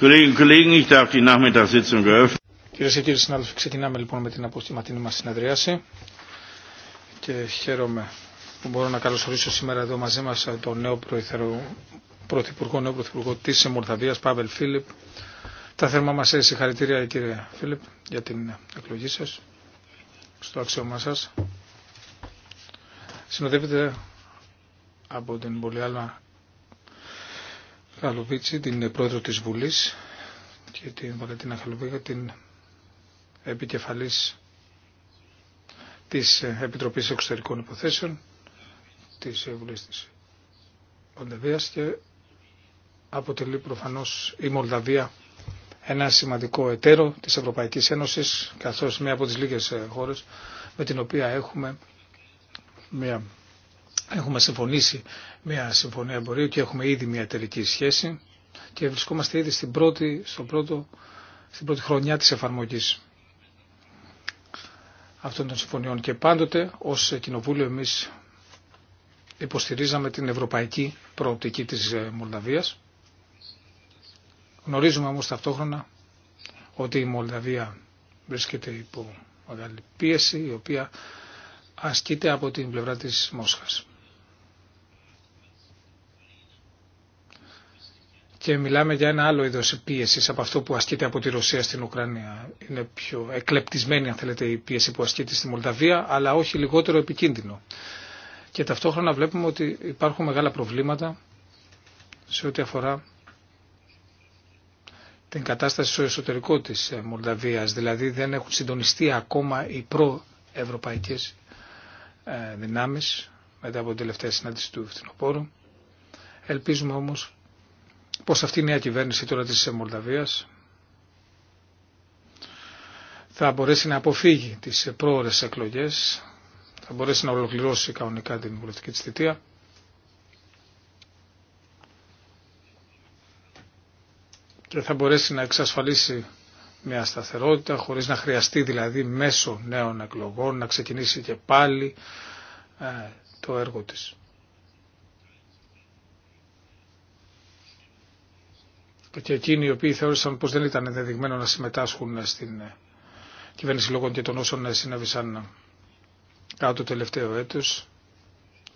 Κυρίε και κύριοι συνάδελφοι, ξεκινάμε λοιπόν με την αποστηματινή μα συνεδρίαση και χαίρομαι που μπορώ να καλωσορίσω σήμερα εδώ μαζί μα τον νέο πρωθυπουργό, νέο πρωθυπουργό τη Μορδαβία, Πάβελ Φίλιπ. Τα θερμά μα συγχαρητήρια, κύριε Φίλιπ, για την εκλογή σα στο αξιώμα σα. Συνοδεύεται από την πολυάλμα... Χαλουβίτση, την πρόεδρο της Βουλής και την Βαλετίνα Χαλουβίγα την επικεφαλής της Επιτροπής Εξωτερικών Υποθέσεων της Βουλής της Μολδαβίας και αποτελεί προφανώς η Μολδαβία ένα σημαντικό εταίρο της Ευρωπαϊκής Ένωσης καθώς μία από τις λίγες χώρες με την οποία έχουμε μία Έχουμε συμφωνήσει μια συμφωνία εμπορίου και έχουμε ήδη μια εταιρική σχέση και βρισκόμαστε ήδη στην πρώτη, στο πρώτο, στην πρώτη χρονιά της εφαρμογής αυτών των συμφωνιών και πάντοτε ως κοινοβούλιο εμείς υποστηρίζαμε την ευρωπαϊκή προοπτική της ε, Μολδαβίας. Γνωρίζουμε όμως ταυτόχρονα ότι η Μολδαβία βρίσκεται υπό μεγάλη πίεση η οποία ασκείται από την πλευρά της Μόσχας. και μιλάμε για ένα άλλο είδος πίεσης από αυτό που ασκείται από τη Ρωσία στην Ουκρανία. Είναι πιο εκλεπτισμένη αν θέλετε η πίεση που ασκείται στη Μολδαβία αλλά όχι λιγότερο επικίνδυνο. Και ταυτόχρονα βλέπουμε ότι υπάρχουν μεγάλα προβλήματα σε ό,τι αφορά την κατάσταση στο εσωτερικό της ε, Μολδαβίας. Δηλαδή δεν έχουν συντονιστεί ακόμα οι προευρωπαϊκές ε, δυνάμεις μετά από την τελευταία συνάντηση του ευθυνοπόρου. Ελπίζουμε όμω πως αυτή η νέα κυβέρνηση τώρα της Μολδαβίας θα μπορέσει να αποφύγει τις πρόορες εκλογές, θα μπορέσει να ολοκληρώσει κανονικά την πολιτική της θητεία. και θα μπορέσει να εξασφαλίσει μια σταθερότητα χωρίς να χρειαστεί δηλαδή μέσω νέων εκλογών να ξεκινήσει και πάλι ε, το έργο της. και εκείνοι οι οποίοι θεώρησαν πως δεν ήταν ενδεδειγμένο να συμμετάσχουν στην ε, κυβέρνηση λόγων και των όσων ε, συνέβησαν κάτω το τελευταίο έτος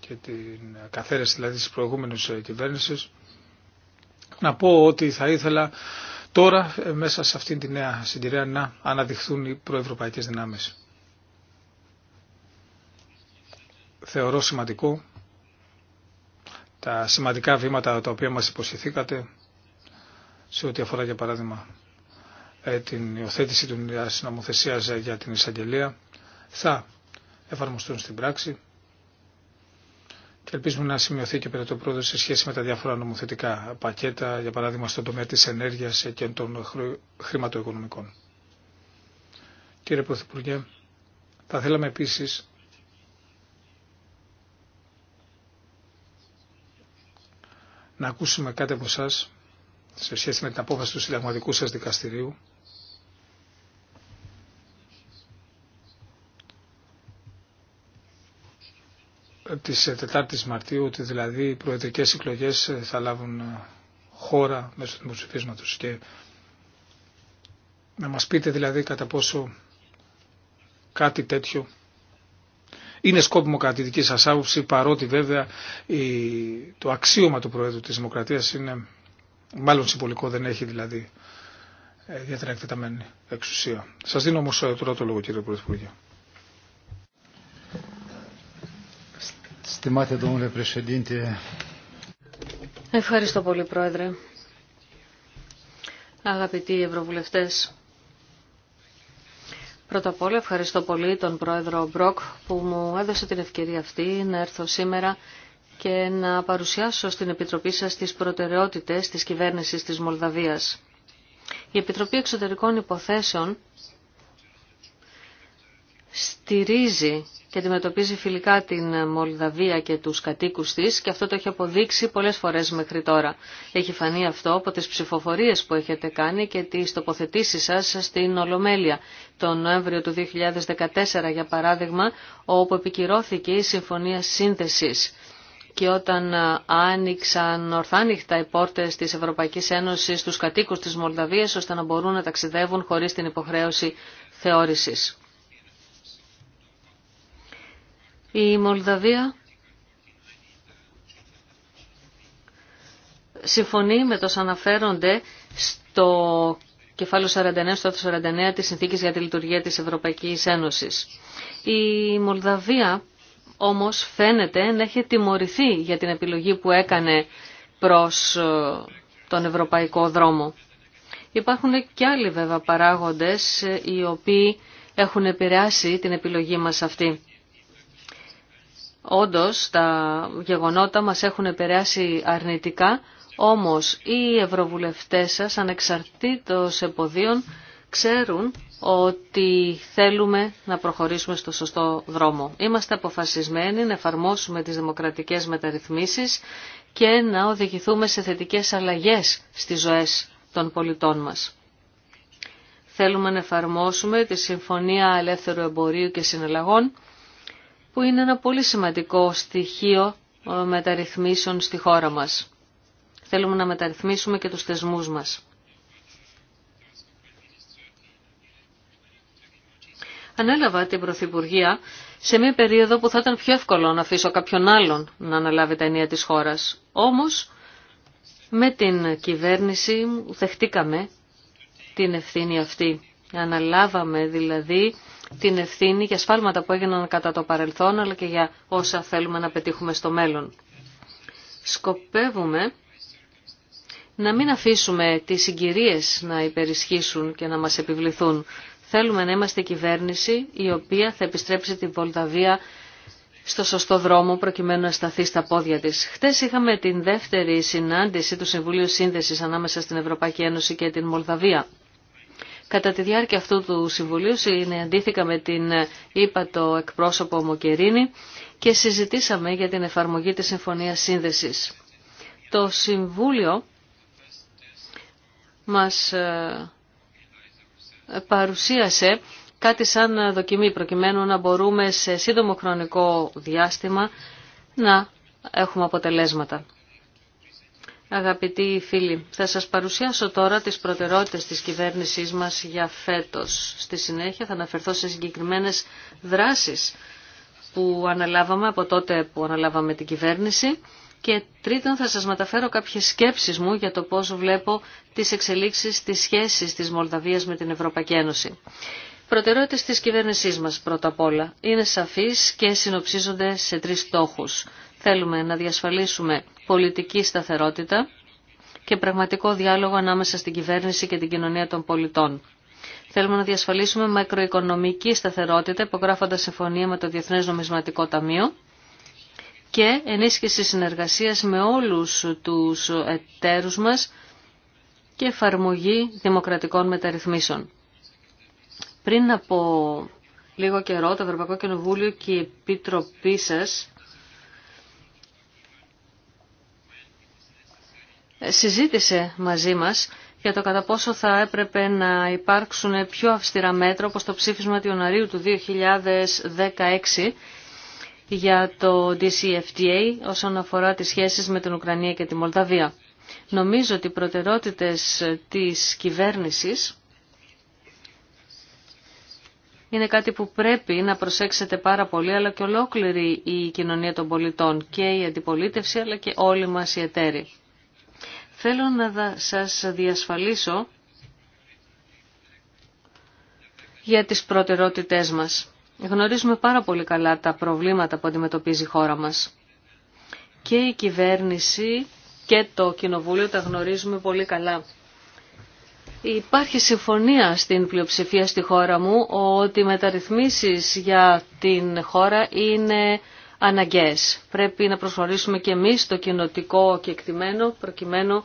και την καθαίρεση δηλαδή της προηγούμενης ε, κυβέρνησης να πω ότι θα ήθελα τώρα μέσα σε αυτήν τη νέα συντηρία να αναδειχθούν οι προευρωπαϊκές δυνάμεις. Θεωρώ σημαντικό τα σημαντικά βήματα τα οποία μας υποσχεθήκατε σε ό,τι αφορά για παράδειγμα ε, την υιοθέτηση του νομοθεσίας για την εισαγγελία θα εφαρμοστούν στην πράξη και ελπίζουμε να σημειωθεί και το πρόοδο σε σχέση με τα διάφορα νομοθετικά πακέτα, για παράδειγμα στον τομέα της ενέργειας και των χρηματοοικονομικών. Κύριε Πρωθυπουργέ, θα θέλαμε επίσης να ακούσουμε κάτι από εσάς σε σχέση με την απόφαση του συνταγματικού σας δικαστηρίου της 4ης ε, Μαρτίου ότι δηλαδή οι προεδρικές εκλογές ε, θα λάβουν ε, χώρα μέσω του δημοψηφίσματος και να μας πείτε δηλαδή κατά πόσο κάτι τέτοιο είναι σκόπιμο κατά τη δική σας άποψη παρότι βέβαια το αξίωμα του Προέδρου της Δημοκρατίας είναι μάλλον συμπολικό δεν έχει δηλαδή ε, ιδιαίτερα εκτεταμένη εξουσία. Σα δίνω όμω ε, τώρα το λόγο κύριε Πρωθυπουργέ. Ευχαριστώ πολύ Πρόεδρε. Αγαπητοί Ευρωβουλευτές, πρώτα απ' όλα ευχαριστώ πολύ τον Πρόεδρο Μπροκ που μου έδωσε την ευκαιρία αυτή να έρθω σήμερα και να παρουσιάσω στην Επιτροπή σας τις προτεραιότητες της κυβέρνησης της Μολδαβίας. Η Επιτροπή Εξωτερικών Υποθέσεων στηρίζει και αντιμετωπίζει φιλικά την Μολδαβία και τους κατοίκους της και αυτό το έχει αποδείξει πολλές φορές μέχρι τώρα. Έχει φανεί αυτό από τις ψηφοφορίες που έχετε κάνει και τις τοποθετήσεις σας στην Ολομέλεια. Τον Νοέμβριο του 2014, για παράδειγμα, όπου επικυρώθηκε η Συμφωνία Σύνθεσης και όταν ε, άνοιξαν ορθάνυχτα οι πόρτες της Ευρωπαϊκής Ένωσης στους κατοίκους της Μολδαβίας ώστε να μπορούν να ταξιδεύουν χωρίς την υποχρέωση θεώρησης. Η Μολδαβία συμφωνεί με το αναφέρονται στο κεφάλαιο 49, στο 49 της Συνθήκης για τη Λειτουργία της Ευρωπαϊκής Ένωσης. Η Μολδαβία όμως φαίνεται να έχει τιμωρηθεί για την επιλογή που έκανε προς ε, τον ευρωπαϊκό δρόμο. Υπάρχουν και άλλοι βέβαια παράγοντες ε, οι οποίοι έχουν επηρεάσει την επιλογή μας αυτή. Όντως τα γεγονότα μας έχουν επηρεάσει αρνητικά, όμως οι ευρωβουλευτές σας ανεξαρτήτως εποδίων ξέρουν ότι θέλουμε να προχωρήσουμε στο σωστό δρόμο. Είμαστε αποφασισμένοι να εφαρμόσουμε τις δημοκρατικές μεταρρυθμίσεις και να οδηγηθούμε σε θετικές αλλαγές στις ζωές των πολιτών μας. Θέλουμε να εφαρμόσουμε τη Συμφωνία Ελεύθερου Εμπορίου και Συναλλαγών, που είναι ένα πολύ σημαντικό στοιχείο ε, μεταρρυθμίσεων στη χώρα μας. Θέλουμε να μεταρρυθμίσουμε και τους θεσμούς μας. ανέλαβα την Πρωθυπουργία σε μια περίοδο που θα ήταν πιο εύκολο να αφήσω κάποιον άλλον να αναλάβει τα ενία της χώρας. Όμως, με την κυβέρνηση δεχτήκαμε την ευθύνη αυτή. Αναλάβαμε δηλαδή την ευθύνη για σφάλματα που έγιναν κατά το παρελθόν, αλλά και για όσα θέλουμε να πετύχουμε στο μέλλον. Σκοπεύουμε να μην αφήσουμε τις συγκυρίες να υπερισχύσουν και να μας επιβληθούν. Θέλουμε να είμαστε κυβέρνηση η οποία θα επιστρέψει την Μολδαβία στο σωστό δρόμο προκειμένου να σταθεί στα πόδια της. Χτες είχαμε την δεύτερη συνάντηση του Συμβουλίου Σύνδεσης ανάμεσα στην Ευρωπαϊκή Ένωση και την Μολδαβία. Κατά τη διάρκεια αυτού του Συμβουλίου συναντήθηκα με την είπα το εκπρόσωπο Μοκερίνη και συζητήσαμε για την εφαρμογή της Συμφωνίας Σύνδεσης. Το Συμβούλιο μας ε, παρουσίασε κάτι σαν δοκιμή προκειμένου να μπορούμε σε σύντομο χρονικό διάστημα να έχουμε αποτελέσματα. Αγαπητοί φίλοι, θα σας παρουσιάσω τώρα τις προτεραιότητες της κυβέρνησής μας για φέτος. Στη συνέχεια θα αναφερθώ σε συγκεκριμένες δράσεις που αναλάβαμε από τότε που αναλάβαμε την κυβέρνηση και τρίτον θα σας μεταφέρω κάποιες σκέψεις μου για το πώς βλέπω τις εξελίξεις της σχέσης της Μολδαβίας με την Ευρωπαϊκή Ένωση. Προτεραιότητες της κυβέρνησής μας πρώτα απ' όλα είναι σαφείς και συνοψίζονται σε τρεις στόχους. Θέλουμε να διασφαλίσουμε πολιτική σταθερότητα και πραγματικό διάλογο ανάμεσα στην κυβέρνηση και την κοινωνία των πολιτών. Θέλουμε να διασφαλίσουμε μακροοικονομική σταθερότητα υπογράφοντας συμφωνία με το Διεθνές Νομισματικό Ταμείο και ενίσχυση συνεργασίας με όλους τους εταίρους μας και εφαρμογή δημοκρατικών μεταρρυθμίσεων. Πριν από λίγο καιρό το Ευρωπαϊκό Κοινοβούλιο και η Επιτροπή σας συζήτησε μαζί μας για το κατά πόσο θα έπρεπε να υπάρξουν πιο αυστηρά μέτρα όπως το ψήφισμα του Ιανουαρίου του 2016 για το DCFTA όσον αφορά τις σχέσεις με την Ουκρανία και τη Μολδαβία. Νομίζω ότι οι προτερότητες της κυβέρνησης είναι κάτι που πρέπει να προσέξετε πάρα πολύ, αλλά και ολόκληρη η κοινωνία των πολιτών και η αντιπολίτευση, αλλά και όλοι μας οι εταίροι. Θέλω να σας διασφαλίσω για τις προτερότητές μας. Γνωρίζουμε πάρα πολύ καλά τα προβλήματα που αντιμετωπίζει η χώρα μας. Και η κυβέρνηση και το κοινοβούλιο τα γνωρίζουμε πολύ καλά. Υπάρχει συμφωνία στην πλειοψηφία στη χώρα μου ότι οι μεταρρυθμίσεις για την χώρα είναι αναγκαίες. Πρέπει να προσφορήσουμε και εμείς το κοινοτικό εκτιμένο προκειμένου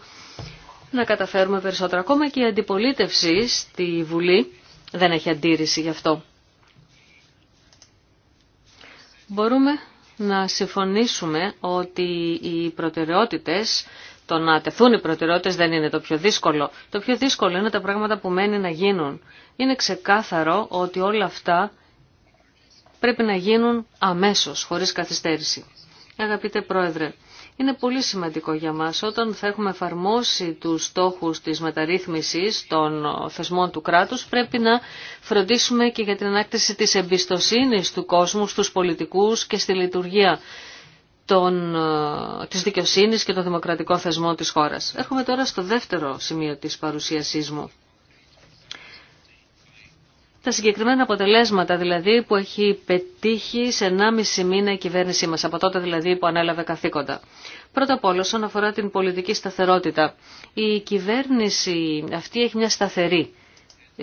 να καταφέρουμε περισσότερα. Ακόμα και η αντιπολίτευση στη Βουλή δεν έχει αντίρρηση γι' αυτό μπορούμε να συμφωνήσουμε ότι οι προτεραιότητες, το να τεθούν οι προτεραιότητες δεν είναι το πιο δύσκολο. Το πιο δύσκολο είναι τα πράγματα που μένει να γίνουν. Είναι ξεκάθαρο ότι όλα αυτά πρέπει να γίνουν αμέσως, χωρίς καθυστέρηση. Αγαπητέ Πρόεδρε, είναι πολύ σημαντικό για μας. Όταν θα έχουμε εφαρμόσει τους στόχους της μεταρρύθμισης των θεσμών του κράτους, πρέπει να φροντίσουμε και για την ανάκτηση της εμπιστοσύνης του κόσμου στους πολιτικούς και στη λειτουργία των, ε, της δικαιοσύνης και των δημοκρατικών θεσμών της χώρας. Έρχομαι τώρα στο δεύτερο σημείο της παρουσίασής μου τα συγκεκριμένα αποτελέσματα δηλαδή που έχει πετύχει σε 1,5 μήνα η κυβέρνησή μας, από τότε δηλαδή που ανέλαβε καθήκοντα. Πρώτα απ' όλα όσον αφορά την πολιτική σταθερότητα, η κυβέρνηση αυτή έχει μια σταθερή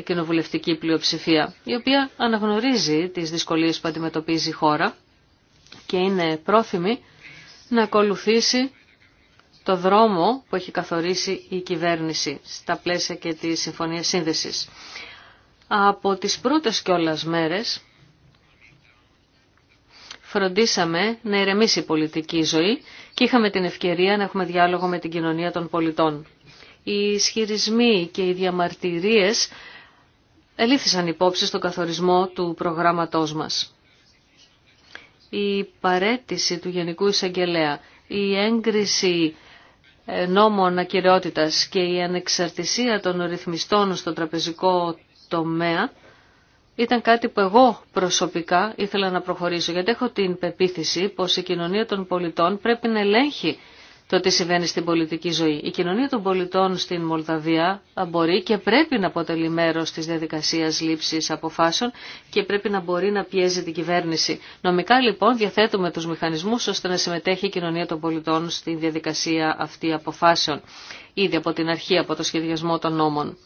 κοινοβουλευτική πλειοψηφία, η οποία αναγνωρίζει τις δυσκολίες που αντιμετωπίζει η χώρα και είναι πρόθυμη να ακολουθήσει το δρόμο που έχει καθορίσει η κυβέρνηση στα πλαίσια και τη Συμφωνία Σύνδεσης. Από τις πρώτες κιόλας μέρες φροντίσαμε να ηρεμήσει η πολιτική ζωή και είχαμε την ευκαιρία να έχουμε διάλογο με την κοινωνία των πολιτών. Οι ισχυρισμοί και οι διαμαρτυρίες ελήφθησαν υπόψη στον καθορισμό του προγράμματός μας. Η παρέτηση του Γενικού Εισαγγελέα, η έγκριση νόμων ακυρεότητας και η ανεξαρτησία των ρυθμιστών στο τραπεζικό τομέα ήταν κάτι που εγώ προσωπικά ήθελα να προχωρήσω, γιατί έχω την πεποίθηση πως η κοινωνία των πολιτών πρέπει να ελέγχει το τι συμβαίνει στην πολιτική ζωή. Η κοινωνία των πολιτών στην Μολδαβία μπορεί και πρέπει να αποτελεί μέρος της διαδικασίας λήψης αποφάσεων και πρέπει να μπορεί να πιέζει την κυβέρνηση. Νομικά λοιπόν διαθέτουμε τους μηχανισμούς ώστε να συμμετέχει η κοινωνία των πολιτών στη διαδικασία αυτή αποφάσεων, ήδη από την αρχή από το σχεδιασμό των νόμων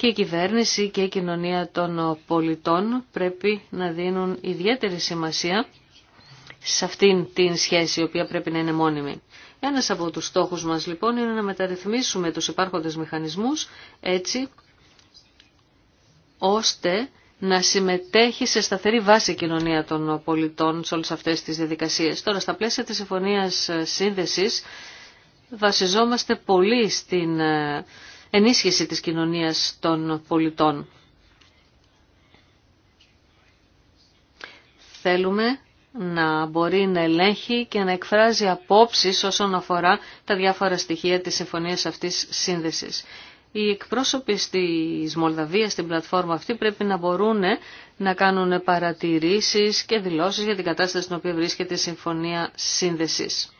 και η κυβέρνηση και η κοινωνία των πολιτών πρέπει να δίνουν ιδιαίτερη σημασία σε αυτήν την σχέση η οποία πρέπει να είναι μόνιμη. Ένας από τους στόχους μας λοιπόν είναι να μεταρρυθμίσουμε τους υπάρχοντες μηχανισμούς έτσι ώστε να συμμετέχει σε σταθερή βάση η κοινωνία των πολιτών σε όλες αυτές τις διαδικασίες. Τώρα στα πλαίσια της συμφωνίας σύνδεσης βασιζόμαστε πολύ στην ε, ενίσχυση της κοινωνίας των πολιτών. Θέλουμε να μπορεί να ελέγχει και να εκφράζει απόψεις όσον αφορά τα διάφορα στοιχεία της συμφωνίας αυτής σύνδεσης. Οι εκπρόσωποι της Μολδαβίας στην πλατφόρμα αυτή πρέπει να μπορούν να κάνουν παρατηρήσεις και δηλώσεις για την κατάσταση στην οποία βρίσκεται η Συμφωνία Σύνδεσης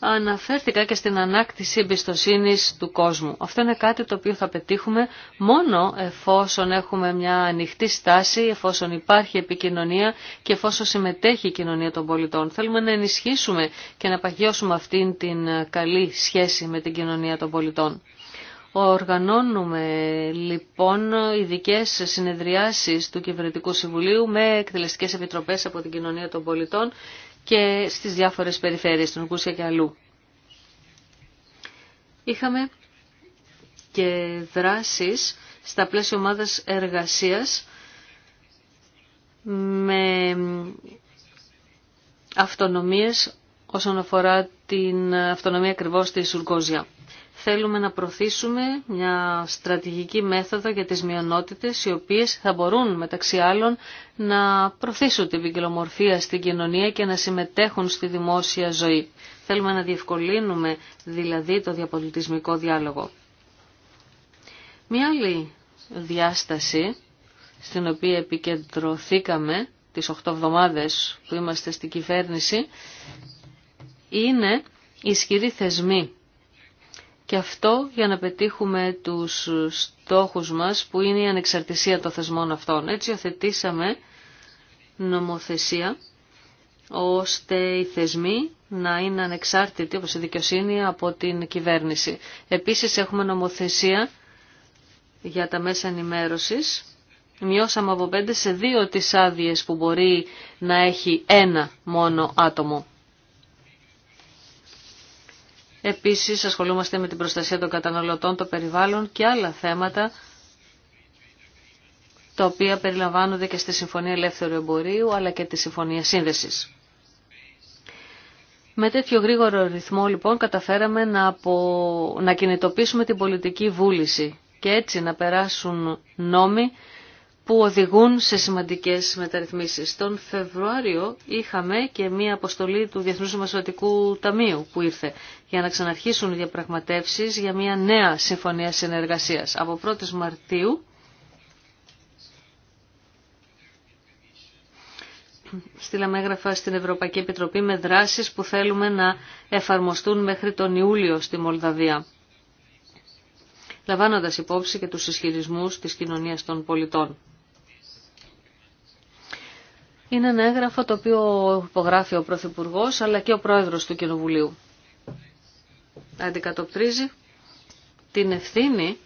αναφέρθηκα και στην ανάκτηση εμπιστοσύνη του κόσμου. Αυτό είναι κάτι το οποίο θα πετύχουμε μόνο εφόσον έχουμε μια ανοιχτή στάση, εφόσον υπάρχει επικοινωνία και εφόσον συμμετέχει η κοινωνία των πολιτών. Θέλουμε να ενισχύσουμε και να παγιώσουμε αυτήν την καλή σχέση με την κοινωνία των πολιτών. Οργανώνουμε λοιπόν ειδικέ συνεδριάσεις του Κυβερνητικού Συμβουλίου με εκτελεστικές επιτροπές από την κοινωνία των πολιτών και στις διάφορες περιφέρειες, στην Ουκούσια και αλλού. Είχαμε και δράσεις στα πλαίσια ομάδας εργασίας με αυτονομίες όσον αφορά την αυτονομία ακριβώ της Ουρκόζια θέλουμε να προωθήσουμε μια στρατηγική μέθοδο για τις μειονότητες οι οποίες θα μπορούν μεταξύ άλλων να προωθήσουν την ποικιλομορφία στην κοινωνία και να συμμετέχουν στη δημόσια ζωή. Θέλουμε να διευκολύνουμε δηλαδή το διαπολιτισμικό διάλογο. Μια άλλη διάσταση στην οποία επικεντρωθήκαμε τις 8 εβδομάδες που είμαστε στην κυβέρνηση είναι ισχυροί θεσμοί και αυτό για να πετύχουμε τους στόχους μας που είναι η ανεξαρτησία των θεσμών αυτών. Έτσι οθετήσαμε νομοθεσία ώστε οι θεσμοί να είναι ανεξάρτητοι όπως η δικαιοσύνη από την κυβέρνηση. Επίσης έχουμε νομοθεσία για τα μέσα ενημέρωσης. Μειώσαμε από πέντε σε δύο τις άδειες που μπορεί να έχει ένα μόνο άτομο. Επίσης ασχολούμαστε με την προστασία των καταναλωτών, των περιβάλλων και άλλα θέματα τα οποία περιλαμβάνονται και στη Συμφωνία Ελεύθερου Εμπορίου αλλά και τη Συμφωνία Σύνδεσης. Με τέτοιο γρήγορο ρυθμό λοιπόν καταφέραμε να, να κινητοποιήσουμε την πολιτική βούληση και έτσι να περάσουν νόμοι που οδηγούν σε σημαντικές μεταρρυθμίσεις. Τον Φεβρουάριο είχαμε και μία αποστολή του Διεθνούς Μασοτικού Ταμείου που ήρθε για να ξαναρχίσουν οι διαπραγματεύσεις για μία νέα συμφωνία συνεργασίας. Από 1η Μαρτίου στείλαμε έγγραφα στην Ευρωπαϊκή Επιτροπή με δράσεις που θέλουμε να εφαρμοστούν μέχρι τον Ιούλιο στη Μολδαβία λαμβάνοντας υπόψη και τους ισχυρισμούς της κοινωνίας των πολιτών. Είναι ένα έγγραφο το οποίο υπογράφει ο Πρωθυπουργό αλλά και ο Πρόεδρος του Κοινοβουλίου. Αντικατοπτρίζει την ευθύνη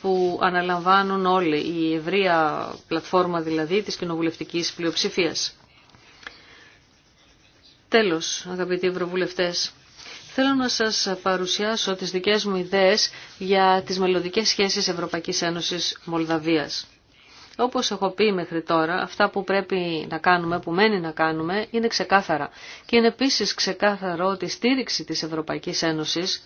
που αναλαμβάνουν όλοι, η ευρεία πλατφόρμα δηλαδή της κοινοβουλευτικής πλειοψηφίας. Τέλος, αγαπητοί ευρωβουλευτές, θέλω να σας παρουσιάσω τις δικές μου ιδέες για τις μελλοντικές σχέσεις Ευρωπαϊκής Ένωσης Μολδαβίας. Όπως έχω πει μέχρι τώρα, αυτά που πρέπει να κάνουμε, που μένει να κάνουμε, είναι ξεκάθαρα. Και είναι επίσης ξεκάθαρο ότι η στήριξη της Ευρωπαϊκής Ένωσης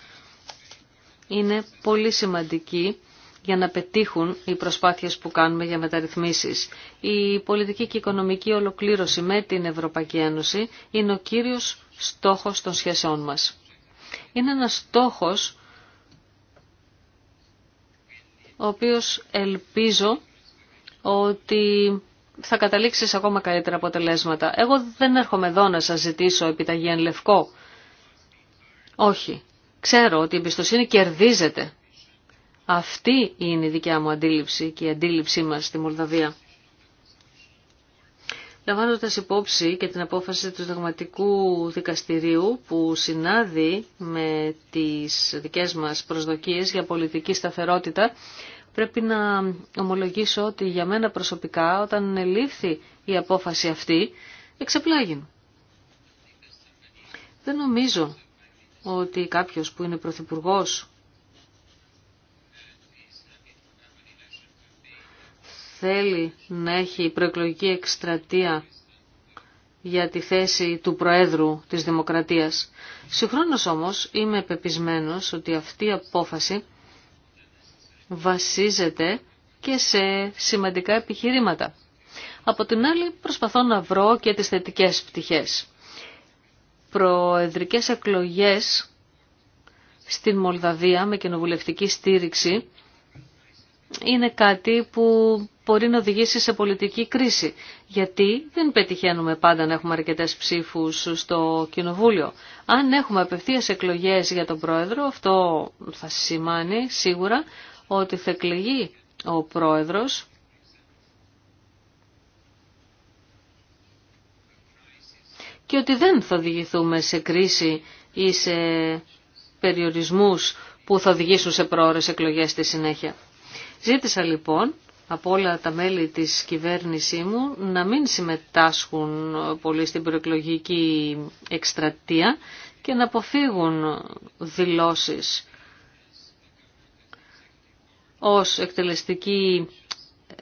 είναι πολύ σημαντική για να πετύχουν οι προσπάθειες που κάνουμε για μεταρρυθμίσεις. Η πολιτική και οικονομική ολοκλήρωση με την Ευρωπαϊκή Ένωση είναι ο κύριος στόχος των σχέσεών μας. Είναι ένας στόχος ο οποίος ελπίζω ότι θα καταλήξει ακόμα καλύτερα αποτελέσματα. Εγώ δεν έρχομαι εδώ να σας ζητήσω επιταγή εν λευκό. Όχι. Ξέρω ότι η εμπιστοσύνη κερδίζεται. Αυτή είναι η δικιά μου αντίληψη και η αντίληψή μας στη Μολδαβία. Λαμβάνοντα υπόψη και την απόφαση του δογματικού Δικαστηρίου που συνάδει με τις δικές μας προσδοκίες για πολιτική σταθερότητα, Πρέπει να ομολογήσω ότι για μένα προσωπικά όταν λήφθη η απόφαση αυτή εξεπλάγει. Δεν νομίζω ότι κάποιος που είναι Πρωθυπουργό θέλει να έχει προεκλογική εκστρατεία για τη θέση του Προέδρου της Δημοκρατίας. Συγχρόνως όμως είμαι πεπισμένος ότι αυτή η απόφαση βασίζεται και σε σημαντικά επιχειρήματα. Από την άλλη προσπαθώ να βρω και τις θετικές πτυχές. Προεδρικές εκλογές στην Μολδαβία με κοινοβουλευτική στήριξη είναι κάτι που μπορεί να οδηγήσει σε πολιτική κρίση. Γιατί δεν πετυχαίνουμε πάντα να έχουμε αρκετές ψήφους στο Κοινοβούλιο. Αν έχουμε απευθείας εκλογές για τον Πρόεδρο, αυτό θα σημάνει σίγουρα ότι θα εκλεγεί ο πρόεδρος και ότι δεν θα οδηγηθούμε σε κρίση ή σε περιορισμούς που θα οδηγήσουν σε πρόορες εκλογές στη συνέχεια. Ζήτησα λοιπόν από όλα τα μέλη της κυβέρνησή μου να μην συμμετάσχουν πολύ στην προεκλογική εκστρατεία και να αποφύγουν δηλώσεις ως εκτελεστική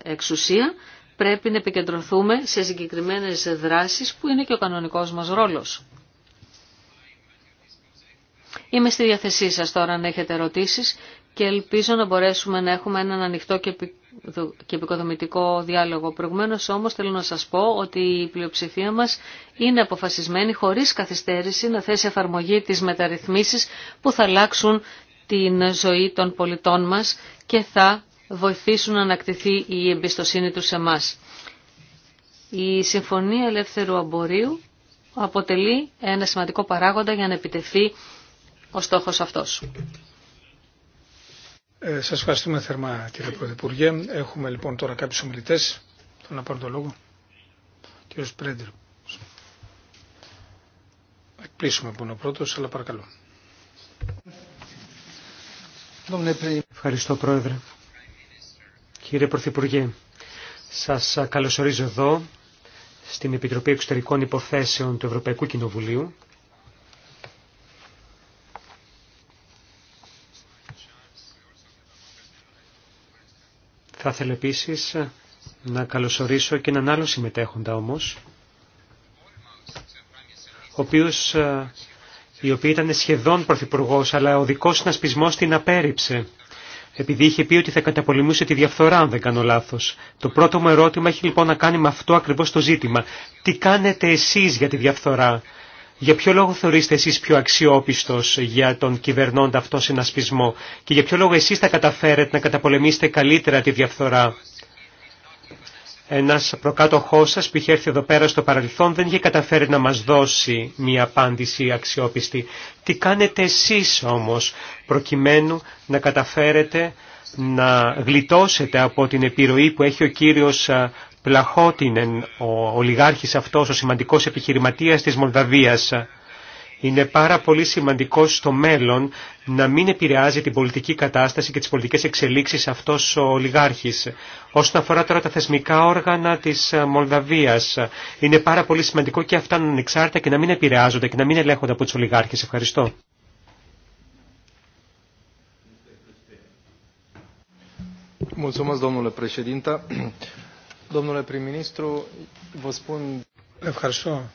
εξουσία πρέπει να επικεντρωθούμε σε συγκεκριμένες δράσεις που είναι και ο κανονικός μας ρόλος. Είμαι στη διαθεσή σας τώρα αν έχετε ερωτήσεις και ελπίζω να μπορέσουμε να έχουμε έναν ανοιχτό και επικοδομητικό διάλογο. Προηγουμένως όμως θέλω να σας πω ότι η πλειοψηφία μας είναι αποφασισμένη χωρίς καθυστέρηση να θέσει εφαρμογή τις μεταρρυθμίσεις που θα αλλάξουν την ζωή των πολιτών μας και θα βοηθήσουν να ανακτηθεί η εμπιστοσύνη τους σε εμά. Η Συμφωνία Ελεύθερου Αμπορίου αποτελεί ένα σημαντικό παράγοντα για να επιτεθεί ο στόχος αυτός. Ε, σας ευχαριστούμε θερμά κύριε Πρωθυπουργέ. Έχουμε λοιπόν τώρα κάποιους ομιλητές. Θέλω να πάρω το λόγο. Κύριος Πρέντερ. Εκπλήσουμε που είναι ο πρώτος, αλλά παρακαλώ. Ευχαριστώ Πρόεδρε. Κύριε Πρωθυπουργέ, σας καλωσορίζω εδώ στην Επιτροπή Εξωτερικών Υποθέσεων του Ευρωπαϊκού Κοινοβουλίου. Θα ήθελα επίσης να καλωσορίσω και έναν άλλο συμμετέχοντα όμως, ο οποίος ε, η οποία ήταν σχεδόν πρωθυπουργό, αλλά ο δικό συνασπισμό την απέρριψε. Επειδή είχε πει ότι θα καταπολεμούσε τη διαφθορά, αν δεν κάνω λάθο. Το πρώτο μου ερώτημα έχει λοιπόν να κάνει με αυτό ακριβώ το ζήτημα. Τι κάνετε εσεί για τη διαφθορά, για ποιο λόγο θεωρείστε εσείς πιο αξιόπιστο για τον κυβερνώντα αυτό συνασπισμό και για ποιο λόγο εσεί θα καταφέρετε να καταπολεμήσετε καλύτερα τη διαφθορά. Ένας προκάτοχός σας που είχε έρθει εδώ πέρα στο παρελθόν δεν είχε καταφέρει να μας δώσει μία απάντηση αξιόπιστη. Τι κάνετε εσείς όμως προκειμένου να καταφέρετε να γλιτώσετε από την επιρροή που έχει ο κύριος Πλαχώτινεν, ο ολιγάρχης αυτός, ο σημαντικός επιχειρηματίας της Μολδαβίας είναι πάρα πολύ σημαντικό στο μέλλον να μην επηρεάζει την πολιτική κατάσταση και τις πολιτικές εξελίξεις αυτός ο ολιγάρχης. Όσον αφορά τώρα τα θεσμικά όργανα της ε, Μολδαβίας, είναι πάρα πολύ σημαντικό και αυτά να ανεξάρτητα και να μην επηρεάζονται και να μην ελέγχονται από τους ολιγάρχες. Ευχαριστώ. Ευχαριστώ.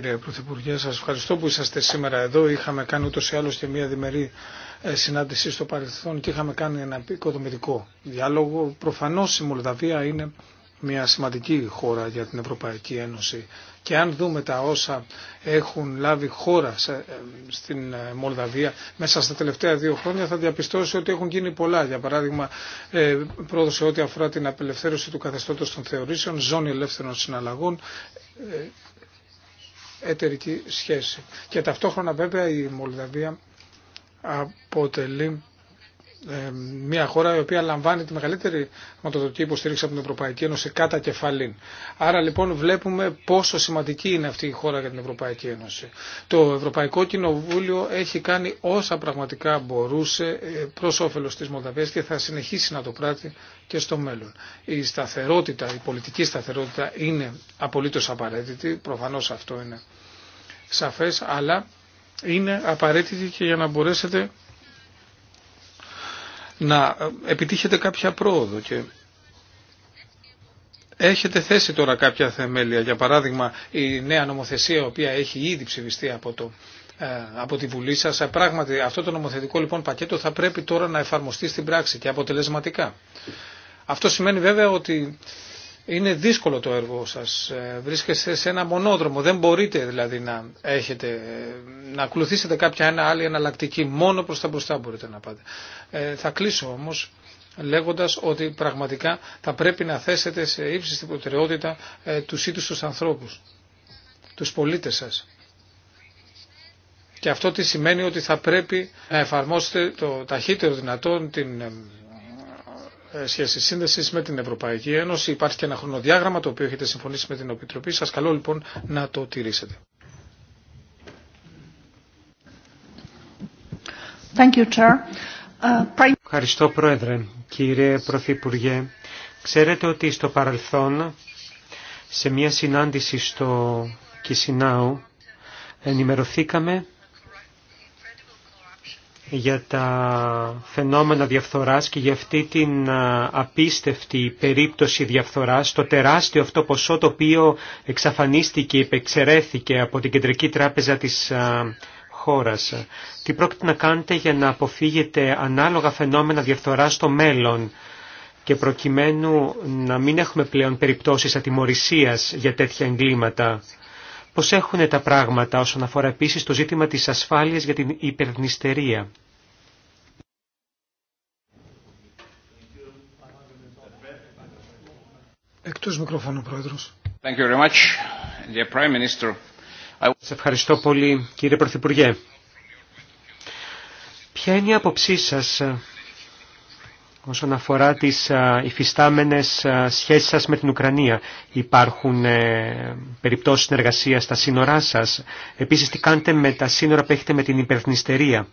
κύριε Πρωθυπουργέ. σα ευχαριστώ που είσαστε σήμερα εδώ. Είχαμε κάνει ούτως ή άλλως και μία διμερή ε, συνάντηση στο παρελθόν και είχαμε κάνει ένα οικοδομητικό διάλογο. Προφανώ η Μολδαβία είναι μια σημαντική διαλογο Προφανώ η μολδαβια ειναι μια σημαντικη χωρα για την Ευρωπαϊκή Ένωση και αν δούμε τα όσα έχουν λάβει χώρα ε, στην ε, Μολδαβία μέσα στα τελευταία δύο χρόνια θα διαπιστώσει ότι έχουν γίνει πολλά. Για παράδειγμα, πρόοδο σε ό,τι αφορά την απελευθέρωση του καθεστώτος των θεωρήσεων, ζώνη ελεύθερων συναλλαγών εταιρική σχέση. Και ταυτόχρονα βέβαια η Μολδαβία αποτελεί ε, μια χώρα η οποία λαμβάνει τη μεγαλύτερη χρηματοδοτική υποστήριξη από την Ευρωπαϊκή Ένωση κατά κεφαλήν. Άρα λοιπόν βλέπουμε πόσο σημαντική είναι αυτή η χώρα για την Ευρωπαϊκή Ένωση. Το Ευρωπαϊκό Κοινοβούλιο έχει κάνει όσα πραγματικά μπορούσε ε, προ όφελο τη Μολδαβία και θα συνεχίσει να το πράττει και στο μέλλον. Η σταθερότητα, η πολιτική σταθερότητα είναι απολύτω απαραίτητη. Προφανώ αυτό είναι σαφέ, αλλά είναι απαραίτητη και για να μπορέσετε να επιτύχετε κάποια πρόοδο και έχετε θέσει τώρα κάποια θεμέλια. Για παράδειγμα η νέα νομοθεσία η οποία έχει ήδη ψηφιστεί από το ε, από τη Βουλή σας. Ε, πράγματι αυτό το νομοθετικό λοιπόν πακέτο θα πρέπει τώρα να εφαρμοστεί στην πράξη και αποτελεσματικά. Αυτό σημαίνει βέβαια ότι είναι δύσκολο το έργο σας. Ε, βρίσκεστε σε ένα μονόδρομο. Δεν μπορείτε δηλαδή να, έχετε, να ακολουθήσετε κάποια ένα άλλη εναλλακτική. Μόνο προς τα μπροστά μπορείτε να πάτε. Ε, θα κλείσω όμως λέγοντας ότι πραγματικά θα πρέπει να θέσετε σε ύψιστη προτεραιότητα του ε, τους ίδιους τους ανθρώπους, τους πολίτες σας. Και αυτό τι σημαίνει ότι θα πρέπει να εφαρμόσετε το ταχύτερο δυνατόν την ε, σχέση σύνδεση με την Ευρωπαϊκή Ένωση. Υπάρχει και ένα χρονοδιάγραμμα το οποίο έχετε συμφωνήσει με την Επιτροπή. Σα καλώ λοιπόν να το τηρήσετε. Thank you, Chair. Ε, Ευχαριστώ Πρόεδρε. Κύριε Πρωθυπουργέ, ξέρετε ότι στο παρελθόν σε μια συνάντηση στο Κισινάου ενημερωθήκαμε για τα φαινόμενα διαφθοράς και για αυτή την απίστευτη περίπτωση διαφθοράς, το τεράστιο αυτό ποσό το οποίο εξαφανίστηκε, υπεξαιρέθηκε από την Κεντρική Τράπεζα της χώρας. Τι πρόκειται να κάνετε για να αποφύγετε ανάλογα φαινόμενα διαφθοράς στο μέλλον και προκειμένου να μην έχουμε πλέον περιπτώσεις ατιμορρησίας για τέτοια εγκλήματα. Πώς έχουν τα πράγματα όσον αφορά επίσης το ζήτημα της ασφάλειας για την υπερνηστερία. Εκτός μικροφώνου, Πρόεδρος. Thank ευχαριστώ πολύ, κύριε Πρωθυπουργέ. Ποια είναι η άποψή σας όσον αφορά τις υφιστάμενες σχέσεις σας με την Ουκρανία. Υπάρχουν ε, περιπτώσεις συνεργασίας στα σύνορά σας. Επίσης, τι κάνετε με τα σύνορα που έχετε με την υπερθνιστερία.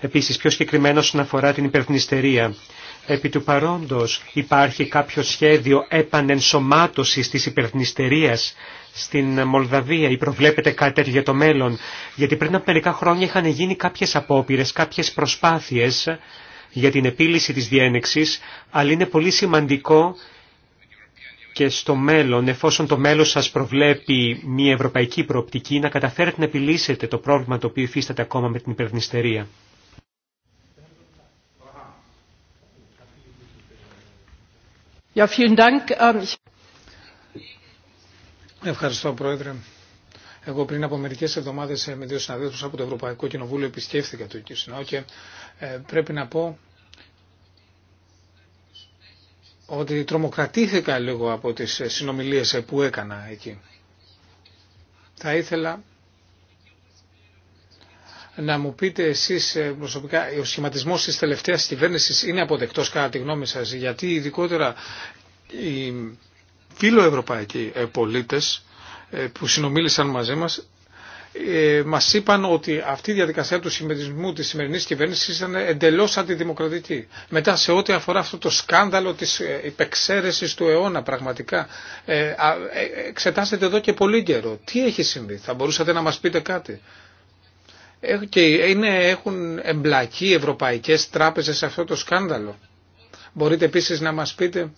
Επίσης, πιο συγκεκριμένο όσον αφορά την υπερθνιστερία. Επί του παρόντος υπάρχει κάποιο σχέδιο επανενσωμάτωσης της υπερθνιστερίας στην Μολδαβία ή προβλέπετε κάτι τέτοιο για το μέλλον. Γιατί πριν από μερικά χρόνια είχαν γίνει κάποιες απόπειρες, κάποιες προσπάθειες για την επίλυση της διένεξης, αλλά είναι πολύ σημαντικό και στο μέλλον, εφόσον το μέλλον σας προβλέπει μια ευρωπαϊκή προοπτική, να καταφέρετε να επιλύσετε το πρόβλημα το οποίο υφίσταται ακόμα με την υπερνηστερία. Ähm, Ευχαριστώ, Πρόεδρε. Εγώ πριν από μερικές εβδομάδες ε, με δύο συναδέλφους από το Ευρωπαϊκό Κοινοβούλιο επισκέφθηκα το Κισινό και ε, πρέπει να πω ότι τρομοκρατήθηκα λίγο από τις ε, συνομιλίες που έκανα εκεί. Θα ήθελα να μου πείτε εσείς προσωπικά, ο σχηματισμός της τελευταίας κυβέρνησης είναι αποδεκτός κατά τη γνώμη σας, γιατί ειδικότερα οι φιλοευρωπαϊκοί πολίτες ε, που συνομίλησαν μαζί μας ε, μας είπαν ότι αυτή η διαδικασία του συμμετισμού της σημερινής κυβέρνησης ήταν εντελώς αντιδημοκρατική. Μετά σε ό,τι αφορά αυτό το σκάνδαλο της ε, υπεξαίρεσης του αιώνα πραγματικά ε, ε εξετάσετε εδώ και πολύ καιρό. Τι έχει συμβεί, θα μπορούσατε να μας πείτε κάτι. είναι, έχουν εμπλακεί ευρωπαϊκές τράπεζες σε αυτό το σκάνδαλο. Μπορείτε επίσης να μας πείτε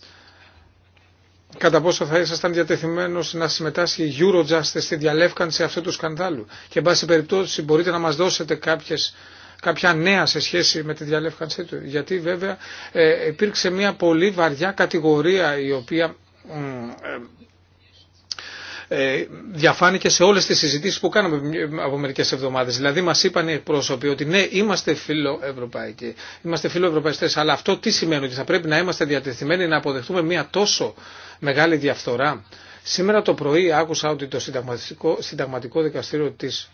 κατά πόσο θα ήσασταν διατεθειμένος να συμμετάσχει η Eurojust στη διαλεύκανση αυτού του σκανδάλου. Και εν πάση περιπτώσει μπορείτε να μας δώσετε κάποιες κάποια νέα σε σχέση με τη διαλεύκανσή του. Γιατί βέβαια ε, υπήρξε μια πολύ βαριά κατηγορία η οποία ε, ε, διαφάνηκε σε όλες τις συζητήσεις που κάναμε από μερικές εβδομάδες. Δηλαδή μας είπαν οι εκπρόσωποι ότι ναι είμαστε φιλοευρωπαϊκοί, είμαστε φιλοευρωπαϊστές, αλλά αυτό τι σημαίνει ότι θα πρέπει να είμαστε διατεθειμένοι να αποδεχτούμε μια τόσο μεγάλη διαφθορά. Σήμερα το πρωί άκουσα ότι το συνταγματικό, δικαστήριο της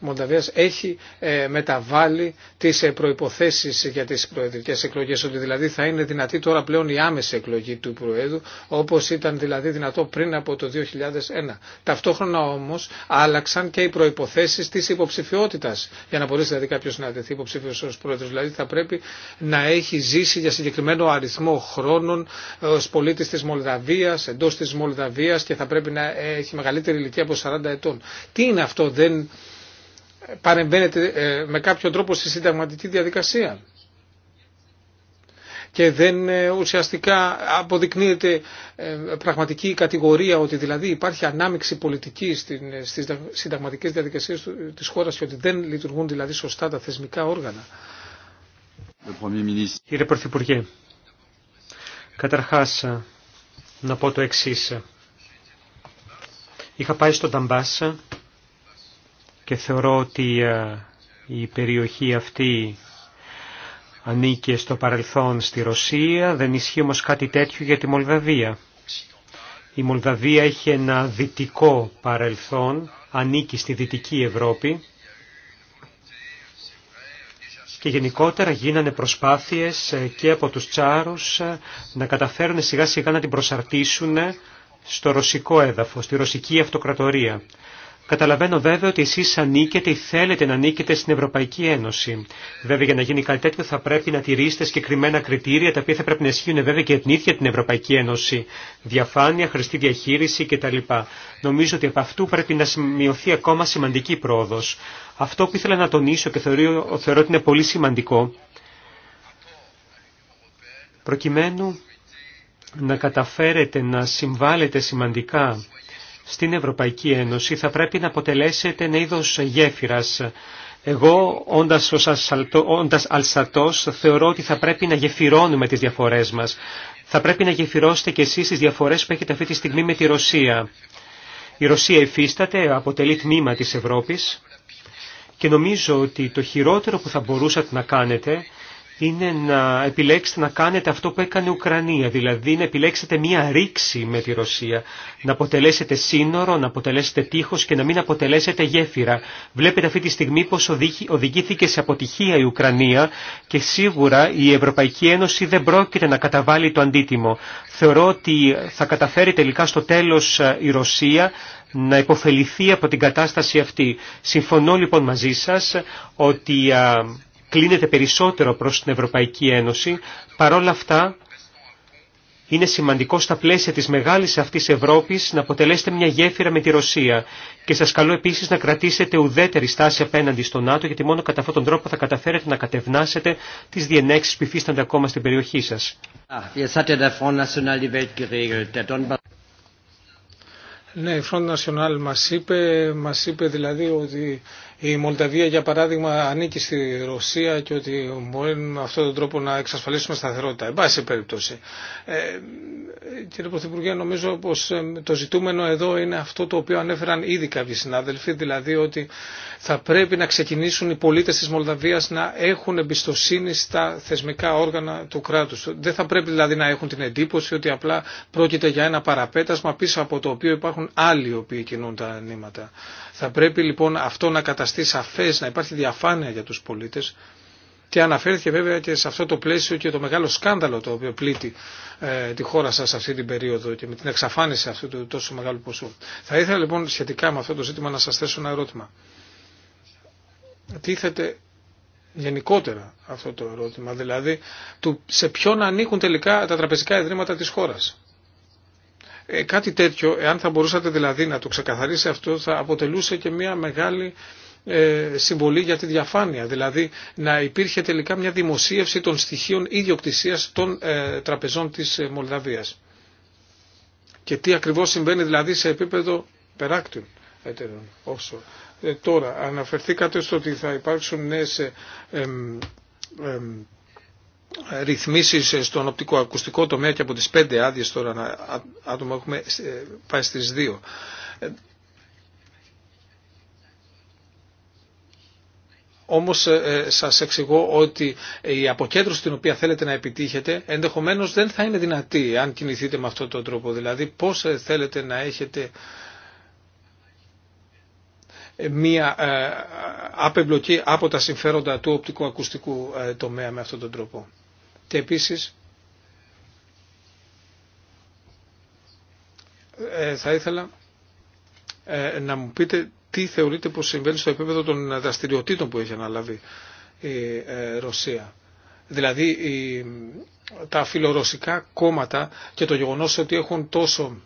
Μολδαβίας έχει ε, μεταβάλει τις ε, προϋποθέσεις για τις προεδρικές εκλογές, ότι δηλαδή θα είναι δυνατή τώρα πλέον η άμεση εκλογή του Προέδρου, όπως ήταν δηλαδή δυνατό πριν από το 2001. Ταυτόχρονα όμως άλλαξαν και οι προϋποθέσεις της υποψηφιότητας, για να μπορέσει δηλαδή κάποιος να δεθεί υποψήφιος ως Πρόεδρος. Δηλαδή θα πρέπει να έχει ζήσει για συγκεκριμένο αριθμό χρόνων ως πολίτης της Μολδαβίας, εντός της Μολδαβίας και θα πρέπει να έχει μεγαλύτερη ηλικία από 40 ετών. Τι είναι αυτό, δεν παρεμβαίνετε ε, με κάποιο τρόπο στη συνταγματική διαδικασία και δεν ε, ουσιαστικά αποδεικνύεται ε, πραγματική κατηγορία ότι δηλαδή υπάρχει ανάμειξη πολιτική στις συνταγματικές διαδικασίες της χώρας και ότι δεν λειτουργούν δηλαδή σωστά τα θεσμικά όργανα. Κύριε Πρωθυπουργέ, καταρχάς να πω το εξής. Είχα πάει στον Ταμπάσα και θεωρώ ότι ε, η περιοχή αυτή ανήκε στο παρελθόν στη Ρωσία, δεν ισχύει όμως κάτι τέτοιο για τη Μολδαβία. Η Μολδαβία έχει ένα δυτικό παρελθόν, ανήκει στη Δυτική Ευρώπη και γενικότερα γίνανε προσπάθειες ε, και από τους τσάρους ε, να καταφέρουν σιγά σιγά να την προσαρτήσουν στο ρωσικό έδαφος, στη ρωσική αυτοκρατορία. Καταλαβαίνω βέβαια ότι εσείς ανήκετε ή θέλετε να ανήκετε στην Ευρωπαϊκή Ένωση. Βέβαια για να γίνει κάτι τέτοιο θα πρέπει να τηρήσετε συγκεκριμένα κριτήρια τα οποία θα πρέπει να ισχύουν βέβαια και την ίδια την Ευρωπαϊκή Ένωση. Διαφάνεια, χρηστή διαχείριση κτλ. Νομίζω ότι από αυτού πρέπει να σημειωθεί ακόμα σημαντική πρόοδος. Αυτό που ήθελα να τονίσω και θεωρώ, θεωρώ ότι είναι πολύ σημαντικό προκειμένου να καταφέρετε να συμβάλλετε σημαντικά στην Ευρωπαϊκή Ένωση θα πρέπει να αποτελέσετε ένα είδος γέφυρας. Εγώ, όντας, αλσατός, θεωρώ ότι θα πρέπει να γεφυρώνουμε τις διαφορές μας. Θα πρέπει να γεφυρώσετε κι εσείς τις διαφορές που έχετε αυτή τη στιγμή με τη Ρωσία. Η Ρωσία υφίσταται, αποτελεί τμήμα της Ευρώπης και νομίζω ότι το χειρότερο που θα μπορούσατε να κάνετε είναι να επιλέξετε να κάνετε αυτό που έκανε η Ουκρανία, δηλαδή να επιλέξετε μία ρήξη με τη Ρωσία, να αποτελέσετε σύνορο, να αποτελέσετε τείχος και να μην αποτελέσετε γέφυρα. Βλέπετε αυτή τη στιγμή πως οδηγήθηκε σε αποτυχία η Ουκρανία και σίγουρα η Ευρωπαϊκή Ένωση δεν πρόκειται να καταβάλει το αντίτιμο. Θεωρώ ότι θα καταφέρει τελικά στο τέλος ε, η Ρωσία να υποφεληθεί από την κατάσταση αυτή. Συμφωνώ λοιπόν μαζί σας ότι ε, κλείνεται περισσότερο προς την Ευρωπαϊκή Ένωση, παρόλα αυτά είναι σημαντικό στα πλαίσια της μεγάλης αυτής Ευρώπης να αποτελέσετε μια γέφυρα με τη Ρωσία και σας καλώ επίσης να κρατήσετε ουδέτερη στάση απέναντι στο ΝΑΤΟ γιατί μόνο κατά αυτόν τον τρόπο θα καταφέρετε να κατευνάσετε τις διενέξεις που υφίστανται ακόμα στην περιοχή σας. Ah, ναι, η Front National μας είπε, μας είπε δηλαδή ότι η Μολδαβία για παράδειγμα ανήκει στη Ρωσία και ότι μπορεί με αυτόν τον τρόπο να εξασφαλίσουμε σταθερότητα. Εν πάση περίπτωση. Ε, κύριε Πρωθυπουργέ, νομίζω πως ε, το ζητούμενο εδώ είναι αυτό το οποίο ανέφεραν ήδη κάποιοι συνάδελφοι, δηλαδή ότι θα πρέπει να ξεκινήσουν οι πολίτες της Μολδαβίας να έχουν εμπιστοσύνη στα θεσμικά όργανα του κράτους. Δεν θα πρέπει δηλαδή να έχουν την εντύπωση ότι απλά πρόκειται για ένα παραπέτασμα πίσω από το οποίο υπάρχουν άλλοι οι οποίοι κινούν τα νήματα. Θα πρέπει λοιπόν αυτό να καταστεί σαφές, να υπάρχει διαφάνεια για τους πολίτες και αναφέρθηκε βέβαια και σε αυτό το πλαίσιο και το μεγάλο σκάνδαλο το οποίο πλήττει ε, τη χώρα σας αυτή την περίοδο και με την εξαφάνιση αυτού του τόσο μεγάλου ποσού. Θα ήθελα λοιπόν σχετικά με αυτό το ζήτημα να σας θέσω ένα ερώτημα. Τίθεται γενικότερα αυτό το ερώτημα, δηλαδή σε ποιον ανήκουν τελικά τα τραπεζικά ιδρύματα της χώρας. Ε, κάτι τέτοιο, εάν θα μπορούσατε δηλαδή να το ξεκαθαρίσει αυτό, θα αποτελούσε και μια μεγάλη ε, συμβολή για τη διαφάνεια. Δηλαδή να υπήρχε τελικά μια δημοσίευση των στοιχείων ιδιοκτησίας των ε, τραπεζών της ε, Μολδαβίας. Και τι ακριβώς συμβαίνει δηλαδή σε επίπεδο περάκτων εταιρεών. Όσο. Ε, τώρα αναφερθήκατε στο ότι θα υπάρξουν νέες ρυθμίσεις στον οπτικο-ακουστικό τομέα και από τις πέντε άδειε τώρα να άτομα έχουμε ε, πάει στις δύο. Όμως ε, ε, σας εξηγώ ότι η αποκέντρωση την οποία θέλετε να επιτύχετε ενδεχομένως δεν θα είναι δυνατή αν κινηθείτε με αυτόν τον τρόπο. Δηλαδή πώς θέλετε να έχετε μία απεμπλοκή από τα συμφέροντα του οπτικοακουστικού τομέα με αυτόν τον τρόπο. Και επίσης ε, θα ήθελα ε, να μου πείτε τι θεωρείτε πως συμβαίνει στο επίπεδο των δραστηριοτήτων που έχει αναλάβει η ε, Ρωσία. Δηλαδή τα φιλορωσικά κόμματα και το γεγονός ότι έχουν τόσο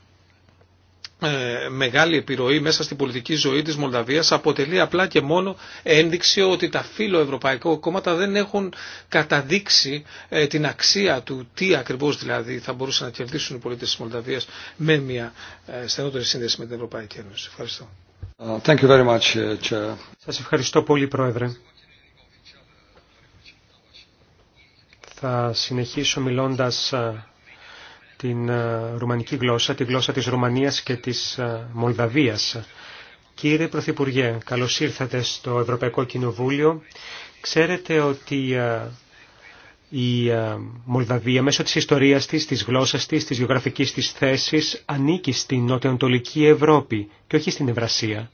ε, μεγάλη επιρροή μέσα στην πολιτική ζωή της Μολδαβίας αποτελεί απλά και μόνο ένδειξη ότι τα φιλοευρωπαϊκά κόμματα δεν έχουν καταδείξει ε, την αξία του τι ακριβώς δηλαδή θα μπορούσαν να κερδίσουν οι πολίτες της Μολδαβίας με μια ε, στενότερη σύνδεση με την Ευρωπαϊκή Ένωση. Ευχαριστώ. Uh, uh, Σας ευχαριστώ πολύ Πρόεδρε. Θα συνεχίσω μιλώντας την ε, ρουμανική γλώσσα, τη γλώσσα της Ρουμανίας και της ε, Μολδαβίας. Κύριε Πρωθυπουργέ, καλώς ήρθατε στο Ευρωπαϊκό Κοινοβούλιο. Ξέρετε ότι ε, η Μολδαβία μέσω της ιστορίας της, της γλώσσας της, της γεωγραφικής της θέσης ανήκει στην νοτιοανατολική Ευρώπη και όχι στην Ευρασία.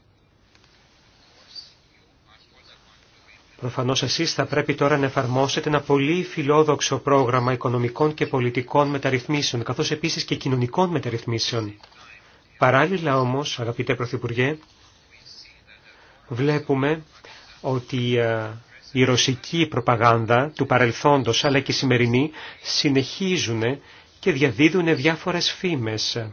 Προφανώς εσείς θα πρέπει τώρα να εφαρμόσετε ένα πολύ φιλόδοξο πρόγραμμα οικονομικών και πολιτικών μεταρρυθμίσεων, καθώς επίσης και κοινωνικών μεταρρυθμίσεων. Παράλληλα όμως, αγαπητέ Πρωθυπουργέ, βλέπουμε ότι ε, η ρωσική προπαγάνδα του παρελθόντος αλλά και η σημερινή συνεχίζουν και διαδίδουν διάφορες φήμες.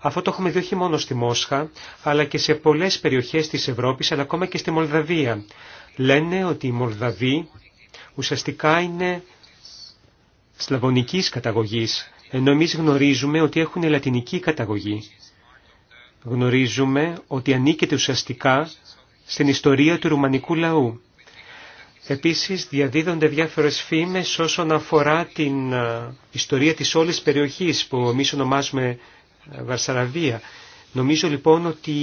Αυτό το έχουμε δει όχι μόνο στη Μόσχα, αλλά και σε πολλές περιοχές της Ευρώπης, αλλά ακόμα και στη Μολδαβία λένε ότι οι Μολδαβοί ουσιαστικά είναι σλαβωνικής καταγωγής, ενώ εμείς γνωρίζουμε ότι έχουν λατινική καταγωγή. Γνωρίζουμε ότι ανήκεται ουσιαστικά στην ιστορία του ρουμανικού λαού. Επίσης διαδίδονται διάφορες φήμες όσον αφορά την ε, ιστορία της όλης περιοχής που εμείς ονομάζουμε ε, Βαρσαραβία. Νομίζω λοιπόν ότι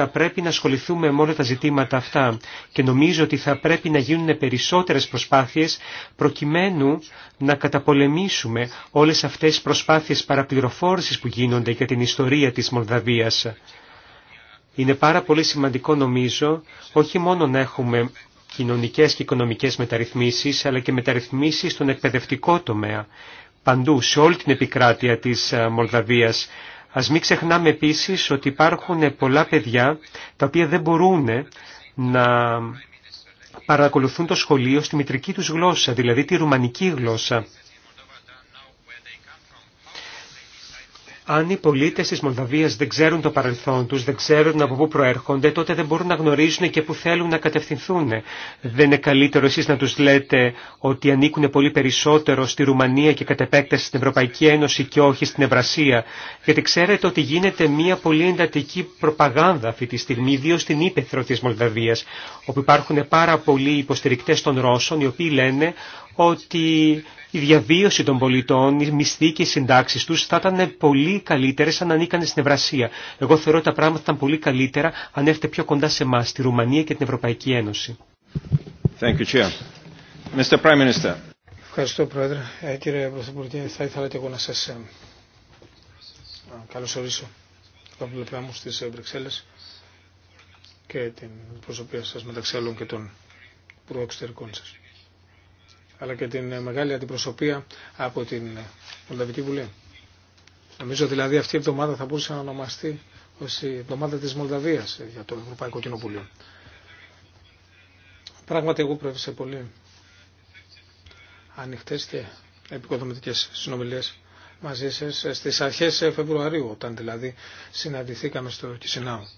θα πρέπει να ασχοληθούμε με όλα τα ζητήματα αυτά και νομίζω ότι θα πρέπει να γίνουν περισσότερες προσπάθειες προκειμένου να καταπολεμήσουμε όλες αυτές τις προσπάθειες παραπληροφόρησης που γίνονται για την ιστορία της Μολδαβίας. Είναι πάρα πολύ σημαντικό νομίζω όχι μόνο να έχουμε κοινωνικές και οικονομικές μεταρρυθμίσεις αλλά και μεταρρυθμίσεις στον εκπαιδευτικό τομέα παντού σε όλη την επικράτεια της ε, Μολδαβίας Ας μην ξεχνάμε επίσης ότι υπάρχουν πολλά παιδιά τα οποία δεν μπορούν να παρακολουθούν το σχολείο στη μητρική τους γλώσσα, δηλαδή τη ρουμανική γλώσσα. Αν οι πολίτε τη Μολδαβία δεν ξέρουν το παρελθόν του, δεν ξέρουν από πού προέρχονται, τότε δεν μπορούν να γνωρίζουν και πού θέλουν να κατευθυνθούν. Δεν είναι καλύτερο εσεί να του λέτε ότι ανήκουν πολύ περισσότερο στη Ρουμανία και κατ' επέκταση στην Ευρωπαϊκή Ένωση και όχι στην Ευρασία. Γιατί ξέρετε ότι γίνεται μια πολύ εντατική προπαγάνδα αυτή τη στιγμή, ιδίω στην ύπεθρο τη Μολδαβία, όπου υπάρχουν πάρα πολλοί υποστηρικτέ των Ρώσων οι οποίοι λένε ότι η διαβίωση των πολιτών, οι μισθοί και οι συντάξει του θα ήταν πολύ καλύτερε αν ανήκανε στην Ευρασία. Εγώ θεωρώ ότι τα πράγματα ήταν πολύ καλύτερα αν έρθετε πιο κοντά σε εμά, στη Ρουμανία και την Ευρωπαϊκή Ένωση. Thank you, Chair. Mr. Prime Minister. Ευχαριστώ, Πρόεδρε. Ε, κύριε Πρωθυπουργέ, θα ήθελα και εγώ να σα ε, καλωσορίσω από την πλευρά μου στι ε, Βρυξέλλε και την προσωπία σα μεταξύ άλλων και των προεξωτερικών σα αλλά και την μεγάλη αντιπροσωπεία από την Μολδαβική Βουλή. Νομίζω δηλαδή αυτή η εβδομάδα θα μπορούσε να ονομαστεί ω η εβδομάδα τη Μολδαβία για το Ευρωπαϊκό Κοινοβούλιο. Πράγματι εγώ πρέπει σε πολύ ανοιχτές και επικοδομητικέ συνομιλίε μαζί σας στις αρχές Φεβρουαρίου, όταν δηλαδή συναντηθήκαμε στο Κισινάου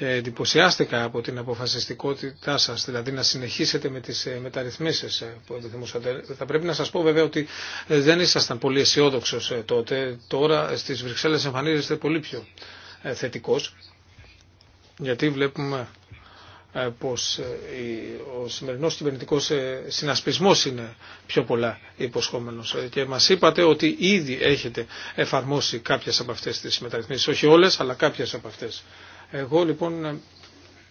και εντυπωσιάστηκα από την αποφασιστικότητά σας, δηλαδή να συνεχίσετε με τις ε, μεταρρυθμίσεις ε, που επιθυμούσατε. Θα πρέπει να σας πω βέβαια ότι ε, δεν ήσασταν πολύ αισιόδοξο τότε. Τώρα στις Βρυξέλλες εμφανίζεστε πολύ πιο θετικός, γιατί βλέπουμε πως ο σημερινός κυβερνητικό συνασπισμός είναι πιο πολλά υποσχόμενος και μας είπατε ότι ήδη έχετε εφαρμόσει κάποιες από αυτές τις μεταρρυθμίσεις, όχι όλες αλλά κάποιες από αυτές. Εγώ λοιπόν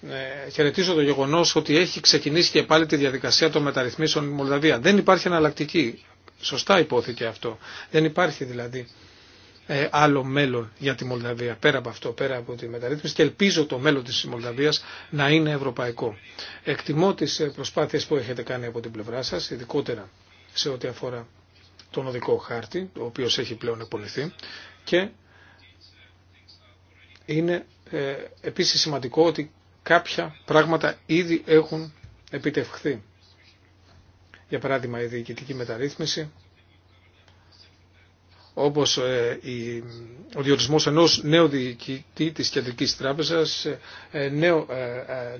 ε, χαιρετίζω το γεγονό ότι έχει ξεκινήσει και πάλι τη διαδικασία των μεταρρυθμίσεων Μολδαβία. Δεν υπάρχει εναλλακτική. Σωστά υπόθηκε αυτό. Δεν υπάρχει δηλαδή ε, άλλο μέλλον για τη Μολδαβία πέρα από αυτό, πέρα από τη μεταρρύθμιση και ελπίζω το μέλλον της Μολδαβίας να είναι ευρωπαϊκό. Εκτιμώ τις ε, προσπάθειες που έχετε κάνει από την πλευρά σας, ειδικότερα σε ό,τι αφορά τον οδικό χάρτη, ο οποίος έχει πλέον επολυθεί και είναι ε, επίσης σημαντικό ότι κάποια πράγματα ήδη έχουν επιτευχθεί. Για παράδειγμα η διοικητική μεταρρύθμιση, όπως ε, ο διορισμός ενός νέου διοικητή της Κεντρικής Τράπεζας, ε, νέο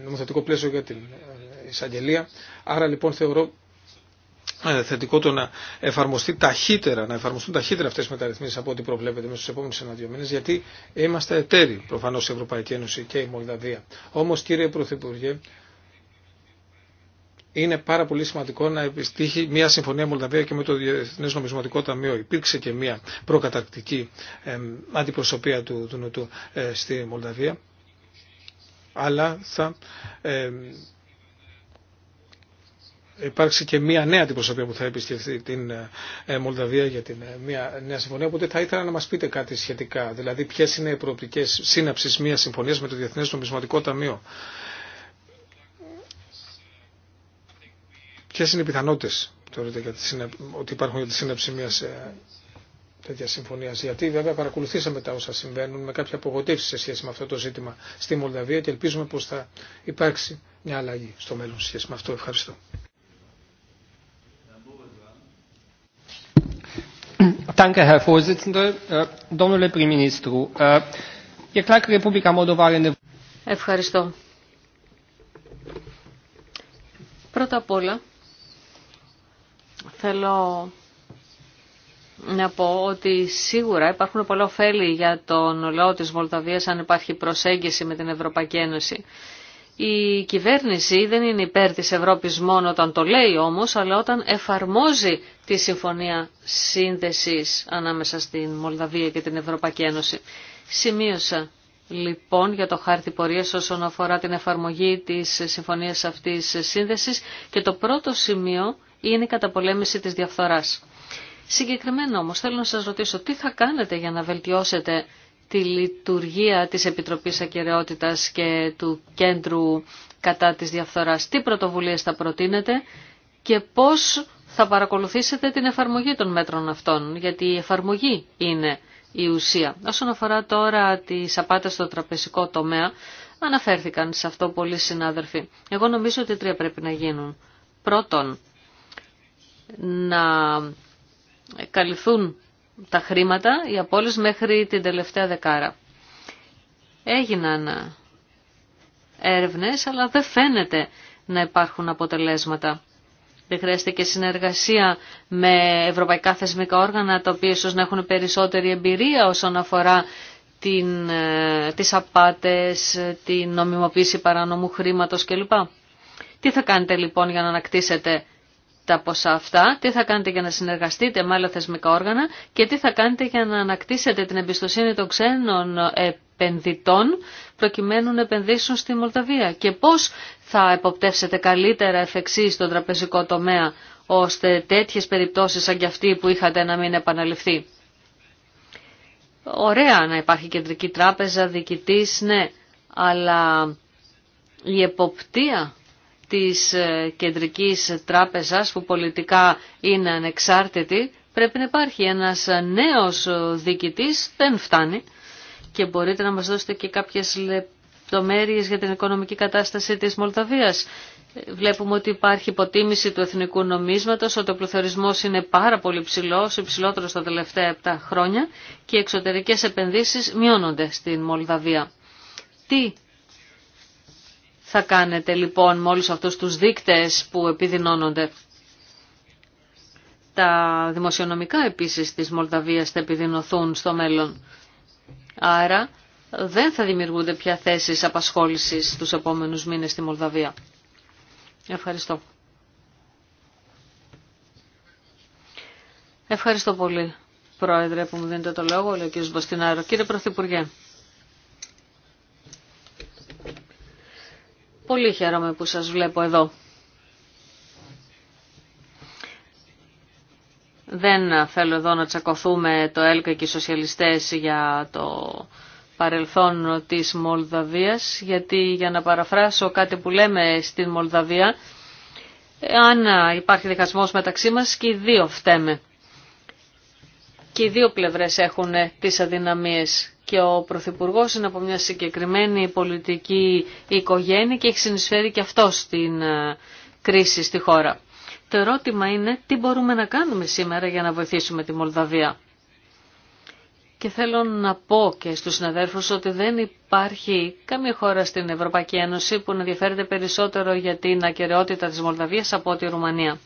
νομοθετικό πλαίσιο για την εισαγγελία. Άρα λοιπόν θεωρώ θετικό το να εφαρμοστεί ταχύτερα, να εφαρμοστούν ταχύτερα αυτές οι μεταρρυθμίσεις από ό,τι προβλέπεται μέσα στου επομενου ενα ένα-δύο γιατί είμαστε εταίροι προφανώ η Ευρωπαϊκή Ένωση και η Μολδαβία. Όμω κύριε Πρωθυπουργέ, είναι πάρα πολύ σημαντικό να επιστύχει μια συμφωνία Μολδαβία και με το Διεθνέ Νομισματικό Ταμείο. Υπήρξε και μια προκαταρκτική αντιπροσωπεία του, του ε, στη Μολδαβία αλλά θα υπάρξει και μία νέα αντιπροσωπεία που θα επισκεφθεί την ε, ε, Μολδαβία για την ε, μία νέα συμφωνία. Οπότε θα ήθελα να μα πείτε κάτι σχετικά. Δηλαδή, ποιε είναι οι προοπτικέ σύναψη μία συμφωνία με το Διεθνέ Νομισματικό Ταμείο. Ποιε είναι οι πιθανότητε θεωρείτε ότι υπάρχουν για τη σύναψη μια τέτοια συμφωνία. Γιατί βέβαια παρακολουθήσαμε τα όσα συμβαίνουν με κάποια απογοητεύση σε σχέση με αυτό το ζήτημα στη Μολδαβία και ελπίζουμε πω θα υπάρξει μια αλλαγή στο μέλλον σχέση με αυτό. Ευχαριστώ. Ευχαριστώ. Πρώτα απ' όλα, θέλω να πω ότι σίγουρα υπάρχουν πολλά ωφέλη για τον λαό της Μολδαβίας αν υπάρχει προσέγγιση με την Ευρωπαϊκή Ένωση. Η κυβέρνηση δεν είναι υπέρ της Ευρώπης μόνο όταν το λέει όμως, αλλά όταν εφαρμόζει τη Συμφωνία Σύνδεσης ανάμεσα στην Μολδαβία και την Ευρωπαϊκή Ένωση. Σημείωσα λοιπόν για το χάρτη πορείας όσον αφορά την εφαρμογή της Συμφωνίας αυτής σύνδεσης και το πρώτο σημείο είναι η καταπολέμηση της διαφθοράς. Συγκεκριμένα όμως θέλω να σας ρωτήσω τι θα κάνετε για να βελτιώσετε τη λειτουργία της Επιτροπής ακεραιότητας και του Κέντρου κατά της διαφθοράς. Τι πρωτοβουλίες θα προτείνετε και πώς θα παρακολουθήσετε την εφαρμογή των μέτρων αυτών, γιατί η εφαρμογή είναι η ουσία. Όσον αφορά τώρα τις απάτες στο τραπεζικό τομέα, αναφέρθηκαν σε αυτό πολλοί συνάδελφοι. Εγώ νομίζω ότι τρία πρέπει να γίνουν. Πρώτον, να καλυφθούν τα χρήματα, οι απόλυες μέχρι την τελευταία δεκάρα. Έγιναν έρευνες, αλλά δεν φαίνεται να υπάρχουν αποτελέσματα. Δεν χρειάζεται και συνεργασία με ευρωπαϊκά θεσμικά όργανα, τα οποία ίσως να έχουν περισσότερη εμπειρία όσον αφορά την, ε, τις απάτες, την νομιμοποίηση παρανομού χρήματος κλπ. Τι θα κάνετε λοιπόν για να ανακτήσετε τα ποσά αυτά, τι θα κάνετε για να συνεργαστείτε με άλλα θεσμικά όργανα και τι θα κάνετε για να ανακτήσετε την εμπιστοσύνη των ξένων επενδυτών προκειμένου να επενδύσουν στη Μολδαβία και πώς θα εποπτεύσετε καλύτερα εφ' εξής στον τραπεζικό τομέα ώστε τέτοιες περιπτώσεις σαν και αυτή που είχατε να μην επαναληφθεί. Ωραία να υπάρχει κεντρική τράπεζα, διοικητής, ναι, αλλά η εποπτεία της ε, Κεντρικής Τράπεζας που πολιτικά είναι ανεξάρτητη πρέπει να υπάρχει ένας ε, νέος ε, διοικητής, δεν φτάνει και μπορείτε να μας δώσετε και κάποιες λεπτομέρειες για την οικονομική κατάσταση της Μολδαβίας. Βλέπουμε ότι υπάρχει υποτίμηση του εθνικού νομίσματος, ότι ο πληθωρισμός είναι πάρα πολύ ψηλός, υψηλότερος τα τελευταία 7 χρόνια και οι εξωτερικές επενδύσεις μειώνονται στην Μολδαβία. Τι θα κάνετε λοιπόν με όλους αυτούς τους δείκτες που επιδεινώνονται. Τα δημοσιονομικά επίσης της Μολδαβίας θα επιδεινωθούν στο μέλλον. Άρα δεν θα δημιουργούνται πια θέσεις απασχόλησης τους επόμενους μήνες στη Μολδαβία. Ευχαριστώ. Ευχαριστώ πολύ, Πρόεδρε, που μου δίνετε το λόγο, ο Μποστινάρο. Κύριε Πρωθυπουργέ. Πολύ χαίρομαι που σας βλέπω εδώ. Δεν θέλω εδώ να τσακωθούμε το ΕΛΚΑ και οι σοσιαλιστές για το παρελθόν της Μολδαβίας, γιατί για να παραφράσω κάτι που λέμε στην Μολδαβία, αν υπάρχει διχασμός μεταξύ μας και οι δύο φταίμε. Και οι δύο πλευρές έχουν τις αδυναμίες και ο Πρωθυπουργό είναι από μια συγκεκριμένη πολιτική οικογένεια και έχει συνεισφέρει και αυτό στην ε, κρίση στη χώρα. Το ερώτημα είναι τι μπορούμε να κάνουμε σήμερα για να βοηθήσουμε τη Μολδαβία. Και θέλω να πω και στους συναδέλφους ότι δεν υπάρχει καμία χώρα στην Ευρωπαϊκή Ένωση που να ενδιαφέρεται περισσότερο για την ακαιρεότητα της Μολδαβίας από τη Ρουμανία.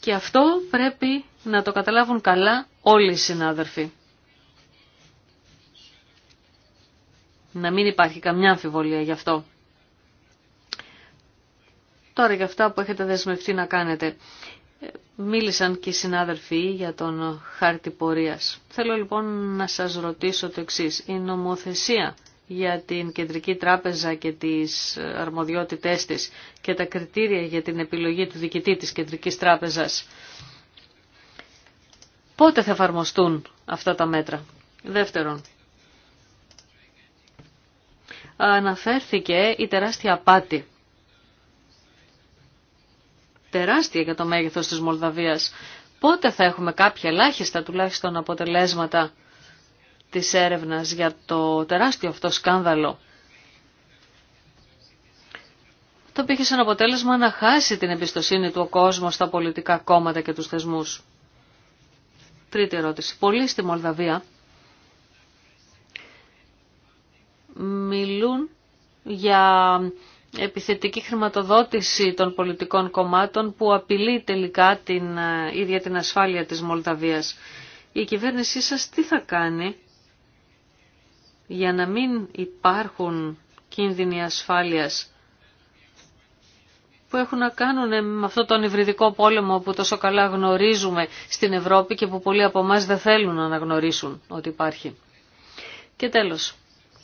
Και αυτό πρέπει να το καταλάβουν καλά όλοι οι συνάδελφοι. Να μην υπάρχει καμιά αμφιβολία γι' αυτό. Τώρα για αυτά που έχετε δεσμευτεί να κάνετε. Ε, μίλησαν και οι συνάδελφοι για τον χάρτη πορείας. Θέλω λοιπόν να σας ρωτήσω το εξής. Η νομοθεσία για την Κεντρική Τράπεζα και τις αρμοδιότητές της και τα κριτήρια για την επιλογή του διοικητή της Κεντρικής Τράπεζας. Πότε θα εφαρμοστούν αυτά τα μέτρα. Δεύτερον, αναφέρθηκε η τεράστια απάτη. Τεράστια για το μέγεθος της Μολδαβίας. Πότε θα έχουμε κάποια ελάχιστα τουλάχιστον αποτελέσματα της έρευνας για το τεράστιο αυτό σκάνδαλο. Το πήγε σαν αποτέλεσμα να χάσει την εμπιστοσύνη του ο κόσμος στα πολιτικά κόμματα και τους θεσμούς. Τρίτη ερώτηση. Πολλοί στη Μολδαβία μιλούν για επιθετική χρηματοδότηση των πολιτικών κομμάτων που απειλεί τελικά την ε, ίδια την ασφάλεια της Μολδαβίας. Η κυβέρνησή σας τι θα κάνει για να μην υπάρχουν κίνδυνοι ασφάλειας που έχουν να κάνουν ε, με αυτό τον υβριδικό πόλεμο που τόσο καλά γνωρίζουμε στην Ευρώπη και που πολλοί από εμά δεν θέλουν να αναγνωρίσουν ότι υπάρχει. Και τέλος,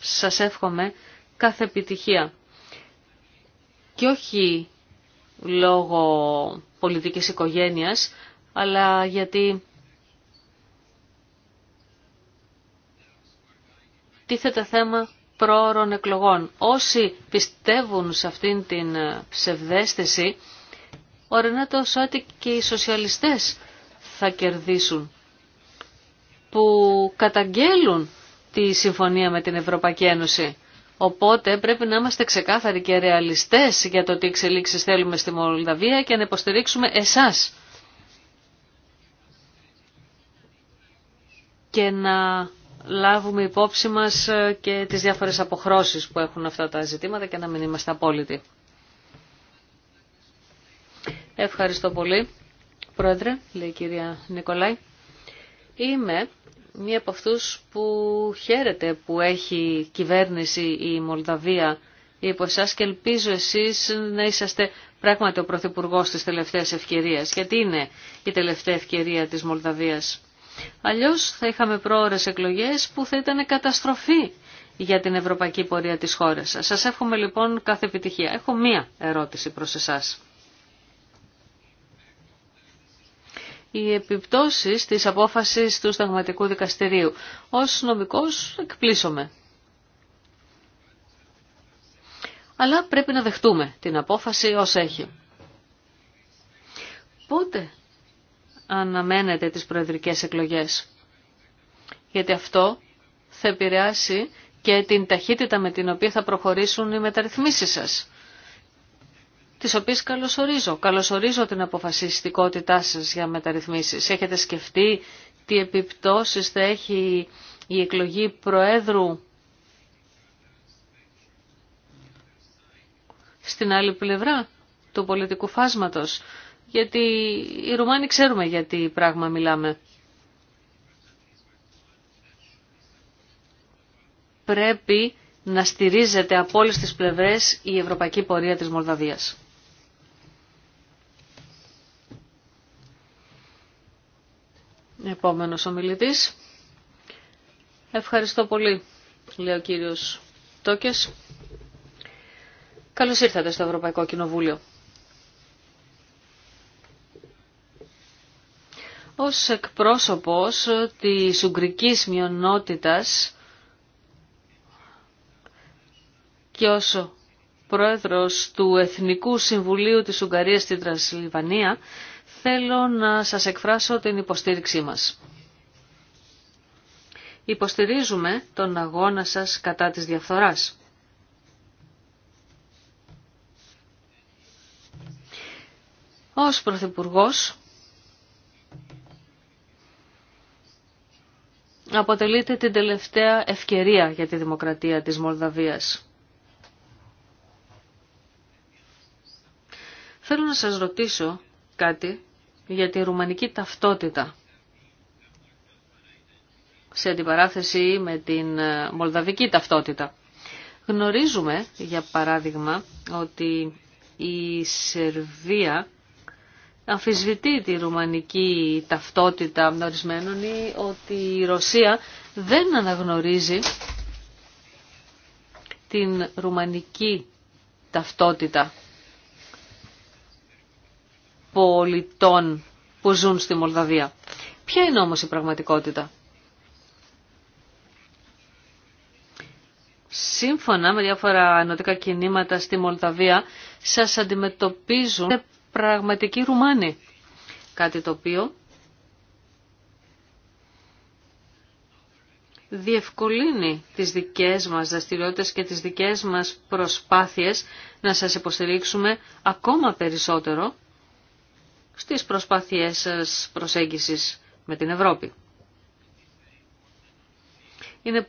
σας εύχομαι κάθε επιτυχία. Και όχι λόγω πολιτικής οικογένειας, αλλά γιατί τίθεται θέμα πρόωρων εκλογών. Όσοι πιστεύουν σε αυτήν την ψευδέστηση, ορεινά το ότι και οι σοσιαλιστές θα κερδίσουν, που καταγγέλουν τη συμφωνία με την Ευρωπαϊκή Ένωση. Οπότε πρέπει να είμαστε ξεκάθαροι και ρεαλιστές για το τι εξελίξεις θέλουμε στη Μολδαβία και να υποστηρίξουμε εσάς. Και να λάβουμε υπόψη μας ε, και τις διάφορες αποχρώσεις που έχουν αυτά τα ζητήματα και να μην είμαστε απόλυτοι. Ευχαριστώ πολύ. Πρόεδρε, λέει η κυρία Νικολάη. Είμαι μία από αυτούς που χαίρεται που έχει κυβέρνηση η Μολδαβία υπό εσά και ελπίζω εσείς να είσαστε πράγματι ο Πρωθυπουργό της τελευταίας ευκαιρίας, γιατί είναι η τελευταία ευκαιρία της Μολδαβίας. Αλλιώς θα είχαμε πρόορε εκλογές που θα ήταν καταστροφή για την ευρωπαϊκή πορεία της χώρας σας. Σας εύχομαι λοιπόν κάθε επιτυχία. Έχω μία ερώτηση προς εσάς. οι επιπτώσεις της απόφασης του Σταγματικού Δικαστηρίου. Ως νομικός εκπλήσωμαι. Αλλά πρέπει να δεχτούμε την απόφαση ως έχει. Πότε αναμένετε τις προεδρικές εκλογές. Γιατί αυτό θα επηρεάσει και την ταχύτητα με την οποία θα προχωρήσουν οι μεταρρυθμίσεις σας τις οποίες καλωσορίζω. Καλωσορίζω την αποφασιστικότητά σας για μεταρρυθμίσεις. Έχετε σκεφτεί τι επιπτώσεις θα έχει η εκλογή Προέδρου στην άλλη πλευρά του πολιτικού φάσματος. Γιατί οι Ρουμάνοι ξέρουμε γιατί πράγμα μιλάμε. Πρέπει να στηρίζεται από όλες τις πλευρές η ευρωπαϊκή πορεία της Μολδαβίας. Επόμενος ομιλητής. Ευχαριστώ πολύ, λέει ο κύριος Τόκες. Καλώς ήρθατε στο Ευρωπαϊκό Κοινοβούλιο. Ως εκπρόσωπος της Ουγγρικής μειονότητας και ως πρόεδρος του Εθνικού Συμβουλίου της Ουγγαρίας στην Τρασιλβανία, θέλω να σας εκφράσω την υποστήριξή μας. Υποστηρίζουμε τον αγώνα σας κατά της διαφθοράς. Ως Πρωθυπουργός αποτελείται την τελευταία ευκαιρία για τη δημοκρατία της Μολδαβίας. Θέλω να σας ρωτήσω κάτι για τη ρουμανική ταυτότητα σε αντιπαράθεση με την ε, μολδαβική ταυτότητα. Γνωρίζουμε, για παράδειγμα, ότι η Σερβία αμφισβητεί τη ρουμανική ταυτότητα ορισμένων ή ότι η Ρωσία δεν αναγνωρίζει την ρουμανική ταυτότητα πολιτών που ζουν στη Μολδαβία. Ποια είναι όμως η πραγματικότητα. Σύμφωνα με διάφορα ενωτικά κινήματα στη Μολδαβία, σας αντιμετωπίζουν πραγματικοί Ρουμάνοι. Κάτι το οποίο διευκολύνει τις δικές μας δραστηριότητε και τις δικές μας προσπάθειες να σας υποστηρίξουμε ακόμα περισσότερο στις προσπάθειές σας προσέγγισης με την Ευρώπη. Είναι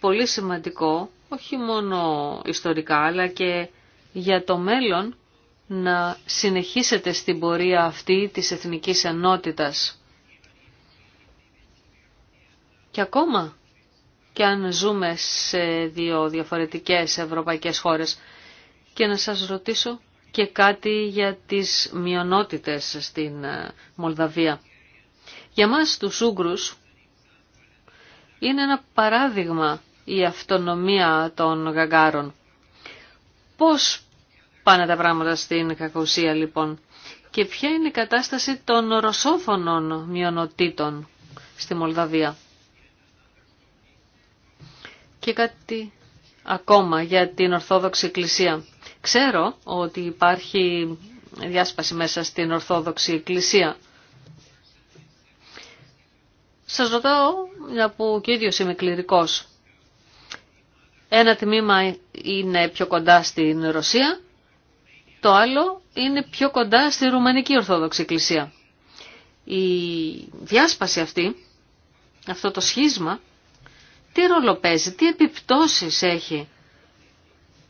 πολύ σημαντικό, όχι μόνο ιστορικά, αλλά και για το μέλλον να συνεχίσετε στην πορεία αυτή της εθνικής ενότητας. Και ακόμα και αν ζούμε σε δύο διαφορετικές ευρωπαϊκές χώρες. Και να σας ρωτήσω και κάτι για τις μειονότητες στην ε, Μολδαβία. Για μας τους Ούγκρους είναι ένα παράδειγμα η αυτονομία των Γαγκάρων. Πώς πάνε τα πράγματα στην κακοσία λοιπόν και ποια είναι η κατάσταση των ρωσόφωνων μειονοτήτων στη Μολδαβία. Και κάτι ακόμα για την Ορθόδοξη Εκκλησία. Ξέρω ότι υπάρχει διάσπαση μέσα στην Ορθόδοξη Εκκλησία. Σας ρωτάω, μια που και ίδιος είμαι κληρικός. Ένα τμήμα είναι πιο κοντά στην Ρωσία, το άλλο είναι πιο κοντά στη Ρουμανική Ορθόδοξη Εκκλησία. Η διάσπαση αυτή, αυτό το σχίσμα, τι ρόλο παίζει, τι επιπτώσεις έχει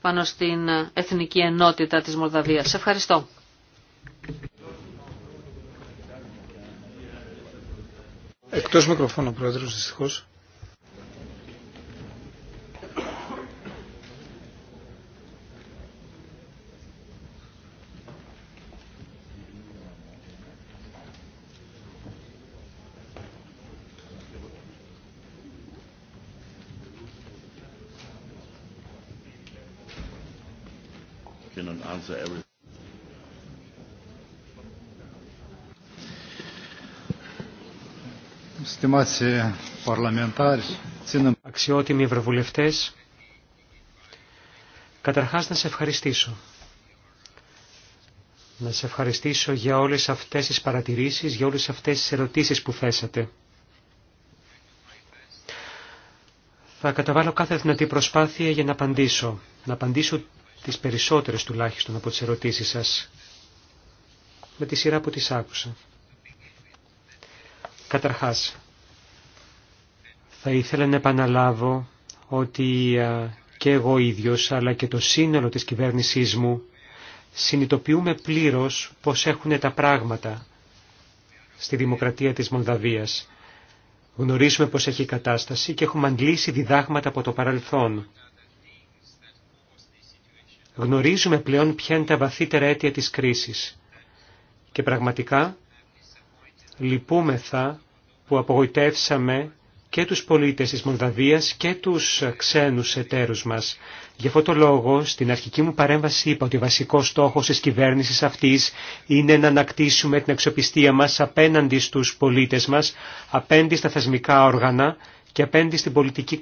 πάνω στην εθνική ενότητα της Μολδαβίας. Ευχαριστώ. Εκτός μικροφώνου, Πρόεδρος, δυστυχώς. Αξιότιμοι ευρωβουλευτέ, καταρχά να σε ευχαριστήσω. Να σε ευχαριστήσω για όλε αυτέ τι παρατηρήσει για όλε αυτέ τι ερωτήσει που θέσατε. Θα καταβάλω κάθε δυνατή προσπάθεια για να απαντήσω. Να απαντήσω τις περισσότερες τουλάχιστον από τις ερωτήσεις σας, με τη σειρά που τις άκουσα. Καταρχάς, θα ήθελα να επαναλάβω ότι και εγώ ίδιος, αλλά και το σύνολο της κυβέρνησής μου, συνειδητοποιούμε πλήρως πώς έχουν τα πράγματα στη δημοκρατία της Μολδαβίας. Γνωρίζουμε πώς έχει η κατάσταση και έχουμε αντλήσει διδάγματα από το παρελθόν. Γνωρίζουμε πλέον ποια είναι τα βαθύτερα αίτια της κρίσης. Και πραγματικά λυπούμεθα που απογοητεύσαμε και τους πολίτες της Μολδαβίας και τους ξένους εταίρους μας. Γι' αυτό το λόγο στην αρχική μου παρέμβαση είπα ότι ο βασικός στόχος της κυβέρνησης αυτής είναι να ανακτήσουμε την αξιοπιστία μας απέναντι στους πολίτες μας, απέναντι στα θεσμικά όργανα και απέναντι στην πολιτική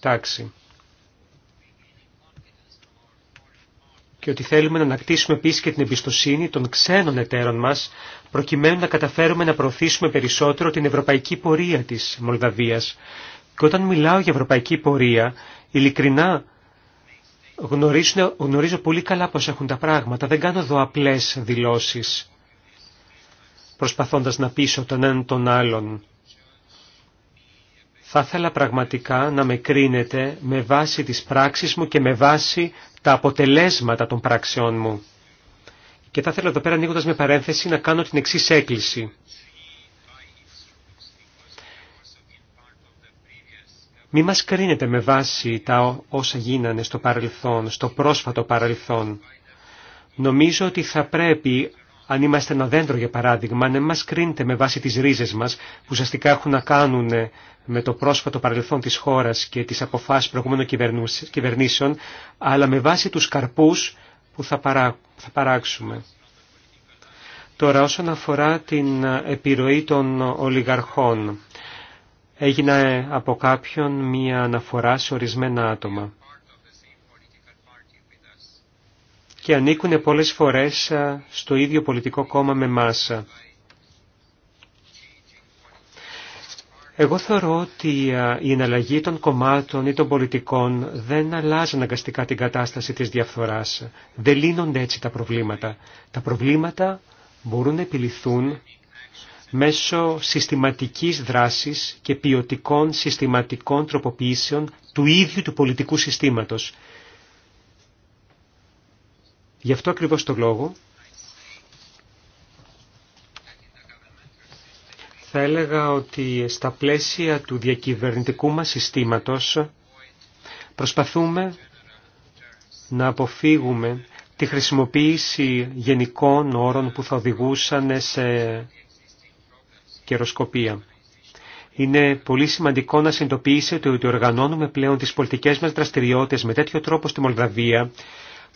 τάξη. και ότι θέλουμε να ανακτήσουμε επίση και την εμπιστοσύνη των ξένων εταίρων μα, προκειμένου να καταφέρουμε να προωθήσουμε περισσότερο την ευρωπαϊκή πορεία τη Μολδαβία. Και όταν μιλάω για ευρωπαϊκή πορεία, ειλικρινά γνωρίζω, γνωρίζω πολύ καλά πώ έχουν τα πράγματα. Δεν κάνω εδώ απλέ δηλώσει, προσπαθώντα να πείσω τον έναν τον άλλον. Θα ήθελα πραγματικά να με κρίνετε με βάση τις πράξεις μου και με βάση τα αποτελέσματα των πράξεών μου. Και θα ήθελα εδώ πέρα ανοίγοντας με παρένθεση να κάνω την εξής έκκληση. Μη μας κρίνετε με βάση τα όσα γίνανε στο παρελθόν, στο πρόσφατο παρελθόν. Νομίζω ότι θα πρέπει αν είμαστε ένα δέντρο για παράδειγμα, αν ναι, μας κρίνετε με βάση τις ρίζες μας που ουσιαστικά έχουν να κάνουν ε, με το πρόσφατο παρελθόν της χώρας και τις αποφάσεις προηγούμενων κυβερνήσεων, αλλά με βάση τους καρπούς που θα, θα παράξουμε. Τώρα όσον αφορά την ε, επιρροή των ολιγαρχών, έγινε ε, από κάποιον μία αναφορά σε ορισμένα άτομα. και ανήκουν πολλές φορές στο ίδιο πολιτικό κόμμα με μάσα. Εγώ θεωρώ ότι η εναλλαγή των κομμάτων ή των πολιτικών δεν αλλάζει αναγκαστικά την κατάσταση της διαφθοράς. Δεν λύνονται έτσι τα προβλήματα. Τα προβλήματα μπορούν να επιληθούν μέσω συστηματικής δράσης και ποιοτικών συστηματικών τροποποιήσεων του ίδιου του πολιτικού συστήματος. Γι' αυτό ακριβώς το λόγο θα έλεγα ότι στα πλαίσια του διακυβερνητικού μας συστήματος προσπαθούμε να αποφύγουμε τη χρησιμοποίηση γενικών όρων που θα οδηγούσαν σε καιροσκοπία. Είναι πολύ σημαντικό να συνειδητοποιήσετε ότι οργανώνουμε πλέον τις πολιτικές μας δραστηριότητες με τέτοιο τρόπο στη Μολδαβία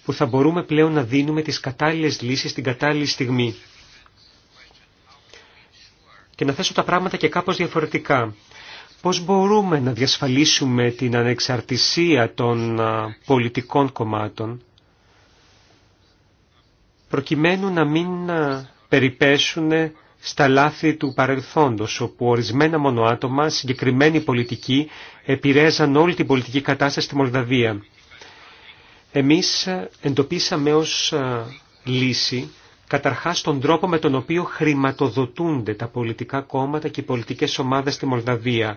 που θα μπορούμε πλέον να δίνουμε τις κατάλληλες λύσεις στην κατάλληλη στιγμή. Και να θέσω τα πράγματα και κάπως διαφορετικά. Πώς μπορούμε να διασφαλίσουμε την ανεξαρτησία των πολιτικών κομμάτων προκειμένου να μην περιπέσουν στα λάθη του παρελθόντος, όπου ορισμένα μονοάτομα, συγκεκριμένοι πολιτικοί, επηρέαζαν όλη την πολιτική κατάσταση στη Μολδαβία εμείς εντοπίσαμε ως ε, λύση καταρχάς τον τρόπο με τον οποίο χρηματοδοτούνται τα πολιτικά κόμματα και οι πολιτικές ομάδες στη Μολδαβία.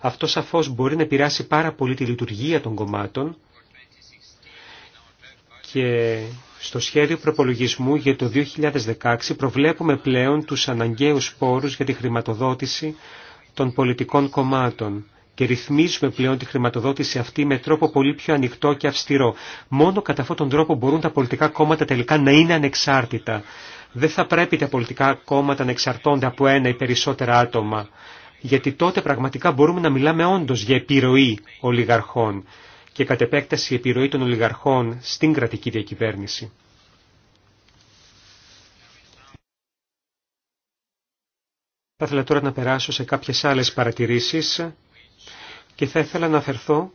Αυτό σαφώς μπορεί να επηρεάσει πάρα πολύ τη λειτουργία των κομμάτων και στο σχέδιο προπολογισμού για το 2016 προβλέπουμε πλέον τους αναγκαίους πόρους για τη χρηματοδότηση των πολιτικών κομμάτων και ρυθμίζουμε πλέον τη χρηματοδότηση αυτή με τρόπο πολύ πιο ανοιχτό και αυστηρό. Μόνο κατά αυτόν τον τρόπο μπορούν τα πολιτικά κόμματα τελικά να είναι ανεξάρτητα. Δεν θα πρέπει τα πολιτικά κόμματα να εξαρτώνται από ένα ή περισσότερα άτομα, γιατί τότε πραγματικά μπορούμε να μιλάμε όντω για επιρροή ολιγαρχών και κατ' επέκταση επιρροή των ολιγαρχών στην κρατική διακυβέρνηση. Θα ήθελα τώρα να περάσω σε κάποιες άλλες παρατηρήσεις και θα ήθελα να αφαιρθώ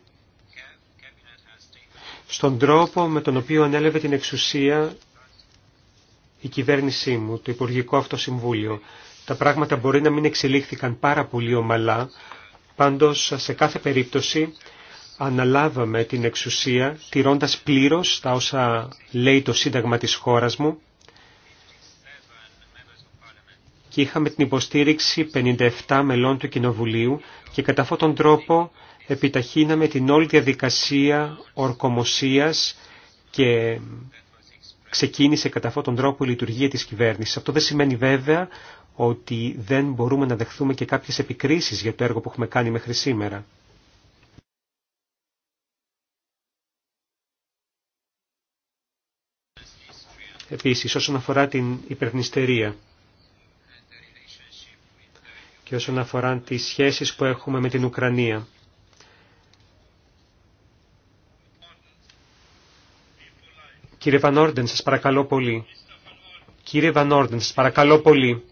στον τρόπο με τον οποίο ανέλαβε την εξουσία η κυβέρνησή μου, το Υπουργικό Αυτοσυμβούλιο. Τα πράγματα μπορεί να μην εξελίχθηκαν πάρα πολύ ομαλά, πάντως σε κάθε περίπτωση αναλάβαμε την εξουσία τηρώντας πλήρως τα όσα λέει το Σύνταγμα της χώρας μου και είχαμε την υποστήριξη 57 μελών του Κοινοβουλίου και κατά αυτόν τον τρόπο επιταχύναμε την όλη διαδικασία ορκομοσίας και ξεκίνησε κατά αυτόν τον τρόπο η λειτουργία της κυβέρνησης. Αυτό δεν σημαίνει βέβαια ότι δεν μπορούμε να δεχθούμε και κάποιες επικρίσεις για το έργο που έχουμε κάνει μέχρι σήμερα. Επίσης, όσον αφορά την υπερνηστερία και όσον αφορά τις σχέσεις που έχουμε με την Ουκρανία. Κύριε Βανόρντεν, σας παρακαλώ πολύ. Κύριε Βανόρντεν, σας παρακαλώ πολύ.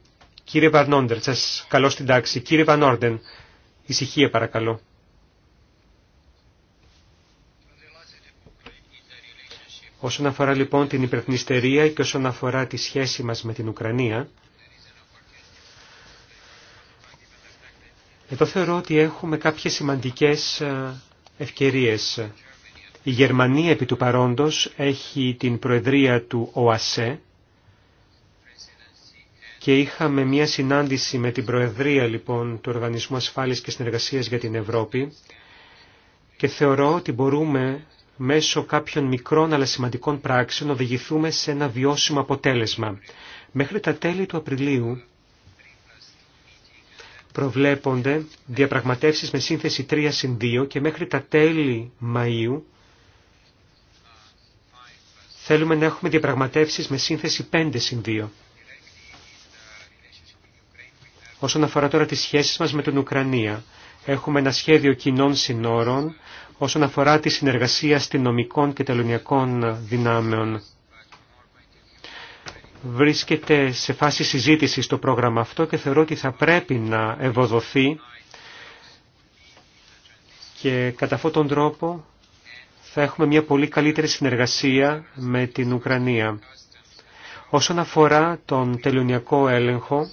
Κύριε Βανόρντεν, σας καλώ στην τάξη. Κύριε Βανόρντεν, ησυχία παρακαλώ. Όσον αφορά λοιπόν την υπερθνιστερία και όσον αφορά τη σχέση μας με την Ουκρανία, Εδώ θεωρώ ότι έχουμε κάποιες σημαντικές ε, ευκαιρίες. Η Γερμανία επί του παρόντος έχει την προεδρία του ΟΑΣΕ και είχαμε μια συνάντηση με την προεδρία λοιπόν του Οργανισμού Ασφάλειας και Συνεργασίας για την Ευρώπη και θεωρώ ότι μπορούμε μέσω κάποιων μικρών αλλά σημαντικών πράξεων οδηγηθούμε σε ένα βιώσιμο αποτέλεσμα. Μέχρι τα τέλη του Απριλίου προβλέπονται διαπραγματεύσεις με σύνθεση 3 συν 2 και μέχρι τα τέλη Μαΐου θέλουμε να έχουμε διαπραγματεύσεις με σύνθεση 5 συν 2. Όσον αφορά τώρα τις σχέσεις μας με την Ουκρανία, έχουμε ένα σχέδιο κοινών συνόρων όσον αφορά τη συνεργασία αστυνομικών και τελωνιακών δυνάμεων βρίσκεται σε φάση συζήτησης το πρόγραμμα αυτό και θεωρώ ότι θα πρέπει να ευοδοθεί και κατά αυτόν τον τρόπο θα έχουμε μια πολύ καλύτερη συνεργασία με την Ουκρανία. Όσον αφορά τον τελωνιακό έλεγχο,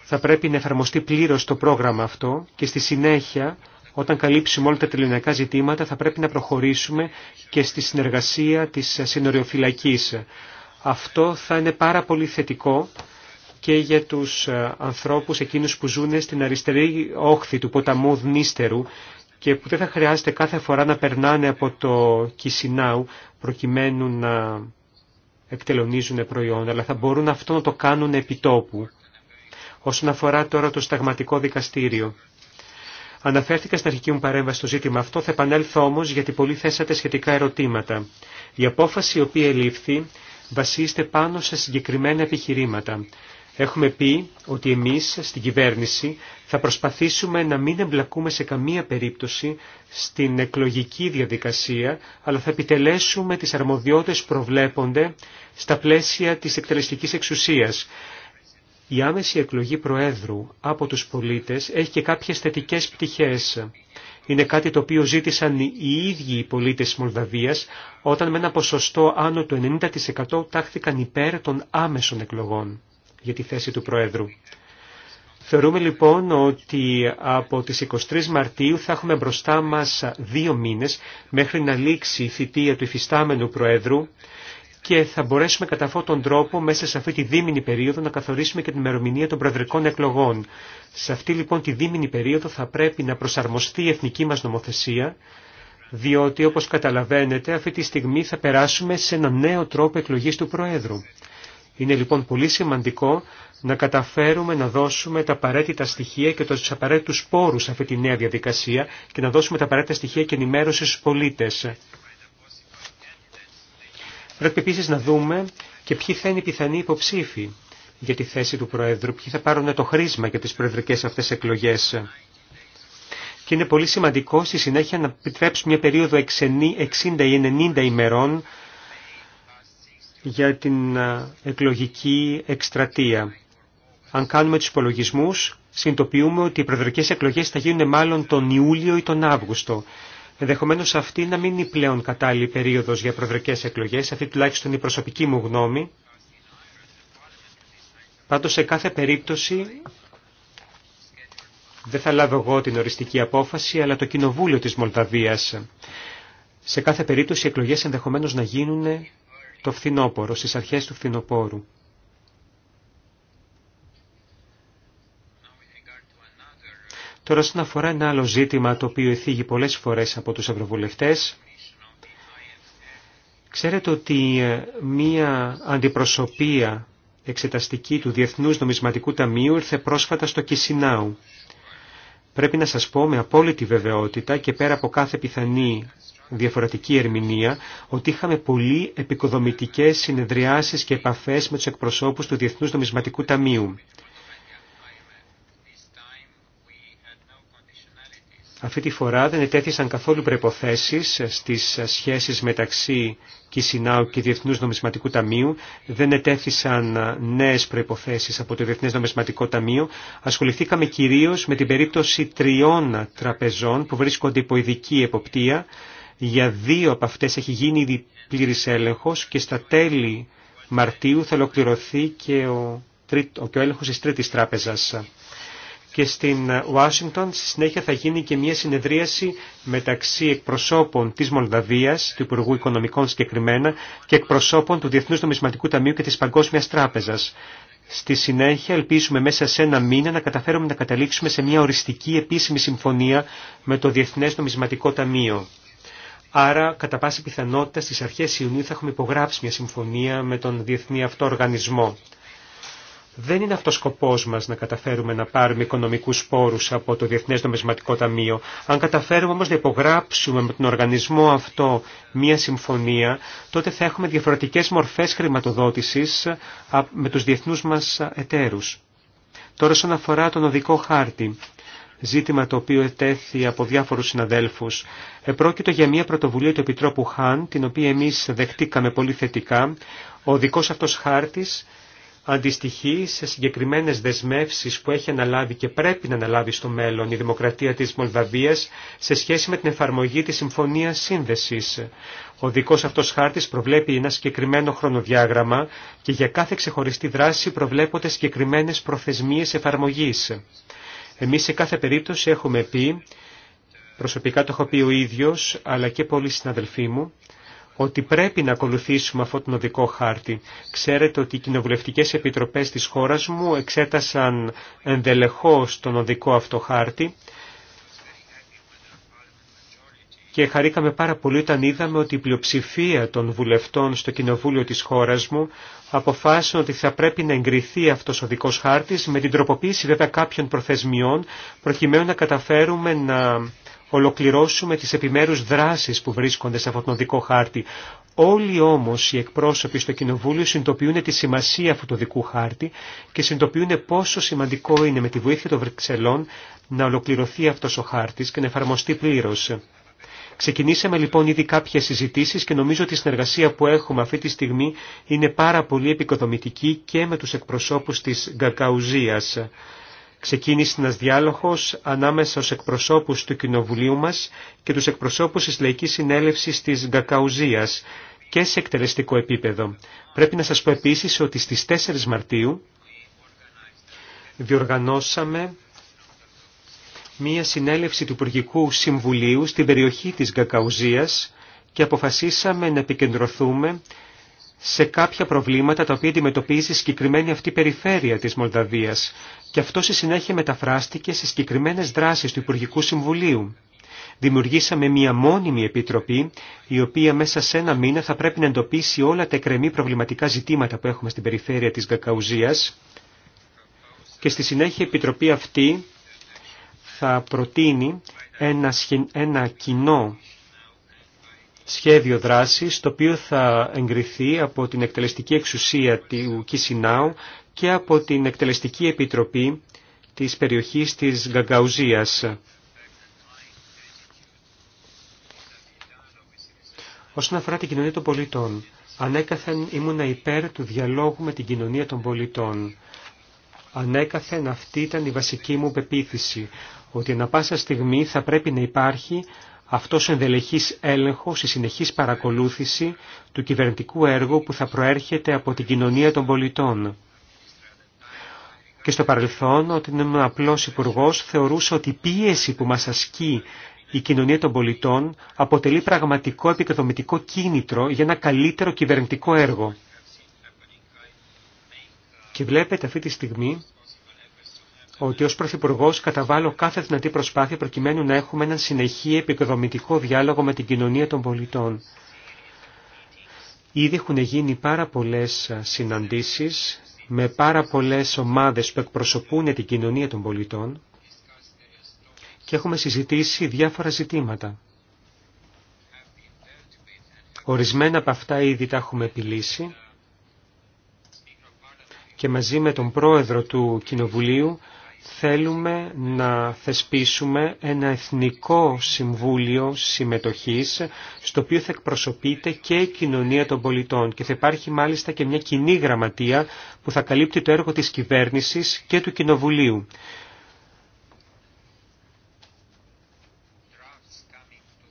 θα πρέπει να εφαρμοστεί πλήρως το πρόγραμμα αυτό και στη συνέχεια, όταν καλύψουμε όλα τα τελωνιακά ζητήματα, θα πρέπει να προχωρήσουμε και στη συνεργασία της συνοριοφυλακής αυτό θα είναι πάρα πολύ θετικό και για τους ε, ανθρώπους εκείνους που ζουν στην αριστερή όχθη του ποταμού Δνίστερου και που δεν θα χρειάζεται κάθε φορά να περνάνε από το Κισινάου προκειμένου να εκτελονίζουν προϊόντα, αλλά θα μπορούν αυτό να το κάνουν επιτόπου. Όσον αφορά τώρα το σταγματικό δικαστήριο. Αναφέρθηκα στην αρχική μου παρέμβαση στο ζήτημα αυτό, θα επανέλθω όμως γιατί πολλοί θέσατε σχετικά ερωτήματα. Η απόφαση η οποία λήφθη... Βασίστε πάνω σε συγκεκριμένα επιχειρήματα. Έχουμε πει ότι εμείς στην κυβέρνηση θα προσπαθήσουμε να μην εμπλακούμε σε καμία περίπτωση στην εκλογική διαδικασία, αλλά θα επιτελέσουμε τις αρμοδιότητες προβλέπονται στα πλαίσια της εκτελεστικής εξουσίας. Η άμεση εκλογή Προέδρου από τους πολίτες έχει και κάποιες θετικές πτυχές είναι κάτι το οποίο ζήτησαν οι ίδιοι οι πολίτες της Μολδαβίας όταν με ένα ποσοστό άνω του 90% τάχθηκαν υπέρ των άμεσων εκλογών για τη θέση του Προέδρου. Θεωρούμε λοιπόν ότι από τις 23 Μαρτίου θα έχουμε μπροστά μας δύο μήνες μέχρι να λήξει η θητεία του υφιστάμενου Προέδρου και θα μπορέσουμε κατά αυτόν τον τρόπο μέσα σε αυτή τη δίμηνη περίοδο να καθορίσουμε και την ημερομηνία των προεδρικών εκλογών. Σε αυτή λοιπόν τη δίμηνη περίοδο θα πρέπει να προσαρμοστεί η εθνική μας νομοθεσία διότι όπως καταλαβαίνετε αυτή τη στιγμή θα περάσουμε σε ένα νέο τρόπο εκλογής του Προέδρου. Είναι λοιπόν πολύ σημαντικό να καταφέρουμε να δώσουμε τα απαραίτητα στοιχεία και τους απαραίτητου πόρους σε αυτή τη νέα διαδικασία και να δώσουμε τα απαραίτητα στοιχεία και ενημέρωση στου πολίτε. Πρέπει επίσης να δούμε και ποιοι θα είναι οι πιθανοί υποψήφοι για τη θέση του Προέδρου, ποιοι θα πάρουν το χρήσμα για τις προεδρικές αυτές εκλογές. Και είναι πολύ σημαντικό στη συνέχεια να επιτρέψουμε μια περίοδο 60 ή 90 ημερών για την εκλογική εκστρατεία. Αν κάνουμε τους υπολογισμούς, συνειδητοποιούμε ότι οι προεδρικές εκλογές θα γίνουν μάλλον τον Ιούλιο ή τον Αύγουστο. Ενδεχομένω αυτή να μην είναι πλέον κατάλληλη περίοδο για προεδρικέ εκλογέ, αυτή τουλάχιστον η προσωπική μου γνώμη. Πάντω σε κάθε περίπτωση δεν θα λάβω εγώ την οριστική απόφαση, αλλά το Κοινοβούλιο της Μολδαβία, Σε κάθε περίπτωση οι εκλογές ενδεχομένως να γίνουν το φθινόπωρο, στις αρχές του φθινοπόρου. Τώρα, όσον αφορά ένα άλλο ζήτημα το οποίο εθίγει πολλές φορές από τους ευρωβουλευτές, ξέρετε ότι ε, μία αντιπροσωπεία εξεταστική του Διεθνούς Νομισματικού Ταμείου ήρθε πρόσφατα στο Κισινάου. Πρέπει να σας πω με απόλυτη βεβαιότητα και πέρα από κάθε πιθανή διαφορετική ερμηνεία ότι είχαμε πολύ επικοδομητικές συνεδριάσεις και επαφές με τους εκπροσώπους του Διεθνούς Νομισματικού Ταμείου. Αυτή τη φορά δεν ετέθησαν καθόλου προϋποθέσεις στις σχέσεις μεταξύ Κισινάου και Διεθνούς Νομισματικού Ταμείου, δεν ετέθησαν νέες προϋποθέσεις από το Διεθνές Νομισματικό Ταμείο. Ασχοληθήκαμε κυρίως με την περίπτωση τριών τραπεζών που βρίσκονται υπό ειδική εποπτεία. Για δύο από αυτές έχει γίνει ήδη πλήρης έλεγχος και στα τέλη Μαρτίου θα ολοκληρωθεί και ο, ο, και ο της τρίτης τράπεζας και στην Ουάσιγκτον στη συνέχεια θα γίνει και μια συνεδρίαση μεταξύ εκπροσώπων της Μολδαβίας, του Υπουργού Οικονομικών συγκεκριμένα, και εκπροσώπων του Διεθνούς Νομισματικού Ταμείου και της Παγκόσμιας Τράπεζας. Στη συνέχεια ελπίζουμε μέσα σε ένα μήνα να καταφέρουμε να καταλήξουμε σε μια οριστική επίσημη συμφωνία με το Διεθνές Νομισματικό Ταμείο. Άρα, κατά πάση πιθανότητα, στις αρχές Ιουνίου θα έχουμε υπογράψει μια συμφωνία με τον Διεθνή Αυτό Οργανισμό. Δεν είναι αυτός σκοπό μα να καταφέρουμε να πάρουμε οικονομικού πόρου από το διεθνέ Νομισματικό Ταμείο. Αν καταφέρουμε όμω να υπογράψουμε με τον οργανισμό αυτό μία συμφωνία, τότε θα έχουμε διαφορετικέ μορφέ χρηματοδότηση με του διεθνού μα εταίρου. Τώρα όσον αφορά τον οδικό χάρτη, ζήτημα το οποίο ετέθη από διάφορου συναδέλφου, επρόκειτο για μια πρωτοβουλία του Επιτρόπου Χάν, την οποία εμεί δεχτήκαμε πολύ θετικά. Ο δικός αυτό χάρτη αντιστοιχεί σε συγκεκριμένες δεσμεύσεις που έχει αναλάβει και πρέπει να αναλάβει στο μέλλον η Δημοκρατία της Μολδαβίας σε σχέση με την εφαρμογή της Συμφωνίας Σύνδεσης. Ο δικός αυτός χάρτης προβλέπει ένα συγκεκριμένο χρονοδιάγραμμα και για κάθε ξεχωριστή δράση προβλέπονται συγκεκριμένες προθεσμίες εφαρμογής. Εμείς σε κάθε περίπτωση έχουμε πει, προσωπικά το έχω πει ο ίδιος αλλά και πολλοί συναδελφοί μου, ότι πρέπει να ακολουθήσουμε αυτόν τον οδικό χάρτη. Ξέρετε ότι οι κοινοβουλευτικές επιτροπές της χώρας μου εξέτασαν ενδελεχώς τον οδικό αυτό χάρτη και χαρήκαμε πάρα πολύ όταν είδαμε ότι η πλειοψηφία των βουλευτών στο κοινοβούλιο της χώρας μου αποφάσισαν ότι θα πρέπει να εγκριθεί αυτός ο δικός χάρτης με την τροποποίηση βέβαια κάποιων προθεσμιών προκειμένου να καταφέρουμε να ολοκληρώσουμε τις επιμέρους δράσεις που βρίσκονται σε αυτόν τον δικό χάρτη. Όλοι όμως οι εκπρόσωποι στο Κοινοβούλιο συνειδητοποιούν τη σημασία αυτού του δικού χάρτη και συνειδητοποιούν πόσο σημαντικό είναι με τη βοήθεια των Βρυξελών να ολοκληρωθεί αυτός ο χάρτης και να εφαρμοστεί πλήρως. Ξεκινήσαμε λοιπόν ήδη κάποιε συζητήσεις και νομίζω ότι η συνεργασία που έχουμε αυτή τη στιγμή είναι πάρα πολύ επικοδομητική και με τους εκπροσώπους της Γκακαουζία. Ξεκίνησε ένας διάλογος ανάμεσα στους εκπροσώπους του Κοινοβουλίου μας και τους εκπροσώπους της Λαϊκής Συνέλευσης της Γκακαουζίας και σε εκτελεστικό επίπεδο. Πρέπει να σας πω επίσης ότι στις 4 Μαρτίου διοργανώσαμε μία συνέλευση του Υπουργικού Συμβουλίου στην περιοχή της Γκακαουζίας και αποφασίσαμε να επικεντρωθούμε σε κάποια προβλήματα τα οποία αντιμετωπίζει η συγκεκριμένη αυτή περιφέρεια της Μολδαβίας και αυτό στη συνέχεια μεταφράστηκε σε συγκεκριμένες δράσεις του Υπουργικού Συμβουλίου. Δημιουργήσαμε μία μόνιμη επιτροπή η οποία μέσα σε ένα μήνα θα πρέπει να εντοπίσει όλα τα εκρεμή προβληματικά ζητήματα που έχουμε στην περιφέρεια της Γκακαουζίας και στη συνέχεια η επιτροπή αυτή θα προτείνει ένα, ένα κοινό σχέδιο δράσης το οποίο θα εγκριθεί από την εκτελεστική εξουσία του Κισινάου και από την εκτελεστική επιτροπή της περιοχής της Γκαγκαουζίας. Όσον αφορά την κοινωνία των πολιτών, ανέκαθεν ήμουνα υπέρ του διαλόγου με την κοινωνία των πολιτών. Ανέκαθεν αυτή ήταν η βασική μου πεποίθηση, ότι ανα πάσα στιγμή θα πρέπει να υπάρχει αυτός ο ενδελεχής έλεγχος, η συνεχής παρακολούθηση του κυβερνητικού έργου που θα προέρχεται από την κοινωνία των πολιτών. Και στο παρελθόν, όταν ήμουν απλός υπουργό, θεωρούσα ότι η πίεση που μας ασκεί η κοινωνία των πολιτών αποτελεί πραγματικό επικοδομητικό κίνητρο για ένα καλύτερο κυβερνητικό έργο. Και βλέπετε αυτή τη στιγμή ότι ως Πρωθυπουργό καταβάλω κάθε δυνατή προσπάθεια προκειμένου να έχουμε έναν συνεχή επικοδομητικό διάλογο με την κοινωνία των πολιτών. Ήδη έχουν γίνει πάρα πολλές συναντήσεις με πάρα πολλές ομάδες που εκπροσωπούν την κοινωνία των πολιτών και έχουμε συζητήσει διάφορα ζητήματα. Ορισμένα από αυτά ήδη τα έχουμε επιλύσει και μαζί με τον πρόεδρο του Κοινοβουλίου θέλουμε να θεσπίσουμε ένα εθνικό συμβούλιο συμμετοχής στο οποίο θα εκπροσωπείται και η κοινωνία των πολιτών και θα υπάρχει μάλιστα και μια κοινή γραμματεία που θα καλύπτει το έργο της κυβέρνησης και του κοινοβουλίου.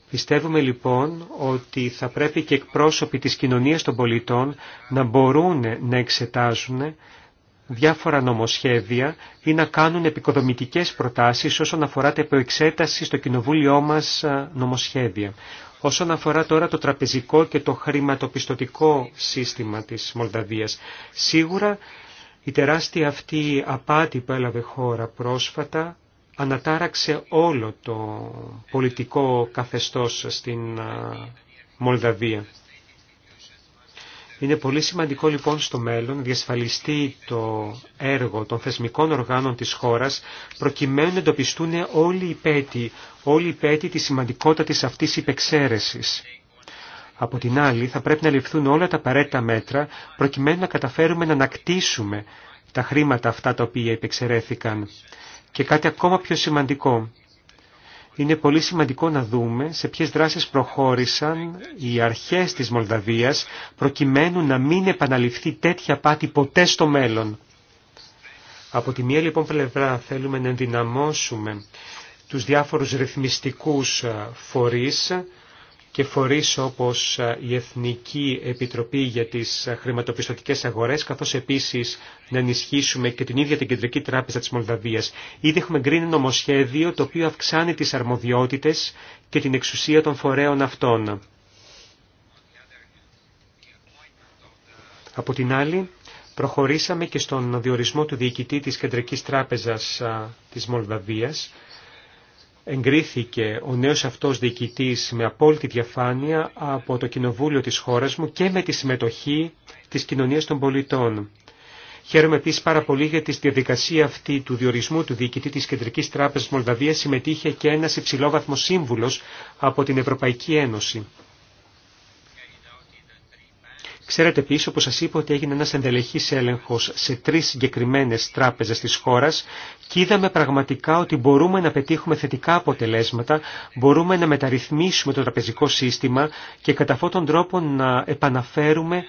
Πιστεύουμε λοιπόν ότι θα πρέπει και εκπρόσωποι της κοινωνίας των πολιτών να μπορούν να εξετάζουν διάφορα νομοσχέδια ή να κάνουν επικοδομητικές προτάσεις όσον αφορά την προεξέταση στο κοινοβούλιο μας νομοσχέδια. Όσον αφορά τώρα το τραπεζικό και το χρηματοπιστωτικό σύστημα της Μολδαβίας, σίγουρα η τεράστια αυτή απάτη που έλαβε χώρα πρόσφατα ανατάραξε όλο το πολιτικό καθεστώς στην Μολδαβία. Είναι πολύ σημαντικό λοιπόν στο μέλλον διασφαλιστεί το έργο των θεσμικών οργάνων της χώρας προκειμένου να εντοπιστούν όλοι οι πέτοι, όλοι οι πέτοι της σημαντικότητας αυτής υπεξαίρεσης. Από την άλλη θα πρέπει να ληφθούν όλα τα απαραίτητα μέτρα προκειμένου να καταφέρουμε να ανακτήσουμε τα χρήματα αυτά τα οποία υπεξαιρέθηκαν. Και κάτι ακόμα πιο σημαντικό είναι πολύ σημαντικό να δούμε σε ποιες δράσεις προχώρησαν οι αρχές της Μολδαβίας προκειμένου να μην επαναληφθεί τέτοια πάτη ποτέ στο μέλλον. Από τη μία λοιπόν πλευρά θέλουμε να ενδυναμώσουμε τους διάφορους ρυθμιστικούς ε, φορείς και φορείς όπως η Εθνική Επιτροπή για τις Χρηματοπιστωτικές Αγορές, καθώς επίσης να ενισχύσουμε και την ίδια την Κεντρική Τράπεζα της Μολδαβίας. Ήδη έχουμε γκρίνει νομοσχέδιο το οποίο αυξάνει τις αρμοδιότητες και την εξουσία των φορέων αυτών. Από την άλλη, προχωρήσαμε και στον διορισμό του διοικητή της Κεντρικής Τράπεζας της Μολδαβίας, εγκρίθηκε ο νέος αυτός διοικητής με απόλυτη διαφάνεια από το Κοινοβούλιο της χώρας μου και με τη συμμετοχή της κοινωνίας των πολιτών. Χαίρομαι επίση πάρα πολύ για τη διαδικασία αυτή του διορισμού του διοικητή τη Κεντρική Τράπεζα Μολδαβία συμμετείχε και ένα υψηλόβαθμο σύμβουλο από την Ευρωπαϊκή Ένωση. Ξέρετε επίση, όπω σα είπα, ότι έγινε ένα ενδελεχή έλεγχος σε τρει συγκεκριμένε τράπεζε τη χώρα και είδαμε πραγματικά ότι μπορούμε να πετύχουμε θετικά αποτελέσματα, μπορούμε να μεταρρυθμίσουμε το τραπεζικό σύστημα και κατά αυτόν τον τρόπο να επαναφέρουμε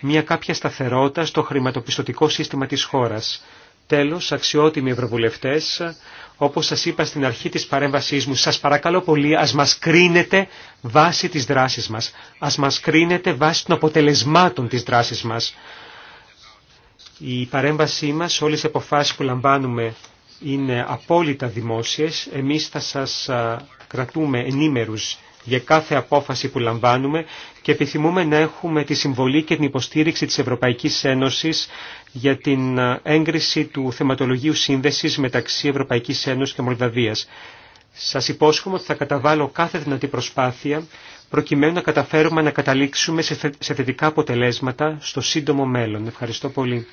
μια κάποια σταθερότητα στο χρηματοπιστωτικό σύστημα της χώρας. Τέλος, αξιότιμοι ευρωβουλευτές, όπως σας είπα στην αρχή της παρέμβασής μου, σας παρακαλώ πολύ, ας μας κρίνετε βάσει της δράσης μας. Ας μας κρίνετε βάσει των αποτελεσμάτων της δράσης μας. Η παρέμβασή μας, όλες οι αποφάσεις που λαμβάνουμε είναι απόλυτα δημόσιες. Εμείς θα σας κρατούμε ενήμερους για κάθε απόφαση που λαμβάνουμε και επιθυμούμε να έχουμε τη συμβολή και την υποστήριξη της Ευρωπαϊκής Ένωσης για την ε, έγκριση του θεματολογίου σύνδεσης μεταξύ Ευρωπαϊκής Ένωσης και Μολδαβίας. Σας υπόσχομαι ότι θα καταβάλω κάθε δυνατή προσπάθεια προκειμένου να καταφέρουμε να καταλήξουμε σε θετικά αποτελέσματα στο σύντομο μέλλον. Ευχαριστώ πολύ.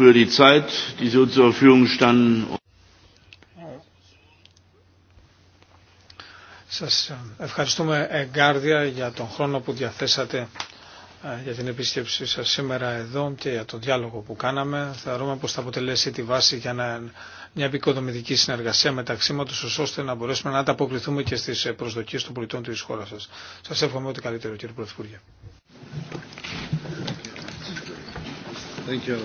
Für die Zeit, die zur Verfügung standen. Σας ε, ευχαριστούμε εγκάρδια για τον χρόνο που διαθέσατε ε, για την επίσκεψή σας σήμερα εδώ και για τον διάλογο που κάναμε. Θεωρούμε πως θα αποτελέσει τη βάση για να, μια επικοδομητική συνεργασία μεταξύ μας, ώστε να μπορέσουμε να ανταποκριθούμε και στις προσδοκίες των πολιτών της χώρας σας. Σας εύχομαι ό,τι καλύτερο κύριε Πρωθυπουργέ. Thank you.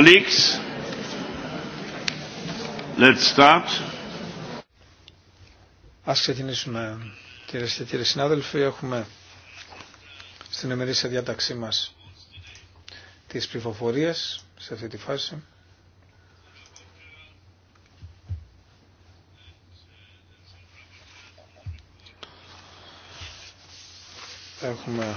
Colleagues, let's start. Ας ξεκινήσουμε κυρίες και κύριοι συνάδελφοι. Έχουμε στην εμερήσια διάταξή μας τις πληροφορίες σε αυτή τη φάση. Έχουμε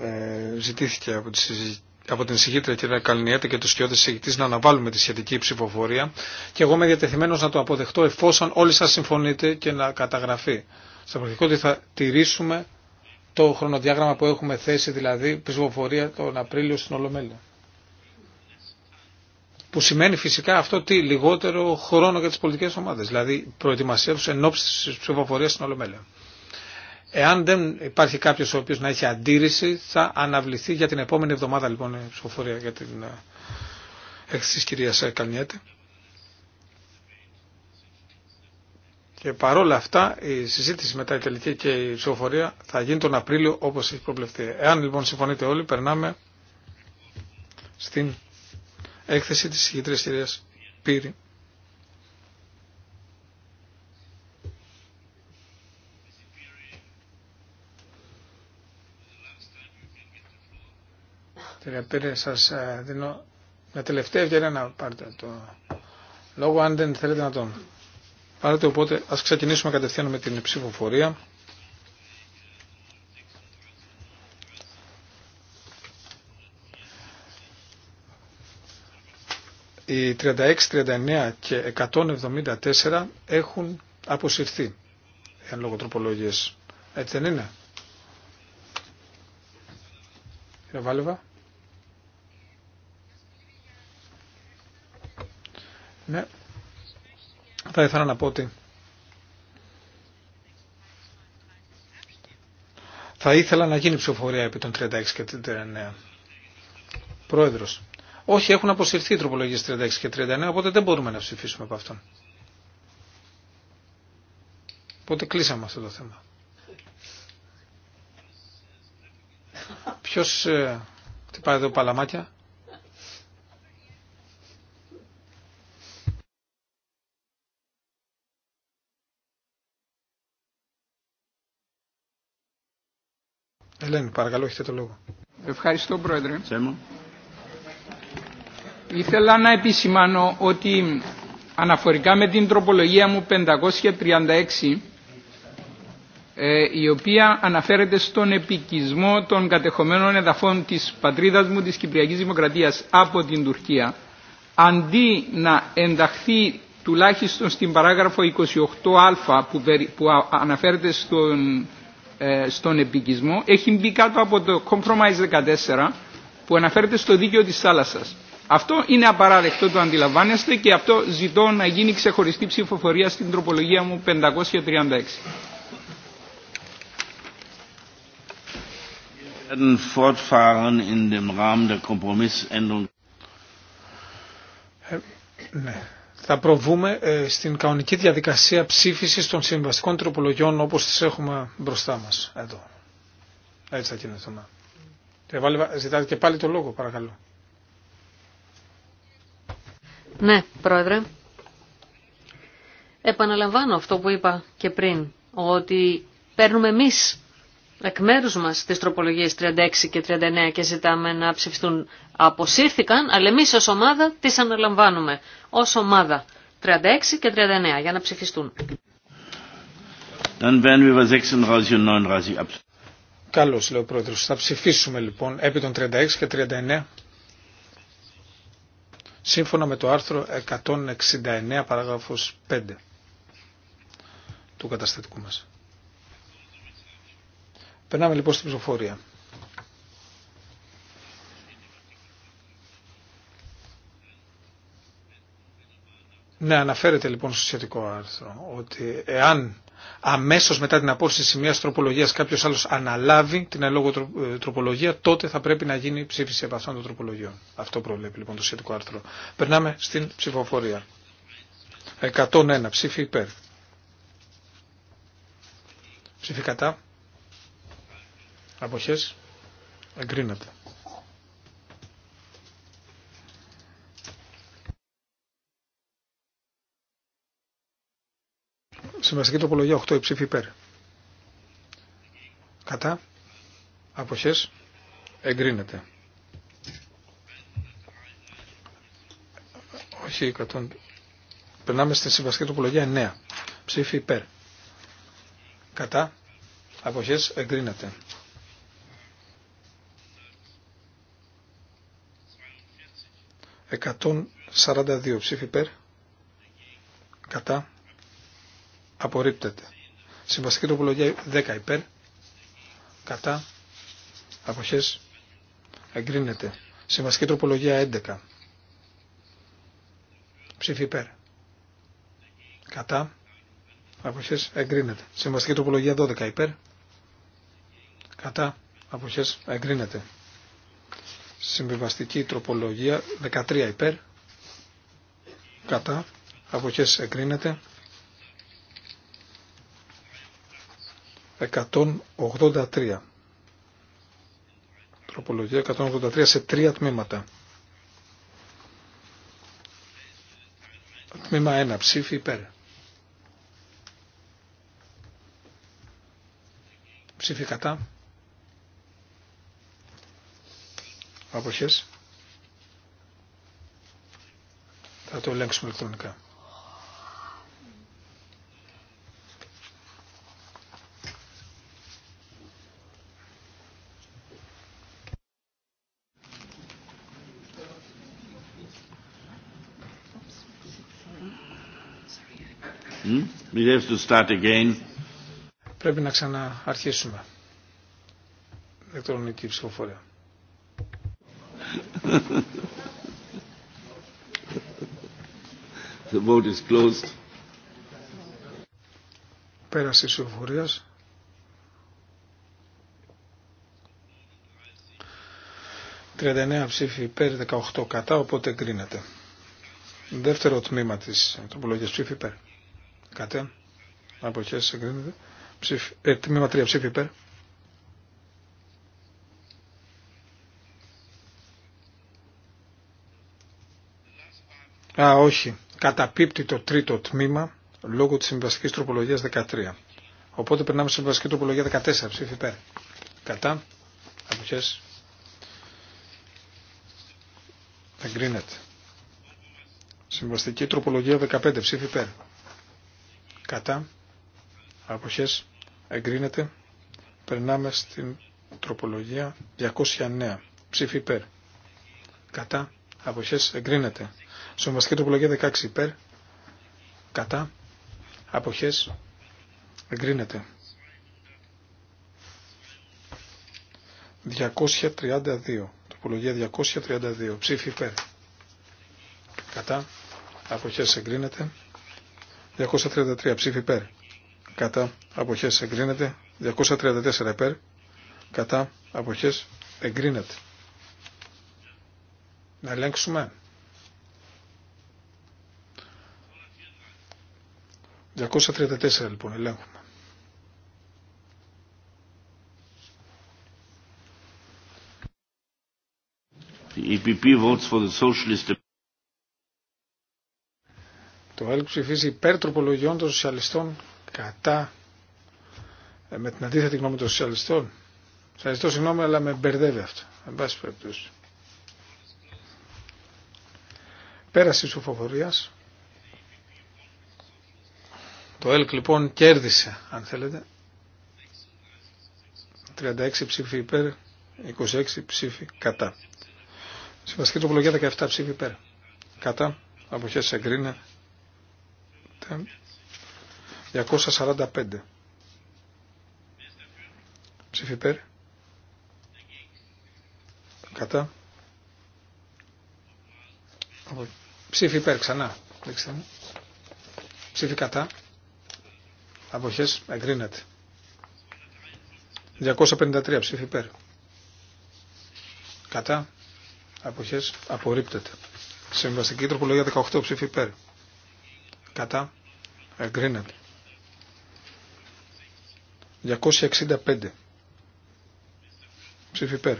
ε, ζητήθηκε από τις συζητήσεις από την συγχύτρια κυρία Καλνιέτα και του σκιώδες συγκητής να αναβάλουμε τη σχετική ψηφοφορία και εγώ είμαι διατεθειμένος να το αποδεχτώ εφόσον όλοι σα συμφωνείτε και να καταγραφεί. Στα πρακτικό ότι θα τηρήσουμε το χρονοδιάγραμμα που έχουμε θέσει, δηλαδή ψηφοφορία τον Απρίλιο στην Ολομέλεια. Που σημαίνει φυσικά αυτό τι λιγότερο χρόνο για τι πολιτικέ ομάδε, δηλαδή προετοιμασία του εν ώψη τη ψηφοφορία στην Ολομέλεια. Εάν δεν υπάρχει κάποιος ο οποίος να έχει αντίρρηση θα αναβληθεί για την επόμενη εβδομάδα λοιπόν η ψηφοφορία για την ε, έκθεση της κυρίας Καλνιέτη. Και παρόλα αυτά η συζήτηση μετά η τελική και η ψηφοφορία θα γίνει τον Απρίλιο όπως έχει προβλεφθεί. Εάν λοιπόν συμφωνείτε όλοι περνάμε στην έκθεση της συγκεκριμένης κυρίας Πύρη Κύριε Πύρη, σα ε, δίνω με τελευταία ευκαιρία να πάρετε το λόγο, αν δεν θέλετε να τον πάρετε. Οπότε α ξεκινήσουμε κατευθείαν με την ψηφοφορία. οι 36, 39 και 174 έχουν αποσυρθεί εν λόγω τροπολογίες. Έτσι δεν είναι. Κύριε Βάλεβα. Ναι. Θα ήθελα να πω ότι θα ήθελα να γίνει ψηφοφορία επί των 36 και 39. Πρόεδρος. Όχι, έχουν αποσυρθεί οι τροπολογίες 36 και 39, οπότε δεν μπορούμε να ψηφίσουμε από αυτόν. Οπότε κλείσαμε αυτό το θέμα. Ποιος ε, χτυπάει εδώ παλαμάκια. παρακαλώ, το λόγο. Ευχαριστώ, Πρόεδρε. Ήθελα να επισημάνω ότι αναφορικά με την τροπολογία μου 536 ε, η οποία αναφέρεται στον επικισμό των κατεχομένων εδαφών της πατρίδας μου της Κυπριακής Δημοκρατίας από την Τουρκία αντί να ενταχθεί τουλάχιστον στην παράγραφο 28α που, αναφέρεται στον ε, στον επικισμό έχει μπει κάτω από το Compromise 14 που αναφέρεται στο δίκαιο της θάλασσας. Αυτό είναι απαράδεκτο, το αντιλαμβάνεστε και αυτό ζητώ να γίνει ξεχωριστή ψηφοφορία στην τροπολογία μου 536 θα προβούμε ε, στην κανονική διαδικασία ψήφισης των συμβαστικών τροπολογιών όπως τις έχουμε μπροστά μας. Εδώ. Έτσι θα κινηθούμε. Και ε, ζητάτε και πάλι το λόγο, παρακαλώ. Ναι, Πρόεδρε. Επαναλαμβάνω αυτό που είπα και πριν, ότι παίρνουμε εμείς εκ μέρου μα τι τροπολογίε 36 και 39 και ζητάμε να ψηφιστούν. Αποσύρθηκαν, αλλά εμεί ω ομάδα τι αναλαμβάνουμε. Ω ομάδα 36 και 39 για να ψηφιστούν. Dann werden wir Καλώ, λέει ο πρόεδρο. Θα ψηφίσουμε λοιπόν επί των 36 και 39. Σύμφωνα με το άρθρο 169 παράγραφος 5 του καταστατικού μας. Περνάμε λοιπόν στην ψηφοφορία. Ναι, αναφέρεται λοιπόν στο σχετικό άρθρο ότι εάν αμέσω μετά την απόρριψη τη μια τροπολογία κάποιο άλλο αναλάβει την αλόγω ε, τροπολογία, τότε θα πρέπει να γίνει ψήφιση από αυτών των τροπολογιών. Αυτό προβλέπει λοιπόν το σχετικό άρθρο. Περνάμε στην ψηφοφορία. 101 ψήφι υπέρ. Ψήφι κατά. Αποχές. Εγκρίνεται. Συμβαστική τοπολογία 8. Ψήφι υπέρ. Κατά. Αποχές. Εγκρίνεται. Όχι 100. Περνάμε στη συμβαστική τοπολογία 9. Ψήφι υπέρ. Κατά. Αποχές εγκρίνεται. 142 ψήφι υπέρ. Κατά. Απορρίπτεται. Συμβαστική τροπολογία 10 υπέρ. Κατά. Αποχές. Εγκρίνεται. Συμβαστική τροπολογία 11. Ψήφι υπέρ. Κατά. Αποχές εγκρίνεται. Συμβαστική τροπολογία 12 υπέρ. Κατά. Αποχές εγκρίνεται. Συμβιβαστική τροπολογία 13 υπέρ. Κατά. Αποχές εγκρίνεται. 183. Τροπολογία 183 σε τρία τμήματα. Τμήμα 1. Ψήφι υπέρ. Ψήφι κατά. Αποχές. Θα το ελέγξουμε ηλεκτρονικά. Hmm? We have to again. Πρέπει να ξαναρχίσουμε Ηλεκτρονική ψηφοφορία. The vote is closed. Πέρασε η 39 ψήφοι υπέρ, 18 κατά, οπότε εγκρίνεται. Δεύτερο τμήμα τη τροπολογία ψήφι υπέρ. Κατά. Αποχέσει, εγκρίνεται. Ψήφι, ε, τμήμα 3 ψήφι υπέρ. Α, όχι. Καταπίπτει το τρίτο τμήμα λόγω της συμβαστικής τροπολογίας 13. Οπότε περνάμε στη συμβαστική τροπολογία 14. Ψήφι υπέρ. Κατά. Αποχές. Εγκρίνεται. Συμβαστική τροπολογία 15. Ψήφι υπέρ. Κατά. Αποχές. Εγκρίνεται. Περνάμε στην τροπολογία 209. Ψήφι υπέρ. Κατά. Αποχές εγκρίνεται. Συμβαστική τροπολογία 16 υπέρ. Κατά. Αποχές. Εγκρίνεται. 232. Τροπολογία 232. Ψήφι υπέρ. Κατά. Αποχές εγκρίνεται. 233. Ψήφι υπέρ. Κατά. Αποχές εγκρίνεται. 234 υπέρ. Κατά. Αποχές εγκρίνεται. Να ελέγξουμε. 234 λοιπόν ελέγχουμε. E Το ΕΛΚ ψηφίζει υπέρ τροπολογιών των σοσιαλιστών κατά ε, με την αντίθετη γνώμη των σοσιαλιστών. Σα ζητώ συγγνώμη αλλά με μπερδεύει αυτό. Εν πάση περιπτώσει. Πέραση το ΕΛΚ λοιπόν κέρδισε, αν θέλετε, 36 ψήφοι υπέρ, 26 ψήφοι κατά. Συμβαστική τροπολογία 17 ψήφοι υπέρ. Κατά, αποχές εγκρίνεται. 245 ψήφοι υπέρ. Κατά. Ψήφι υπέρ ξανά. Δείξτε μου. Ψήφι κατά αποχές εγκρίνεται. 253 ψήφι υπέρ. Κατά αποχές απορρίπτεται. Συμβαστική τροπολογία 18 ψήφι υπέρ. Κατά εγκρίνεται. 265 ψήφι υπέρ.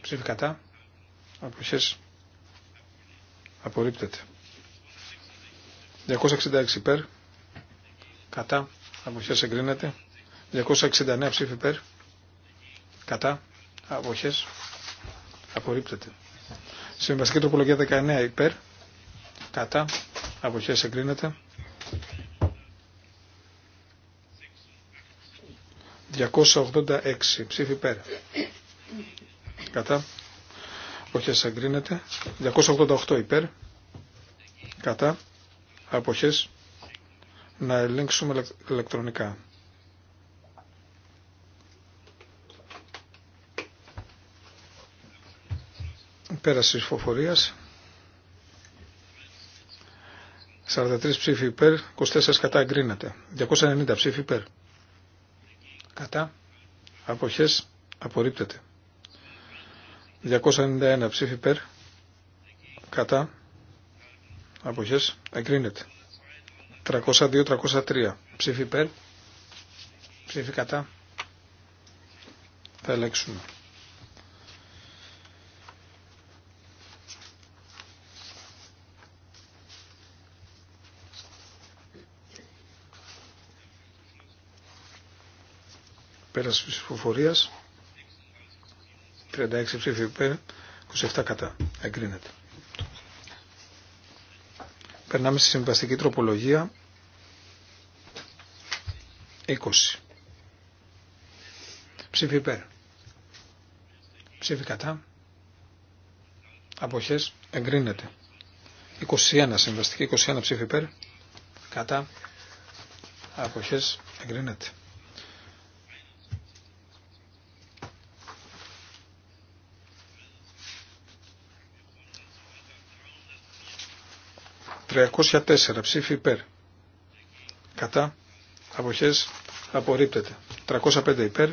Ψήφι κατά αποχές απορρίπτεται. 266 υπέρ Κατά. Αποχές εγκρίνεται. 269 ψήφι υπέρ. Κατά. Αποχές. Απορρίπτεται. Συμβαστική τροπολογία 19 υπέρ. Κατά. Αποχές εγκρίνεται. 286 ψήφοι υπέρ. Κατά. Αποχές εγκρίνεται. 288 υπέρ. Κατά. Αποχές να ελέγξουμε ηλεκτρονικά. Πέραση της 43 ψήφοι υπέρ, 24 κατά εγκρίνεται. 290 ψήφοι υπέρ. Κατά. Αποχές απορρίπτεται. 291 ψήφοι υπέρ. Κατά. Αποχές εγκρίνεται. 302-303. Ψήφι υπέρ. Ψήφι κατά. Θα ελέγξουμε. Πέραση ψηφοφορίας. 36 ψήφι υπέρ. 27 κατά. Εγκρίνεται. Περνάμε στη συμβαστική τροπολογία 20. Ψήφι υπέρ. Ψήφι κατά. Αποχές εγκρίνεται. 21 συμβαστική, 21 ψήφι υπέρ. Κατά. Αποχές εγκρίνεται. 304 ψήφι υπέρ. Κατά. Αποχές απορρίπτεται. 305 υπέρ.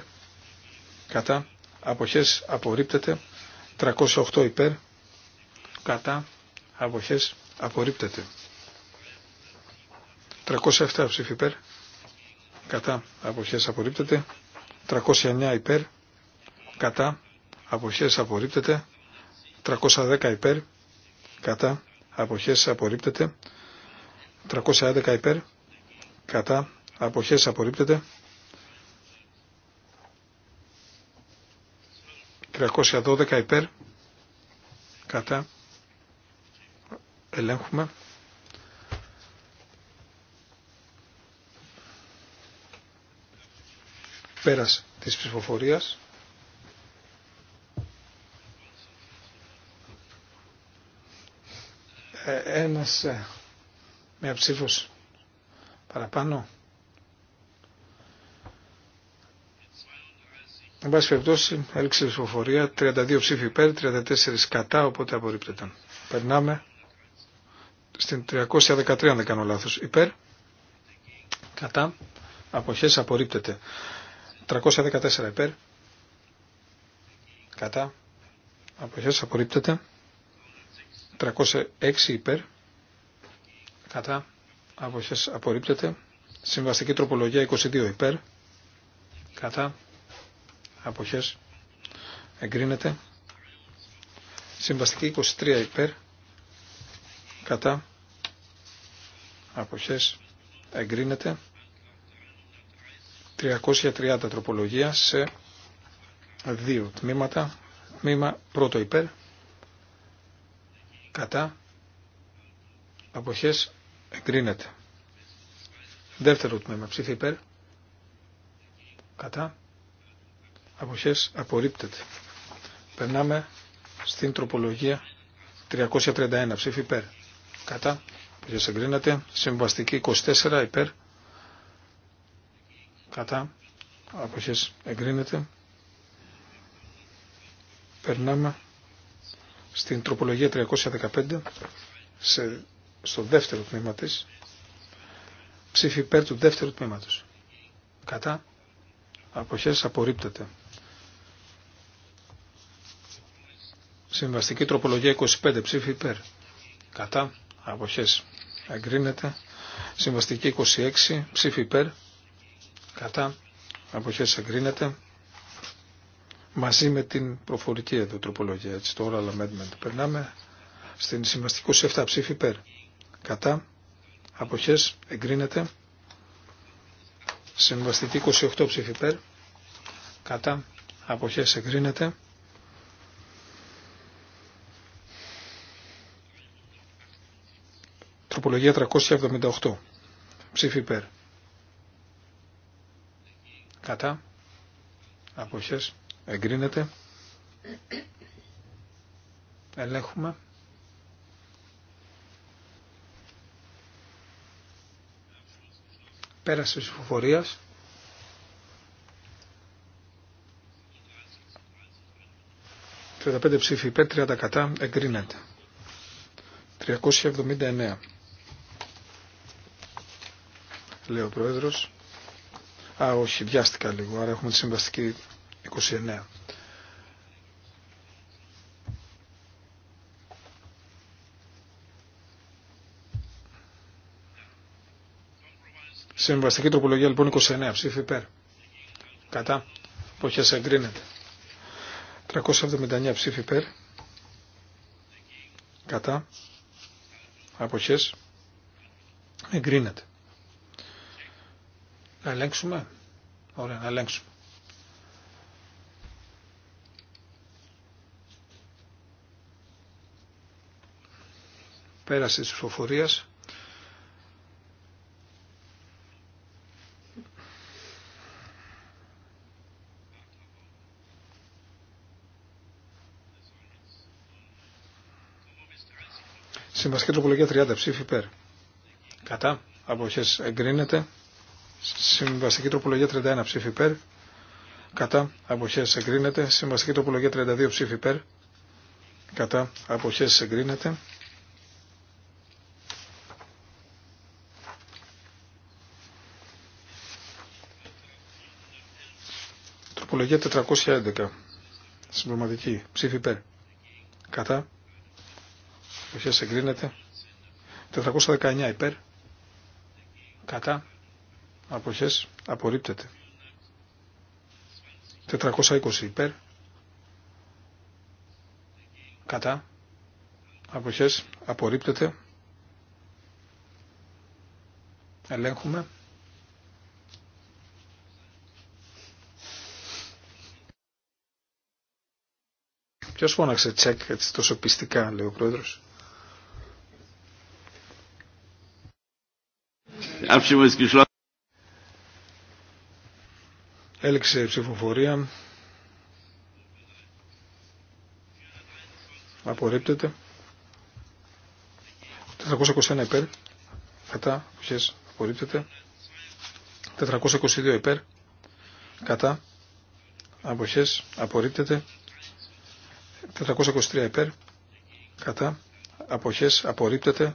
Κατά. Αποχές απορρίπτεται. 308 υπέρ. Κατά. Αποχές απορρίπτεται. 307 ψήφι υπέρ. Κατά. Αποχές απορρίπτεται. 309 υπέρ. Κατά. Αποχές απορρίπτεται. 310 υπέρ. Κατά αποχές απορρίπτεται 311 υπέρ κατά αποχές απορρίπτεται 312 υπέρ κατά ελέγχουμε πέρας της ψηφοφορίας ένας, ε, μια ψήφος παραπάνω. Εν πάση περιπτώσει, έλξη ψηφοφορία, 32 ψήφοι υπέρ, 34 κατά, οπότε απορρίπτεται. Περνάμε στην 313, αν δεν κάνω λάθος, υπέρ, κατά, αποχές απορρίπτεται. 314 υπέρ, κατά, αποχές απορρίπτεται. 306 υπέρ, κατά, αποχές απορρίπτεται. Συμβαστική τροπολογία 22 υπέρ, κατά, αποχές εγκρίνεται. Συμβαστική 23 υπέρ, κατά, αποχές εγκρίνεται. 330 τροπολογία σε δύο τμήματα. Τμήμα πρώτο υπέρ, κατά αποχές εγκρίνεται. Δεύτερο τμήμα ψήφι υπέρ κατά αποχές απορρίπτεται. Περνάμε στην τροπολογία 331 ψήφι υπέρ κατά αποχές εγκρίνεται. Συμβαστική 24 υπέρ κατά αποχές εγκρίνεται. Περνάμε στην τροπολογία 315 σε, στο δεύτερο τμήμα της ψήφι υπέρ του δεύτερου τμήματος. Κατά αποχές απορρίπτεται. Συμβαστική τροπολογία 25 ψήφι υπέρ. Κατά αποχές εγκρίνεται. Συμβαστική 26 ψήφι υπέρ. Κατά αποχές εγκρίνεται μαζί με την προφορική εδώ τροπολογία. Έτσι το oral amendment. Περνάμε στην συμβαστικό 27 ψήφι υπέρ. Κατά. Αποχές. Εγκρίνεται. Συμβαστική 28 ψήφι υπέρ. Κατά. Αποχές. Εγκρίνεται. Τροπολογία 378. Ψήφι υπέρ. Κατά. Αποχές. Εγκρίνεται. Ελέγχουμε. Πέραση της ψηφοφορίας. 35 ψήφοι υπέρ, 30 κατά, εγκρίνεται. 379. Λέει ο Πρόεδρος. Α, όχι, βιάστηκα λίγο, άρα έχουμε τη συμβαστική 29. Συμβαστική τροπολογία λοιπόν 29. Ψήφι υπέρ. Κατά. Αποχές εγκρίνεται. 379 ψήφι υπέρ. Κατά. Αποχές εγκρίνεται. Να ελέγξουμε. Ωραία, να ελέγξουμε. Πέραση της ψηφοφορίας. Συμβαστική τροπολογία 30 ψήφι υπέρ. Κατά. Αποχές εγκρίνεται. Συμβαστική τροπολογία 31 ψήφι υπέρ. Κατά. Αποχές εγκρίνεται. Συμβαστική τροπολογία 32 ψήφι υπέρ. Κατά. Αποχές εγκρίνεται. Απολογία 411. Συμπληρωματική. Ψήφι υπέρ. Κατά. Εποχές εγκρίνεται. 419 υπέρ. Κατά. Αποχές απορρίπτεται. 420 υπέρ. Κατά. απόχέ, απορρίπτεται. Ελέγχουμε. Ποιο φώναξε τσεκ έτσι τόσο πιστικά, λέει ο πρόεδρο. Έληξε ψηφοφορία. Απορρίπτεται. 421 υπέρ. Κατά. Ποιες απορρίπτεται. 422 υπέρ. Κατά. Αποχές απορρίπτεται. 423 υπέρ, κατά, αποχές, απορρίπτεται.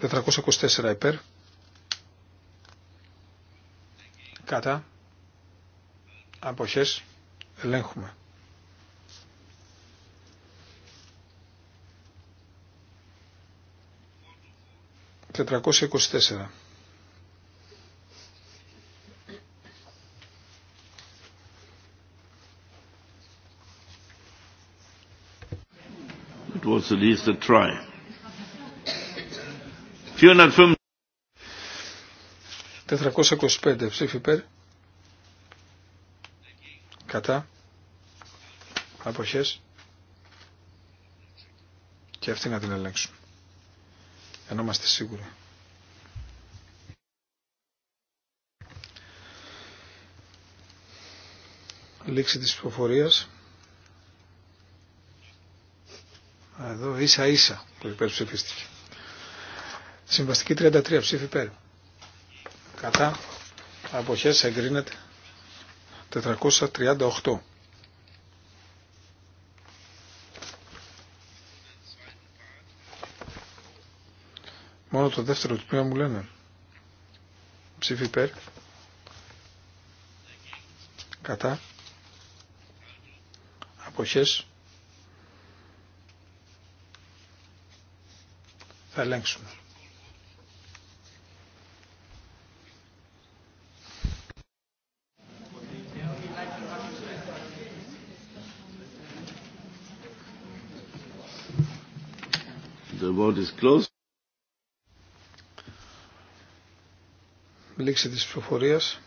424 υπέρ, κατά, αποχές, ελέγχουμε. 424. try. 425 ψήφι πέρ Κατά. Αποχές. Και αυτή να την ελέγξουν Ενώ είμαστε σίγουροι. Λήξη της ψηφοφορίας. εδώ ίσα ίσα που υπερψηφίστηκε. Συμβαστική 33 ψήφι υπέρ. Κατά αποχές εγκρίνεται 438. Μόνο το δεύτερο τμήμα μου λένε. Ψήφι υπέρ. Κατά. Αποχές. θα ελέγξουμε. The vote is closed. Λήξη της ψηφοφορίας.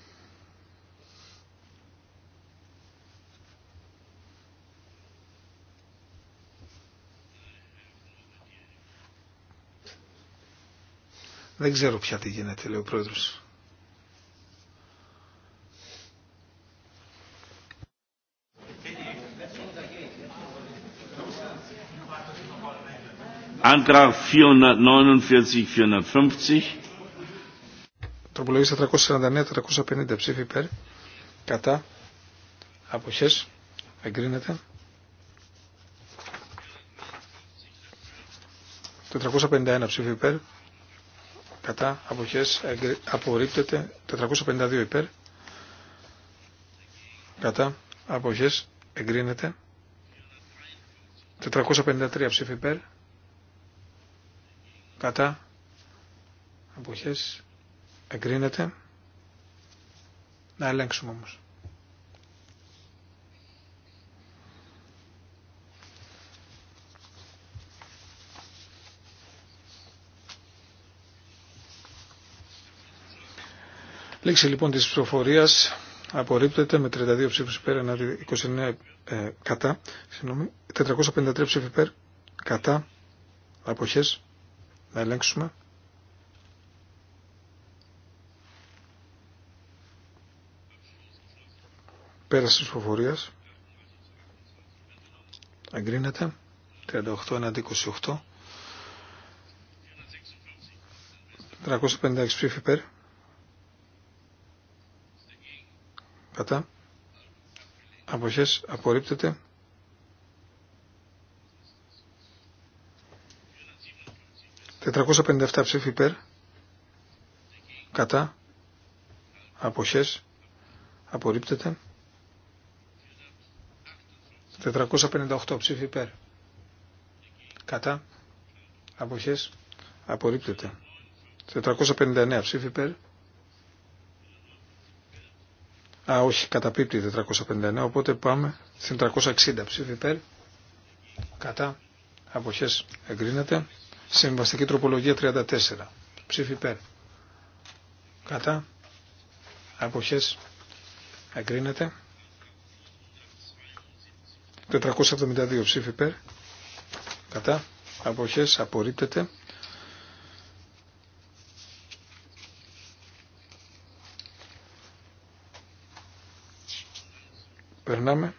Δεν ξέρω πια τι γίνεται, λέει ο πρόεδρος. Antrag 449-450. Τροπολογία 449-450 ψήφι υπέρ. Κατά. Αποχές. Εγκρίνεται. 351 ψήφι υπέρ κατά αποχές απορρίπτεται 452 υπέρ κατά αποχές εγκρίνεται 453 ψήφι υπέρ κατά αποχές εγκρίνεται να ελέγξουμε όμως Λήξη λοιπόν της ψηφοφορίας απορρίπτεται με 32 ψήφους υπέρ, 29 ε, κατά, συγγνώμη, 453 ψήφοι υπέρ, κατά, αποχές, να ελέγξουμε. Πέραση της ψηφοφορίας. Αγκρίνεται. 38 εναντί 28. 356 ψήφοι υπέρ. κατά αποχές απορρίπτεται 457 ψήφι υπέρ κατά αποχές απορρίπτεται 458 ψήφι υπέρ κατά αποχές απορρίπτεται 459 ψήφι υπέρ Α, όχι, καταπίπτει 459, οπότε πάμε στην 360 ψήφι υπέρ. Κατά. Αποχές εγκρίνεται. Συμβαστική τροπολογία 34. Ψήφι υπέρ. Κατά. Αποχές εγκρίνεται. 472 ψήφι υπέρ. Κατά. Αποχές απορρίπτεται. Σε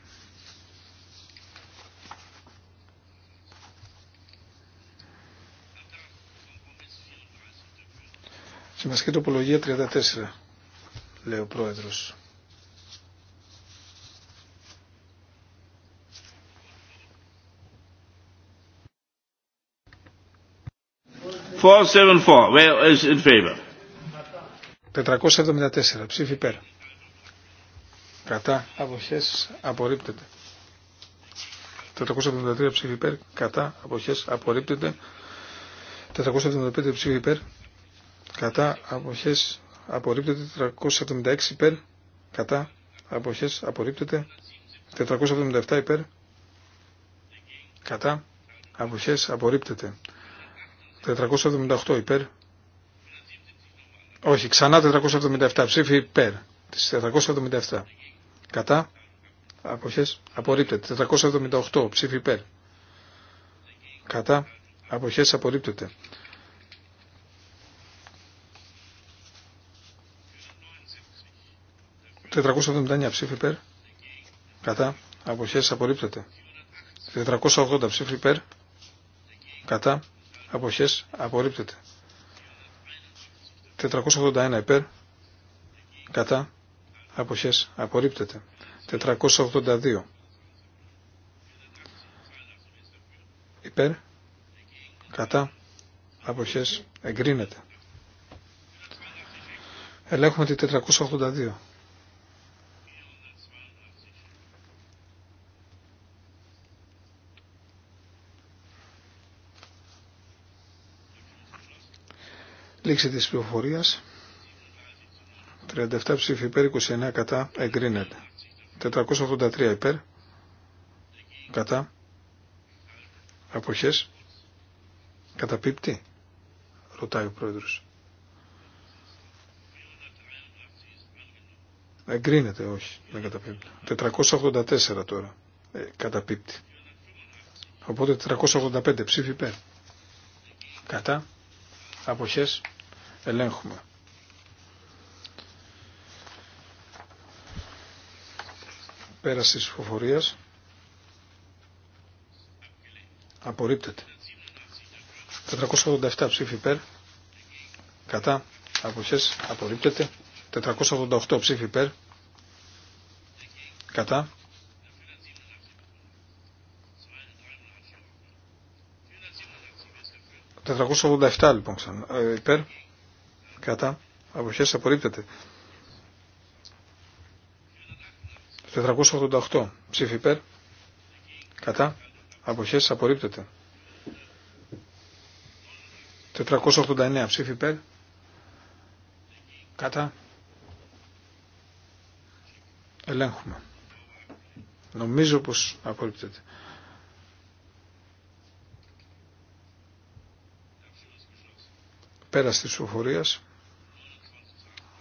Συμβασική τοπολογία 34, λέει ο πρόεδρος. Four seven four. Where is in favor? 474. Ψήφι πέρα κατά αποχές απορρίπτεται. 473 ψήφι υπέρ κατά αποχές απορρίπτεται. 475 ψήφι υπέρ κατά αποχές απορρίπτεται. 476 υπέρ κατά αποχές απορρίπτεται. 477 υπέρ κατά αποχές απορρίπτεται. 478 υπέρ όχι, ξανά 477 ψήφι υπέρ. Τις 477 Κατά. Αποχές. Απορρίπτεται. 478. Ψήφι υπέρ. Κατά. Αποχές. Απορρίπτεται. 479 ψήφι υπέρ. Κατά. Αποχές. Απορρίπτεται. 480 ψήφι υπέρ. Κατά. Αποχές. Απορρίπτεται. 481 υπέρ. Κατά αποχές απορρίπτεται. 482 υπέρ κατά αποχές εγκρίνεται. Ελέγχουμε τη 482. Λήξη της πληροφορίας. 37 ψήφοι υπέρ, 29 κατά, εγκρίνεται. 483 υπέρ, κατά, αποχές, καταπίπτει, ρωτάει ο πρόεδρος. Εγκρίνεται, όχι, δεν καταπίπτει. 484 τώρα, ε, καταπίπτει. Οπότε 485 ψήφοι υπέρ. Κατά, αποχές, ελέγχουμε. Πέραση της ψηφοφορίας. Απορρίπτεται. 487 ψήφι υπέρ. Κατά. Αποχές. Απορρίπτεται. 488 ψήφι υπέρ. Κατά. «487 λοιπόν ξανά, ε, υπέρ, κατά, αποχές απορρίπτεται. 488 ψήφι υπέρ. Κατά. Αποχές απορρίπτεται. 489 ψήφι υπέρ. Κατά. Ελέγχουμε. Νομίζω πως απορρίπτεται. Πέρας της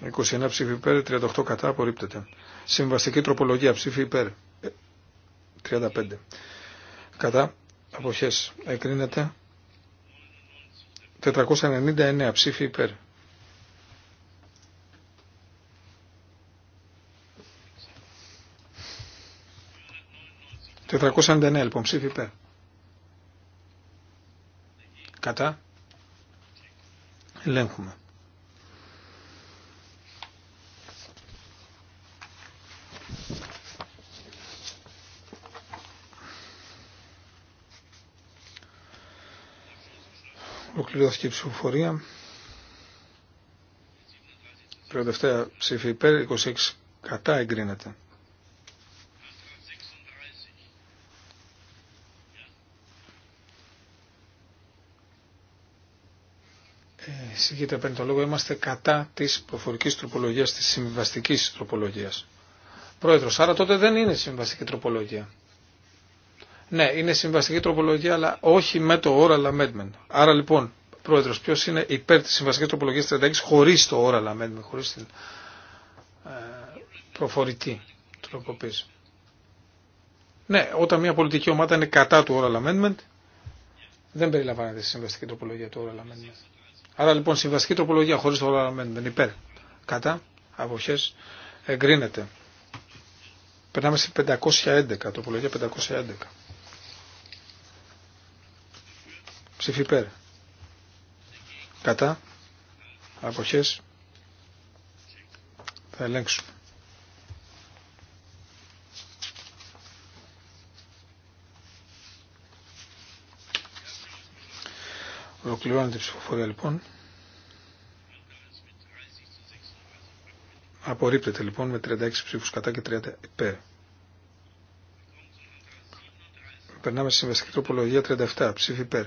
29 ψήφι υπέρ, 38 κατά απορρίπτεται. Συμβαστική τροπολογία ψήφι υπέρ, 35. Ε, κατά αποχές εκρίνεται 499 ψήφι υπέρ. 499, λοιπόν ψήφι υπέρ. Κατά. Ελέγχουμε. Ολοκληρώθηκε η ψηφοφορία. Προδευτέρα ψήφι υπέρ, 26 κατά εγκρίνεται. Ε, Συγγείτε παίρνει το λόγο, είμαστε κατά της προφορικής τροπολογίας, της συμβιβαστικής τροπολογίας. Πρόεδρος, άρα τότε δεν είναι συμβαστική τροπολογία. Ναι, είναι συμβαστική τροπολογία, αλλά όχι με το oral amendment. Άρα λοιπόν, πρόεδρο, ποιο είναι υπέρ τη συμβαστική τροπολογία 36 χωρί το oral amendment, χωρί την ε, προφορητή τροποποίηση. Ναι, όταν μια πολιτική ομάδα είναι κατά του oral amendment, δεν περιλαμβάνεται στη συμβαστική τροπολογία του oral amendment. Άρα λοιπόν συμβαστική τροπολογία χωρί το oral amendment υπέρ. Κατά, αποχέ. εγκρίνεται. Περνάμε στη 511, τροπολογία 511. Ψήφι υπέρ κατά αποχές θα ελέγξουμε. Ολοκληρώνεται η ψηφοφορία λοιπόν. Απορρίπτεται λοιπόν με 36 ψήφους κατά και 30 υπέρ. Περνάμε στη συμβαστική τροπολογία 37 ψήφι υπέρ.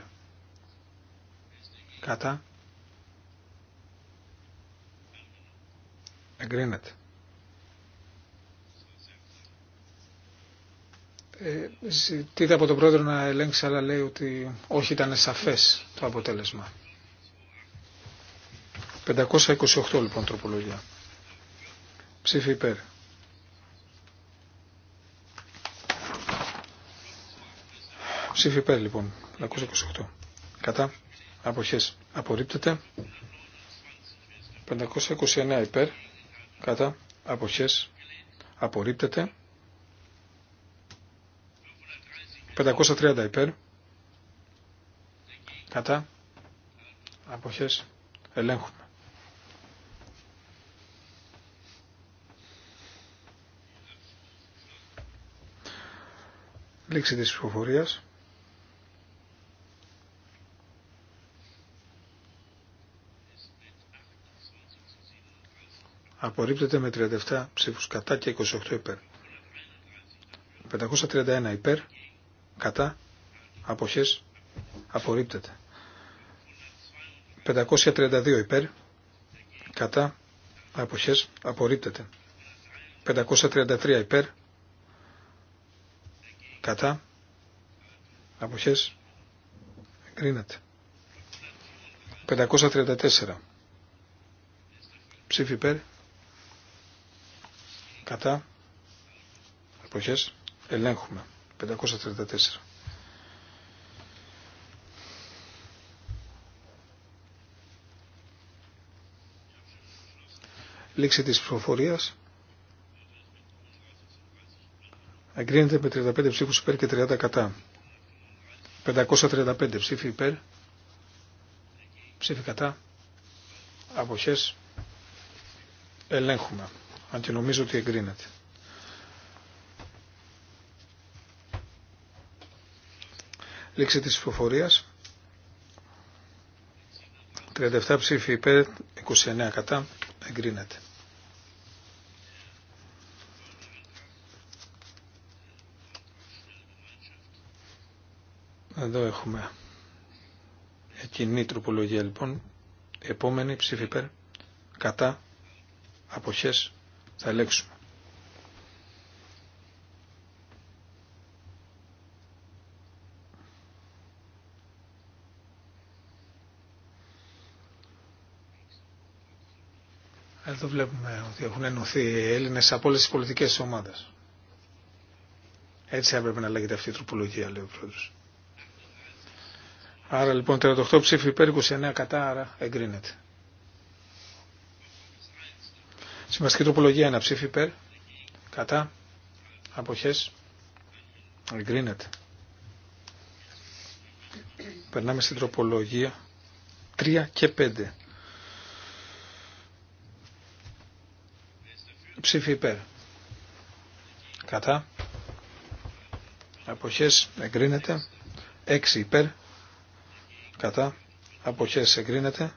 Κατά. Εγκρίνεται. Ε, ζητείται από τον πρόεδρο να ελέγξει, αλλά λέει ότι όχι ήταν σαφές το αποτέλεσμα. 528 λοιπόν τροπολογία. Ψήφι υπέρ. Ψήφι υπέρ λοιπόν. 528. Κατά. Αποχές. Απορρίπτεται. 529 υπέρ κατά αποχές απορρίπτεται 530 υπέρ κατά αποχές ελέγχουμε. Λήξη της ψηφοφορίας. απορρίπτεται με 37 ψήφους κατά και 28 υπέρ. 531 υπέρ, κατά, αποχές, απορρίπτεται. 532 υπέρ, κατά, αποχές, απορρίπτεται. 533 υπέρ, κατά, αποχές, εγκρίνεται. 534 ψήφι υπέρ, κατά εποχές ελέγχουμε 534 λήξη της ψηφοφορίας εγκρίνεται με 35 ψήφους υπέρ και 30 κατά 535 ψήφοι υπέρ ψήφοι κατά αποχές ελέγχουμε αν και νομίζω ότι εγκρίνεται. Λήξη της ψηφοφορίας. 37 ψήφοι υπέρ, 29 κατά, εγκρίνεται. Εδώ έχουμε εκείνη η τροπολογία λοιπόν. Επόμενη ψήφοι υπέρ, κατά, αποχές, θα ελέγξουμε. Εδώ βλέπουμε ότι έχουν ενωθεί οι Έλληνες από όλες τις πολιτικές ομάδες. Έτσι έπρεπε να λέγεται αυτή η τροπολογία, λέει ο πρόεδρος. Άρα λοιπόν 38 ψήφοι υπέρ 29 κατά, άρα εγκρίνεται. Συμβαστική τροπολογία 1. Ψήφι υπέρ. Κατά. Αποχές. Εγκρίνεται. Περνάμε στην τροπολογία 3 και 5. Ψήφι υπέρ. Κατά. Αποχές εγκρίνεται. 6 υπέρ. Κατά. Αποχές εγκρίνεται.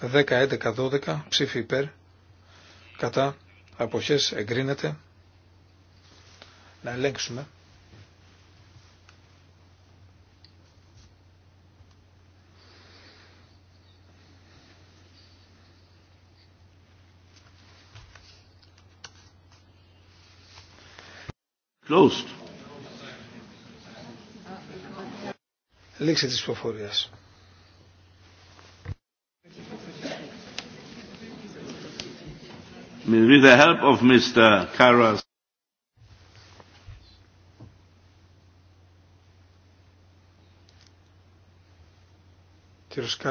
10, 11, 12. Ψήφι υπέρ κατά αποχές εγκρίνεται να ελέγξουμε Λήξη της ψηφοφορίας. with the help of Mr. Karas.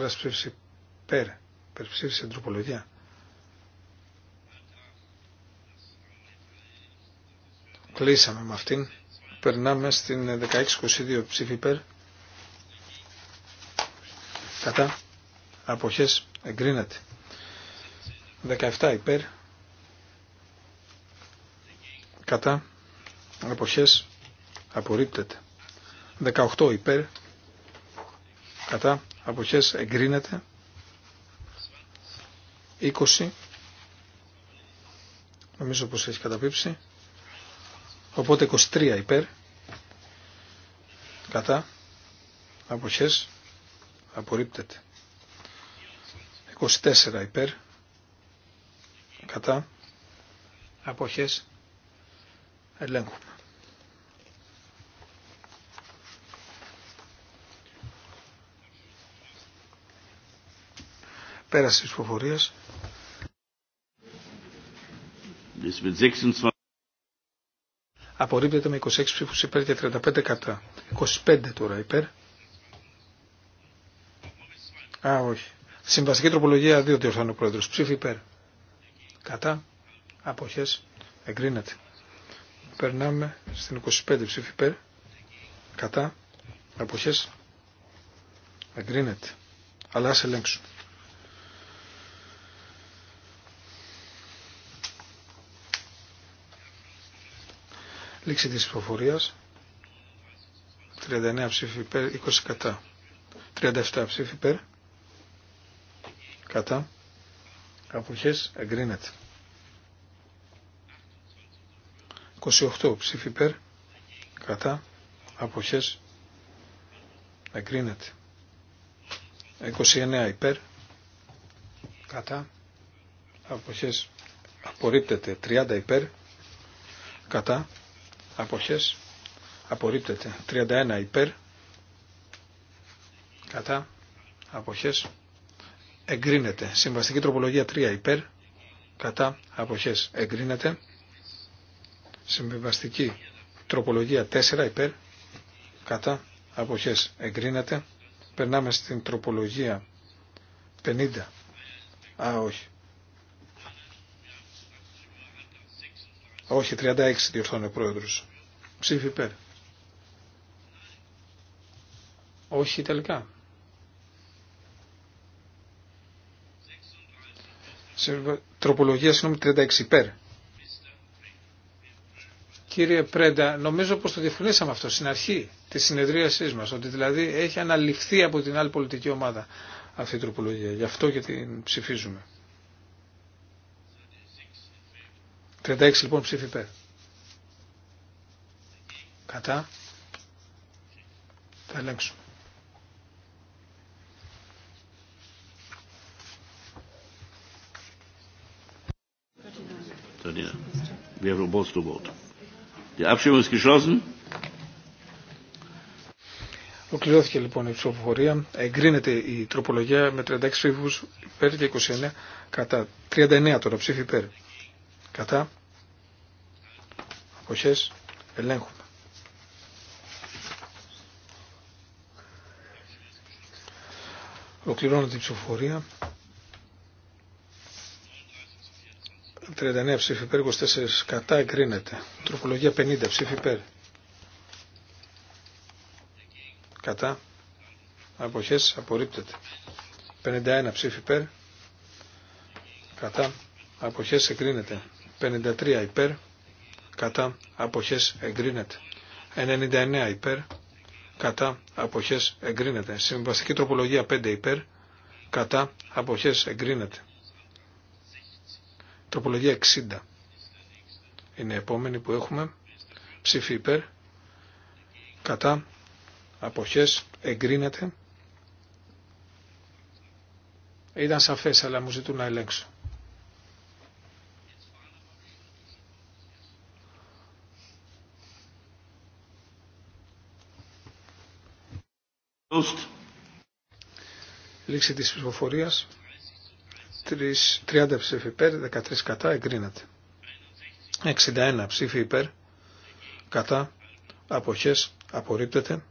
ψήφισε υπέρ τροπολογία. Κλείσαμε με αυτήν. Περνάμε στην 1622 ψήφι υπέρ. Κατά. Αποχές εγκρίνεται. 17 υπέρ κατά αποχές απορρίπτεται. 18 υπέρ κατά αποχές εγκρίνεται. 20 νομίζω πως έχει καταπίψει. Οπότε 23 υπέρ κατά αποχές απορρίπτεται. 24 υπέρ κατά αποχές Ελέγχουμε. Πέραση της ψηφοφορίας. Απορρίπτεται με 26 ψήφους υπέρ και 35 κατά. 25 τώρα υπέρ. Α, όχι. Συμβαστική τροπολογία 2 διορθώνει ο πρόεδρος. Ψήφι υπέρ. Κατά. Αποχές. Εγκρίνεται. Περνάμε στην 25 ψήφι ΠΕΡ Κατά. Αποχές. Εγκρίνεται. Αλλά ας ελέγξουμε. Λήξη της υποφοριας 39 ψήφι υπέρ, 20 κατά. 37 ψήφι ΠΕΡ Κατά. Αποχές εγκρίνεται. 28 ψήφι υπέρ, κατά, αποχές, εγκρίνεται. 29 υπέρ, κατά, αποχές, απορρίπτεται. 30 υπέρ, κατά, αποχές, απορρίπτεται. 31 υπέρ, κατά, αποχές, εγκρίνεται. Συμβαστική τροπολογία 3 υπέρ, κατά, αποχές, εγκρίνεται. Συμβιβαστική τροπολογία 4 υπέρ κατά αποχές εγκρίνεται. Περνάμε στην τροπολογία 50. Α, όχι. Όχι, 36 διορθώνει ο πρόεδρος. Ψήφι υπέρ. Όχι τελικά. Τροπολογία, συγγνώμη, 36 υπέρ. Κύριε Πρέντα, νομίζω πως το διευκρινίσαμε αυτό στην αρχή της συνεδρίασής μας, ότι δηλαδή έχει αναλυφθεί από την άλλη πολιτική ομάδα αυτή η τροπολογία. Γι' αυτό και την ψηφίζουμε. 36 λοιπόν ψήφι Κατά. Θα ελέγξουμε. Die Ολοκληρώθηκε λοιπόν η ψηφοφορία. Εγκρίνεται η τροπολογία με 36 ψήφου υπέρ και 29 κατά. 39 τώρα ψήφοι υπέρ. Κατά. Αποχέ. Ελέγχουμε. Ολοκληρώνεται η ψηφοφορία. 39 ψήφι υπέρ, 24 κατά εγκρίνεται. Τροπολογία 50 ψήφι υπέρ. Κατά. Αποχές απορρίπτεται. 51 ψήφι υπέρ. Κατά. Αποχές εγκρίνεται. 53 υπέρ. Κατά. Αποχές εγκρίνεται. 99 υπέρ. Κατά. Αποχές εγκρίνεται. Συμβαστική τροπολογία 5 υπέρ. Κατά. Αποχές εγκρίνεται. Τροπολογία 60 είναι η επόμενη που έχουμε. Ψήφι υπέρ. Κατά. Αποχές. Εγκρίνεται. Ήταν σαφές αλλά μου ζητούν να ελέγξω. Λήξη της ψηφοφορίας. 30 ψήφοι υπέρ, 13 κατά, εγκρίνεται. 61 ψήφοι υπέρ, κατά, αποχές, απορρίπτεται.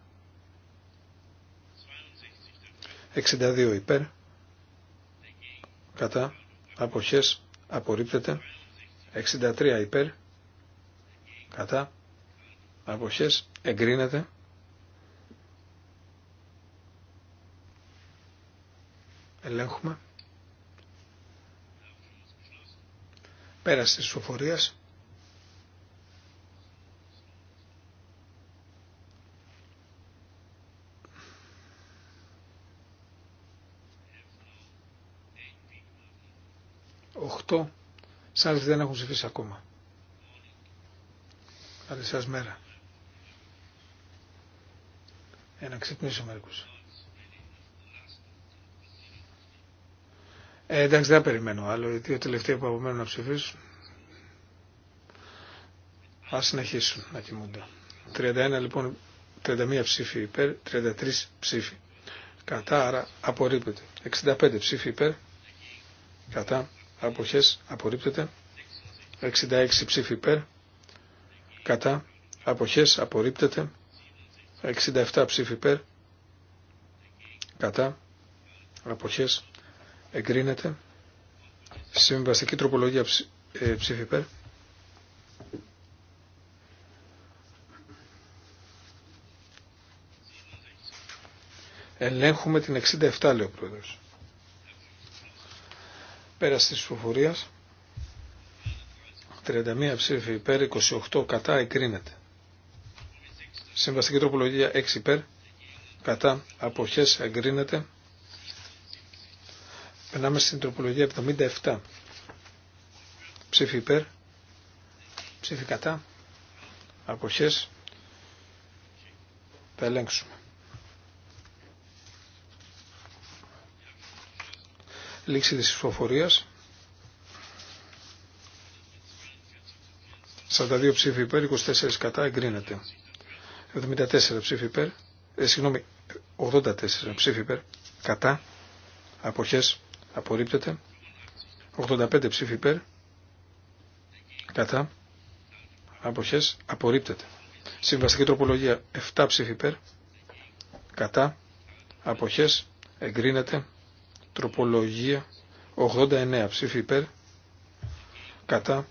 62 υπέρ, κατά, αποχές, απορρίπτεται. 63 υπέρ, κατά, αποχές, εγκρίνεται. ελέγχουμε. Πέραση της ψηφοφορίας. Οχτώ σαν δεν έχουν ψηφίσει ακόμα. Καλή σας μέρα. Ένα ξυπνήσω μερικούς. Ε, εντάξει, δεν περιμένω άλλο. Οι δύο τελευταίοι που απομένουν να ψηφίσουν Α συνεχίσουν να κοιμούνται. 31 λοιπόν, 31 ψήφοι υπέρ, 33 ψήφι κατά, άρα απορρίπτεται. 65 ψήφοι υπέρ, κατά, αποχές, απορρίπτεται. 66 ψήφοι υπέρ, κατά, αποχές, απορρίπτεται. 67 ψήφοι υπέρ, κατά, αποχές, εγκρίνεται. Συμβαστική τροπολογία ε, ψήφι υπέρ. Ελέγχουμε την 67 λέει ο πρόεδρος. Πέρας της ψηφοφορίας. 31 ψήφι υπέρ, 28 κατά εγκρίνεται. Συμβαστική τροπολογία 6 υπέρ, κατά αποχές εγκρίνεται. Περνάμε στην τροπολογία 77. Ψήφι υπέρ. Ψήφι κατά. Αποχές. Θα ελέγξουμε. Λήξη της ψηφοφορίας. 42 ψήφι υπέρ, 24 κατά, εγκρίνεται. 74 ψήφι υπέρ, ε, συγγνώμη, 84 ψήφι υπέρ, κατά, αποχές, απορρίπτεται. 85 ψήφι κατά, αποχές, απορρίπτεται. Συμβαστική τροπολογία 7 ψήφι υπέρ, κατά, αποχές, εγκρίνεται. Τροπολογία 89 ψήφι υπέρ, κατά,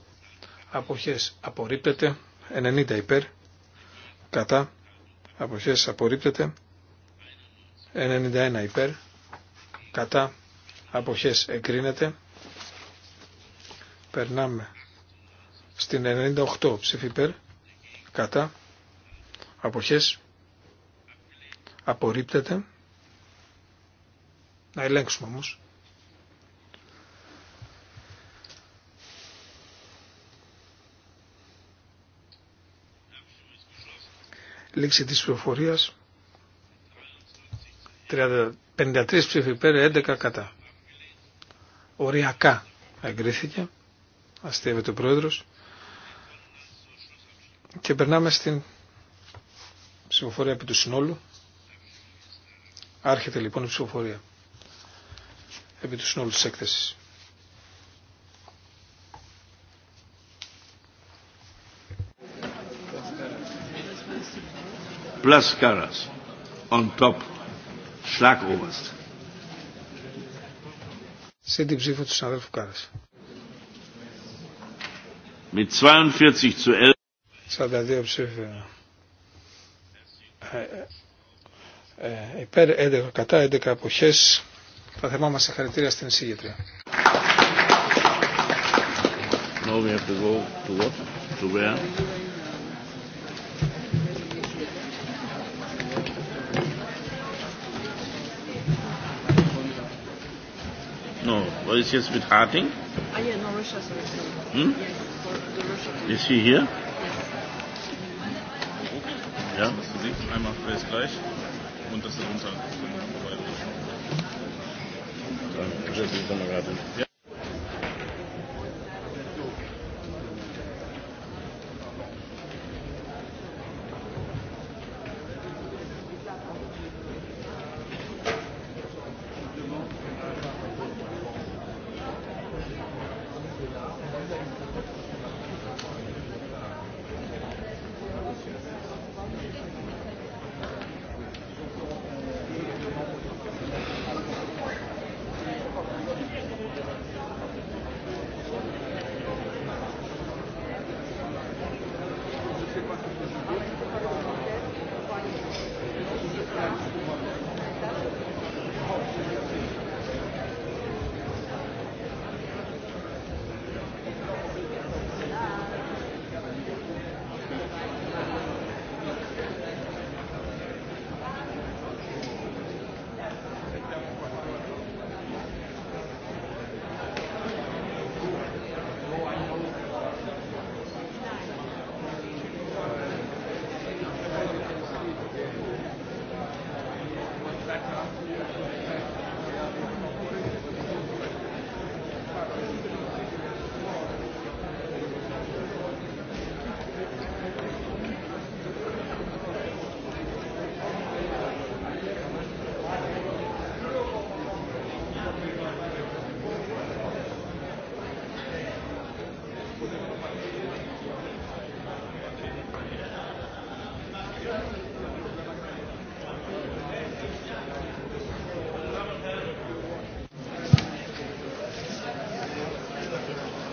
αποχές, απορρίπτεται. 90 υπέρ, κατά, αποχές, απορρίπτεται. 91 υπέρ, κατά, αποχές εγκρίνεται. Περνάμε στην 98 ψηφίπερ κατά, αποχές, απορρίπτεται. Να ελέγξουμε όμως. Λήξη της πληροφορίας. 53 ψηφίπερ 11 κατά οριακά εγκρίθηκε. Αστείευεται ο Πρόεδρος. Και περνάμε στην ψηφοφορία επί του συνόλου. Άρχεται λοιπόν η ψηφοφορία επί του συνόλου της έκθεσης. Πλασκάρας on top, σε την ψήφο του συναδέλφου Κάρας. 42 ψήφια. Ε, ε, ε, υπέρ 11 κατά 11 εποχές θα θερμάμαστε συγχαρητήρια στην εισηγήτρια. ist jetzt mit Harting? Ah, yeah, no, Russia, sorry. Hm? Yes, for the Russia ist sie hier? Yes. Ja. Das ist Gesicht einmal fest gleich und das ist darunter. Ja.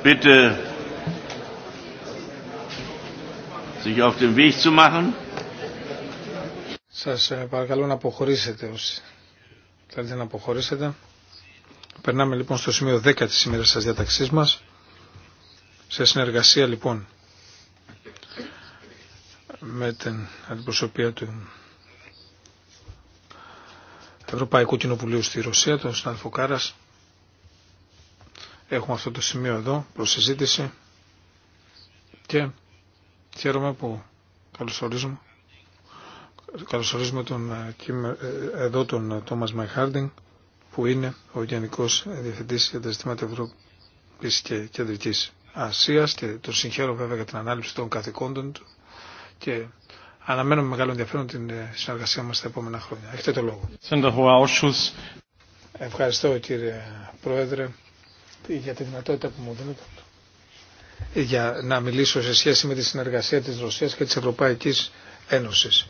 bitte sich auf den Weg zu machen. Σας ε, παρακαλώ να αποχωρήσετε όσοι θέλετε να αποχωρήσετε. Περνάμε λοιπόν στο σημείο 10 της ημέρα σας διαταξής μας. Σε συνεργασία λοιπόν με την αντιπροσωπεία του Ευρωπαϊκού Κοινοβουλίου στη Ρωσία, τον Σταλφοκάρας, Κάρας, έχουμε αυτό το σημείο εδώ προς και χαίρομαι που καλωσορίζουμε, καλωσορίζουμε τον, ε, ε, εδώ τον ε, Τόμας Μαϊχάρντινγκ που είναι ο Γενικός Διευθυντής για τα ζητήματα Ευρώπης και Κεντρικής Ασίας και τον συγχαίρω βέβαια για την ανάληψη των καθηκόντων του και αναμένω με μεγάλο ενδιαφέρον την συνεργασία μας τα επόμενα χρόνια. Έχετε το λόγο. Ευχαριστώ κύριε Πρόεδρε για τη δυνατότητα που μου δίνετε για να μιλήσω σε σχέση με τη συνεργασία της Ρωσίας και της Ευρωπαϊκής Ένωσης.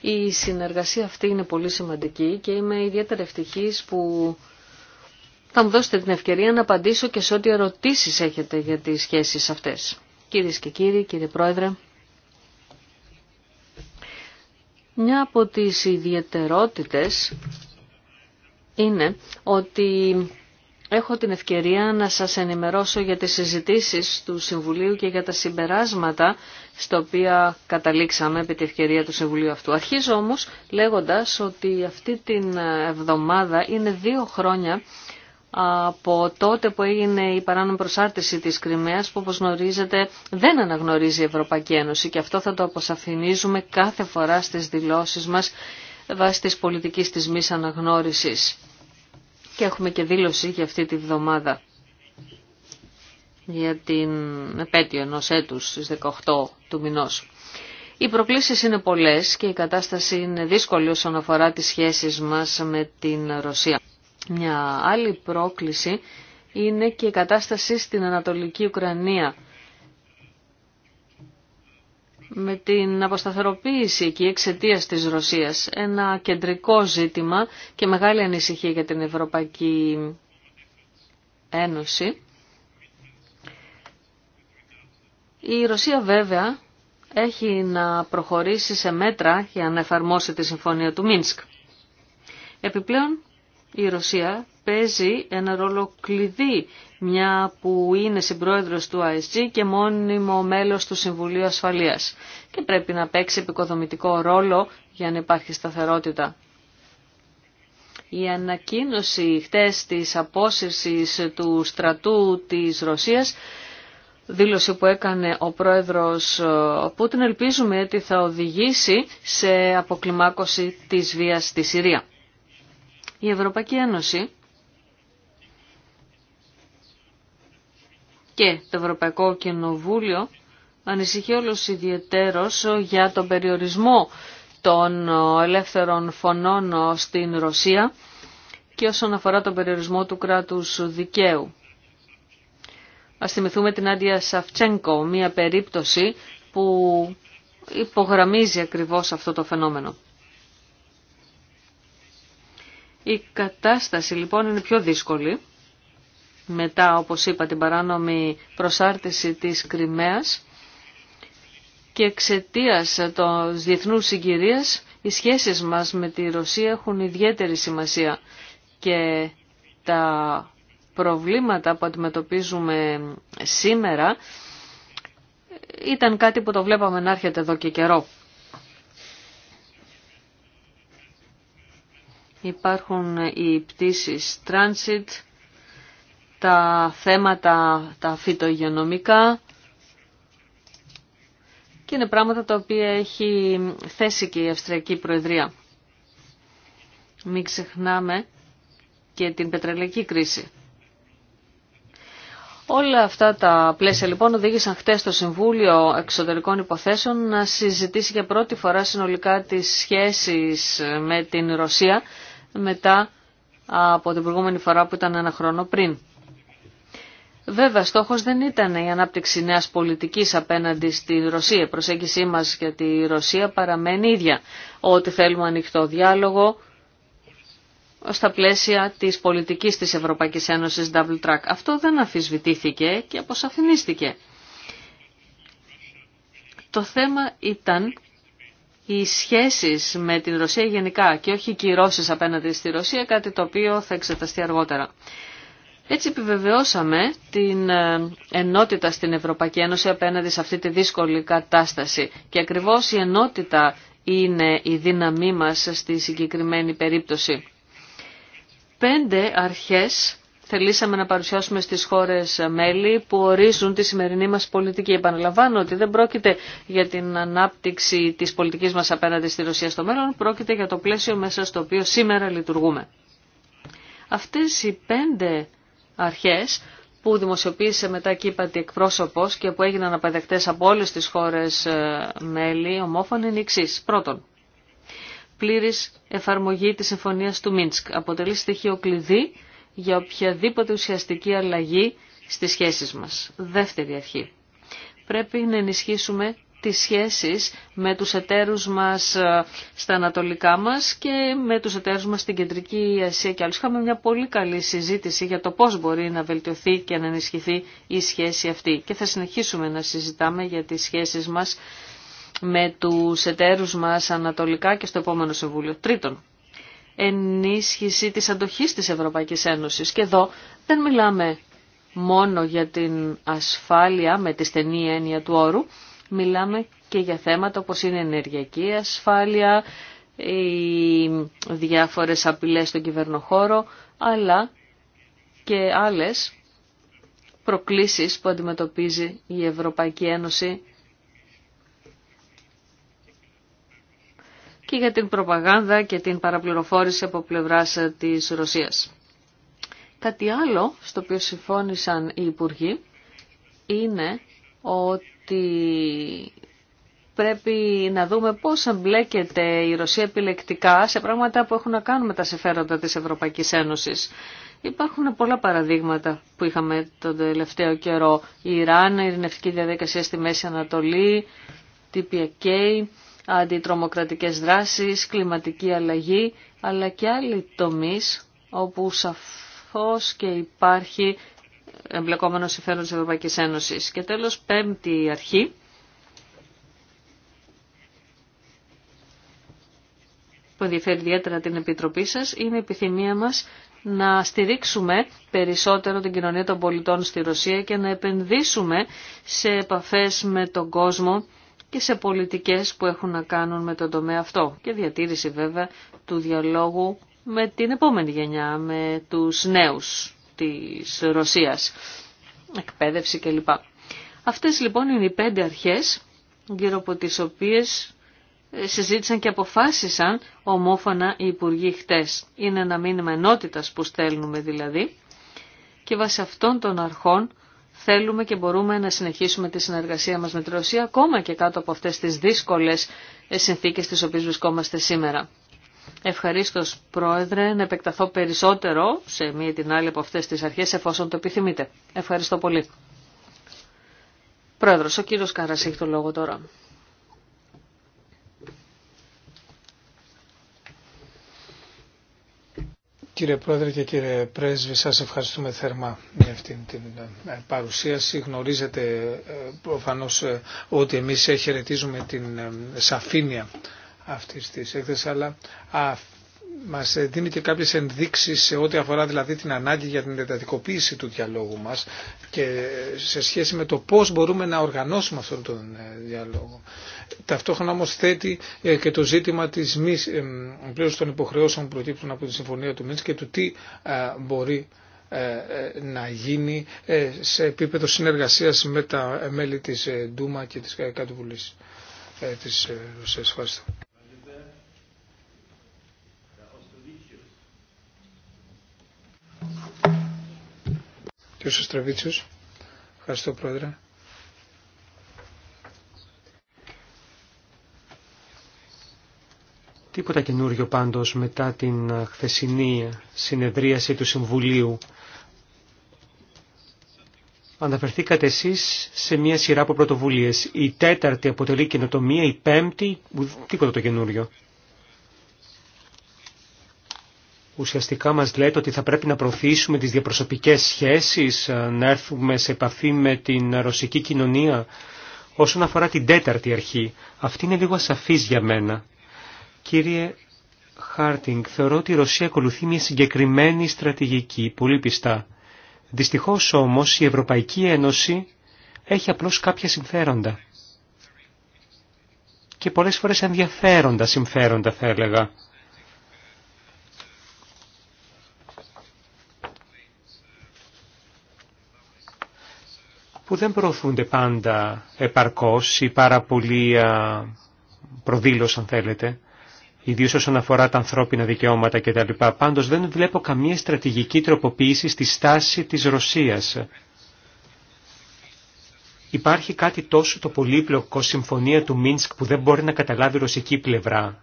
Η συνεργασία αυτή είναι πολύ σημαντική και είμαι ιδιαίτερα ευτυχής που θα μου δώσετε την ευκαιρία να απαντήσω και σε ό,τι ερωτήσεις έχετε για τις σχέσεις αυτές. Κύριε και κύριοι, κύριε Πρόεδρε, μια από τις ιδιαιτερότητες είναι ότι έχω την ευκαιρία να σας ενημερώσω για τις συζητήσεις του Συμβουλίου και για τα συμπεράσματα στα οποία καταλήξαμε επί τη ευκαιρία του Συμβουλίου αυτού. Αρχίζω όμως λέγοντας ότι αυτή την εβδομάδα είναι δύο χρόνια από τότε που έγινε η παράνομη προσάρτηση της Κρυμαίας που όπως γνωρίζετε δεν αναγνωρίζει η Ευρωπαϊκή Ένωση και αυτό θα το αποσαφηνίζουμε κάθε φορά στις δηλώσεις μας βάσει της πολιτικής της μη αναγνώρισης. Και έχουμε και δήλωση για αυτή τη βδομάδα για την επέτειο ενός έτους στις 18 του μηνός. Οι προκλήσεις είναι πολλές και η κατάσταση είναι δύσκολη όσον αφορά τις σχέσεις μας με την Ρωσία. Μια άλλη πρόκληση είναι και η κατάσταση στην Ανατολική Ουκρανία με την αποσταθεροποίηση και εξαιτία της Ρωσίας. Ένα κεντρικό ζήτημα και μεγάλη ανησυχία για την Ευρωπαϊκή Ένωση. Η Ρωσία βέβαια έχει να προχωρήσει σε μέτρα για να εφαρμόσει τη συμφωνία του Μίνσκ. Επιπλέον η Ρωσία παίζει ένα ρόλο κλειδί, μια που είναι συμπρόεδρος του ISG και μόνιμο μέλος του Συμβουλίου Ασφαλείας και πρέπει να παίξει επικοδομητικό ρόλο για να υπάρχει σταθερότητα. Η ανακοίνωση χτες της απόσυρσης του στρατού της Ρωσίας δήλωση που έκανε ο πρόεδρος Πούτιν ελπίζουμε ότι θα οδηγήσει σε αποκλιμάκωση της βίας στη Συρία. Η Ευρωπαϊκή Ένωση και το Ευρωπαϊκό Κοινοβούλιο ανησυχεί όλος ιδιαιτέρως για τον περιορισμό των ελεύθερων φωνών στην Ρωσία και όσον αφορά τον περιορισμό του κράτους δικαίου. Ας θυμηθούμε την Άντια Σαφτσένκο, μία περίπτωση που υπογραμμίζει ακριβώς αυτό το φαινόμενο. Η κατάσταση λοιπόν είναι πιο δύσκολη μετά, όπως είπα, την παράνομη προσάρτηση της Κρυμαίας και εξαιτία των διεθνούς συγκυρίας οι σχέσεις μας με τη Ρωσία έχουν ιδιαίτερη σημασία και τα προβλήματα που αντιμετωπίζουμε σήμερα ήταν κάτι που το βλέπαμε να έρχεται εδώ και καιρό. Υπάρχουν οι πτήσεις transit, τα θέματα τα φυτογενομικά και είναι πράγματα τα οποία έχει θέσει και η Αυστριακή Προεδρία. Μην ξεχνάμε και την πετρελαϊκή κρίση. Όλα αυτά τα πλαίσια λοιπόν οδήγησαν χτέ το Συμβούλιο Εξωτερικών Υποθέσεων να συζητήσει για πρώτη φορά συνολικά τις σχέσεις με την Ρωσία μετά από την προηγούμενη φορά που ήταν ένα χρόνο πριν. Βέβαια, στόχος δεν ήταν η ανάπτυξη νέας πολιτικής απέναντι στη Ρωσία. Η προσέγγισή μας για τη Ρωσία παραμένει ίδια. Ότι θέλουμε ανοιχτό διάλογο στα πλαίσια της πολιτικής της Ευρωπαϊκής Ένωσης Double Track. Αυτό δεν αφισβητήθηκε και αποσαφηνίστηκε. Το θέμα ήταν οι σχέσεις με την Ρωσία γενικά και όχι οι κυρώσεις απέναντι στη Ρωσία, κάτι το οποίο θα εξεταστεί αργότερα. Έτσι επιβεβαιώσαμε την ε, ενότητα στην Ευρωπαϊκή Ένωση απέναντι σε αυτή τη δύσκολη κατάσταση. Και ακριβώς η ενότητα είναι η δύναμή μας στη συγκεκριμένη περίπτωση. Πέντε αρχές θελήσαμε να παρουσιάσουμε στις χώρες μέλη που ορίζουν τη σημερινή μας πολιτική. Επαναλαμβάνω ότι δεν πρόκειται για την ανάπτυξη της πολιτικής μας απέναντι στη Ρωσία στο μέλλον, πρόκειται για το πλαίσιο μέσα στο οποίο σήμερα λειτουργούμε. Αυτές οι πέντε αρχές που δημοσιοποίησε μετά και εκπρόσωπος και που έγιναν απαιδεκτές από όλες τις χώρες ε, μέλη ομόφων είναι εξή. Πρώτον, πλήρης εφαρμογή της συμφωνίας του Μίνσκ αποτελεί στοιχείο κλειδί για οποιαδήποτε ουσιαστική αλλαγή στις σχέσεις μας. Δεύτερη αρχή, πρέπει να ενισχύσουμε τις σχέσεις με τους εταίρους μας ε, στα ανατολικά μας και με τους εταίρους μας στην Κεντρική Ασία και άλλους. Είχαμε μια πολύ καλή συζήτηση για το πώς μπορεί να βελτιωθεί και να ενισχυθεί η σχέση αυτή. Και θα συνεχίσουμε να συζητάμε για τις σχέσεις μας με τους εταίρους μας ανατολικά και στο επόμενο Συμβούλιο. Τρίτον, ενίσχυση της αντοχής της Ευρωπαϊκής Ένωσης. Και εδώ δεν μιλάμε μόνο για την ασφάλεια με τη στενή έννοια του όρου, μιλάμε και για θέματα όπως είναι ενεργειακή ασφάλεια, οι διάφορες απειλές στον κυβερνοχώρο, αλλά και άλλες προκλήσεις που αντιμετωπίζει η Ευρωπαϊκή Ένωση και για την προπαγάνδα και την παραπληροφόρηση από πλευράς της Ρωσίας. Κάτι άλλο στο οποίο συμφώνησαν οι Υπουργοί είναι ότι ότι πρέπει να δούμε πώς εμπλέκεται η Ρωσία επιλεκτικά σε πράγματα που έχουν να κάνουν με τα συμφέροντα της Ευρωπαϊκής Ένωσης. Υπάρχουν πολλά παραδείγματα που είχαμε τον τελευταίο καιρό. Η Ιράν, η ειρηνευτική διαδικασία στη Μέση Ανατολή, TPK, αντιτρομοκρατικές δράσεις, κλιματική αλλαγή, αλλά και άλλοι τομείς όπου σαφώς και υπάρχει εμπλεκόμενο συμφέρον της Ευρωπαϊκής Ένωσης. Και τέλος, πέμπτη αρχή. που ενδιαφέρει ιδιαίτερα την Επιτροπή σας, είναι η επιθυμία μας να στηρίξουμε περισσότερο την κοινωνία των πολιτών στη Ρωσία και να επενδύσουμε σε επαφές με τον κόσμο και σε πολιτικές που έχουν να κάνουν με τον τομέα αυτό και διατήρηση βέβαια του διαλόγου με την επόμενη γενιά, με τους νέους της Ρωσίας, εκπαίδευση κλπ. Αυτές λοιπόν είναι οι πέντε αρχές γύρω από τις οποίες ε, συζήτησαν και αποφάσισαν ομόφωνα οι Υπουργοί χτες. Είναι ένα μήνυμα ενότητας που στέλνουμε δηλαδή και βάσει αυτών των αρχών θέλουμε και μπορούμε να συνεχίσουμε τη συνεργασία μας με τη Ρωσία ακόμα και κάτω από αυτές τις δύσκολες ε, συνθήκες τις οποίες βρισκόμαστε σήμερα. Ευχαρίστω Πρόεδρε να επεκταθώ περισσότερο σε μία την άλλη από αυτές τις αρχές εφόσον το επιθυμείτε. Ευχαριστώ πολύ. Πρόεδρος, ο κύριος Κάρας έχει το λόγο τώρα. Κύριε Πρόεδρε και κύριε Πρέσβη, σας ευχαριστούμε θερμά για αυτήν την ε, παρουσίαση. Γνωρίζετε ε, προφανώς ε, ότι εμείς χαιρετίζουμε την σαφήνεια αυτή τη έκθεση, αλλά α, μας δίνει και κάποιες ενδείξεις σε ό,τι αφορά δηλαδή την ανάγκη για την εντατικοποίηση του διαλόγου μας και σε σχέση με το πώς μπορούμε να οργανώσουμε αυτόν τον ε, διαλόγο. Ταυτόχρονα όμως θέτει ε, και το ζήτημα της μη ε, πλήρους των υποχρεώσεων που προκύπτουν από τη Συμφωνία του Μίντ και του τι μπορεί να γίνει σε επίπεδο συνεργασίας με τα μέλη της Ντούμα και της Κάτω Βουλής της Ρωσίας. Ευχαριστώ. Ευχαριστώ Πρόεδρε. Τίποτα καινούριο πάντως μετά την χθεσινή συνεδρίαση του Συμβουλίου. Αναφερθήκατε εσείς σε μία σειρά από πρωτοβουλίες. Η τέταρτη αποτελεί καινοτομία, η πέμπτη, τίποτα το καινούριο ουσιαστικά μας λέτε ότι θα πρέπει να προωθήσουμε τις διαπροσωπικές σχέσεις, ε, να έρθουμε σε επαφή με την ρωσική κοινωνία. Όσον αφορά την τέταρτη αρχή, αυτή είναι λίγο ασαφής για μένα. Κύριε Χάρτινγκ, θεωρώ ότι η Ρωσία ακολουθεί μια συγκεκριμένη στρατηγική, πολύ πιστά. Δυστυχώς όμως η Ευρωπαϊκή Ένωση έχει απλώς κάποια συμφέροντα. Και πολλές φορές ενδιαφέροντα συμφέροντα θα έλεγα. που δεν προωθούνται πάντα επαρκώς ή πάρα πολύ προδήλως αν θέλετε, ιδίως όσον αφορά τα ανθρώπινα δικαιώματα κτλ. Πάντως δεν βλέπω καμία στρατηγική τροποποίηση στη στάση της Ρωσίας. Υπάρχει κάτι τόσο το πολύπλοκο συμφωνία του Μίνσκ που δεν μπορεί να καταλάβει η ρωσική πλευρά.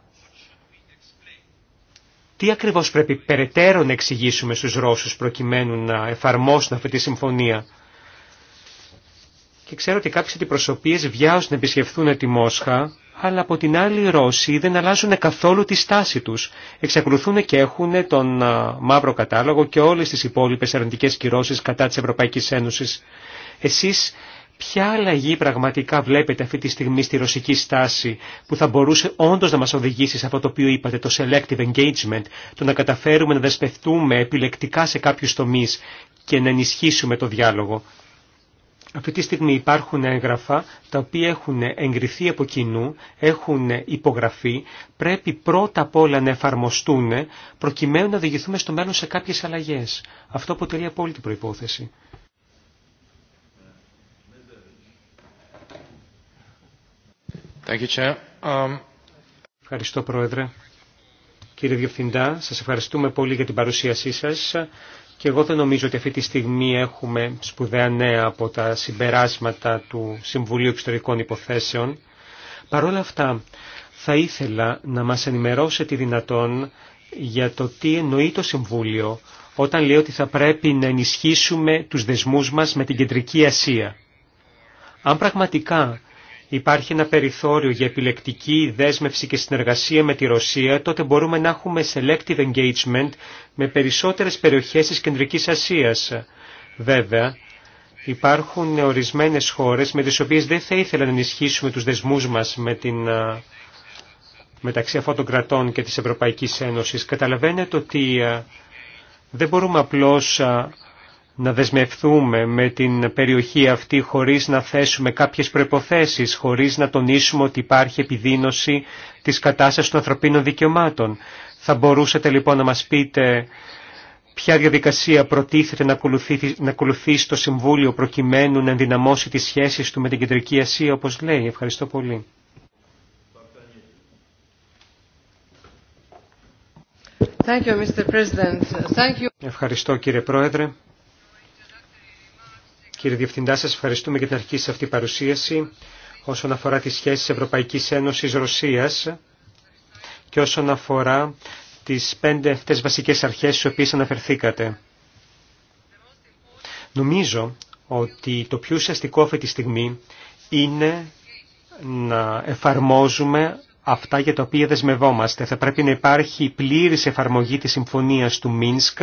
Τι ακριβώς πρέπει περαιτέρω να εξηγήσουμε στους Ρώσους προκειμένου να εφαρμόσουν αυτή τη συμφωνία. Και ξέρω ότι κάποιες αντιπροσωπείες βιάζουν να επισκεφθούν τη Μόσχα, αλλά από την άλλη οι Ρώσοι δεν αλλάζουν καθόλου τη στάση τους. Εξακολουθούν και έχουν τον μαύρο κατάλογο και όλες τις υπόλοιπες αρνητικές κυρώσεις κατά της Ευρωπαϊκής Ένωσης. Εσείς ποια αλλαγή πραγματικά βλέπετε αυτή τη στιγμή στη ρωσική στάση που θα μπορούσε όντως να μας οδηγήσει σε αυτό το οποίο είπατε, το selective engagement, το να καταφέρουμε να δεσπευτούμε επιλεκτικά σε κάποιους τομείς και να ενισχύσουμε το διάλογο. Αυτή τη στιγμή υπάρχουν έγγραφα τα οποία έχουν εγκριθεί από κοινού, έχουν υπογραφεί, πρέπει πρώτα απ' όλα να εφαρμοστούν προκειμένου να διηγηθούμε στο μέλλον σε κάποιες αλλαγές. Αυτό αποτελεί απόλυτη προϋπόθεση. Um, Ευχαριστώ Πρόεδρε. Κύριε Διευθυντά, σας ευχαριστούμε πολύ για την παρουσίασή σας. Και εγώ δεν νομίζω ότι αυτή τη στιγμή έχουμε σπουδαία νέα από τα συμπεράσματα του Συμβουλίου Εξωτερικών Υποθέσεων. Παρ' όλα αυτά, θα ήθελα να μας ενημερώσετε δυνατόν για το τι εννοεί το Συμβούλιο όταν λέει ότι θα πρέπει να ενισχύσουμε τους δεσμούς μας με την Κεντρική Ασία. Αν πραγματικά υπάρχει ένα περιθώριο για επιλεκτική δέσμευση και συνεργασία με τη Ρωσία, τότε μπορούμε να έχουμε selective engagement με περισσότερες περιοχές της Κεντρικής Ασίας. Βέβαια, υπάρχουν ορισμένες χώρες με τις οποίες δεν θα ήθελα να ενισχύσουμε τους δεσμούς μας με την μεταξύ αυτών των κρατών και της Ευρωπαϊκής Ένωσης. Καταλαβαίνετε ότι δεν μπορούμε απλώς να δεσμευθούμε με την περιοχή αυτή χωρίς να θέσουμε κάποιες προϋποθέσεις, χωρίς να τονίσουμε ότι υπάρχει επιδείνωση της κατάστασης των ανθρωπίνων δικαιωμάτων. Θα μπορούσατε λοιπόν να μας πείτε ποια διαδικασία προτίθεται να ακολουθήσει, να το Συμβούλιο προκειμένου να ενδυναμώσει τις σχέσεις του με την Κεντρική Ασία όπως λέει. Ευχαριστώ πολύ. Ευχαριστώ κύριε Πρόεδρε. Κύριε Διευθυντά, σας ευχαριστούμε για την αρχή σε αυτή παρουσίαση όσον αφορά τις σχέσεις Ευρωπαϊκής Ένωσης Ρωσίας και όσον αφορά τις πέντε αυτές βασικές αρχές στις οποίες αναφερθήκατε. Νομίζω ότι το πιο ουσιαστικό αυτή τη στιγμή είναι να εφαρμόζουμε αυτά για τα οποία δεσμευόμαστε. Θα πρέπει να υπάρχει πλήρης εφαρμογή της συμφωνίας του Μίνσκ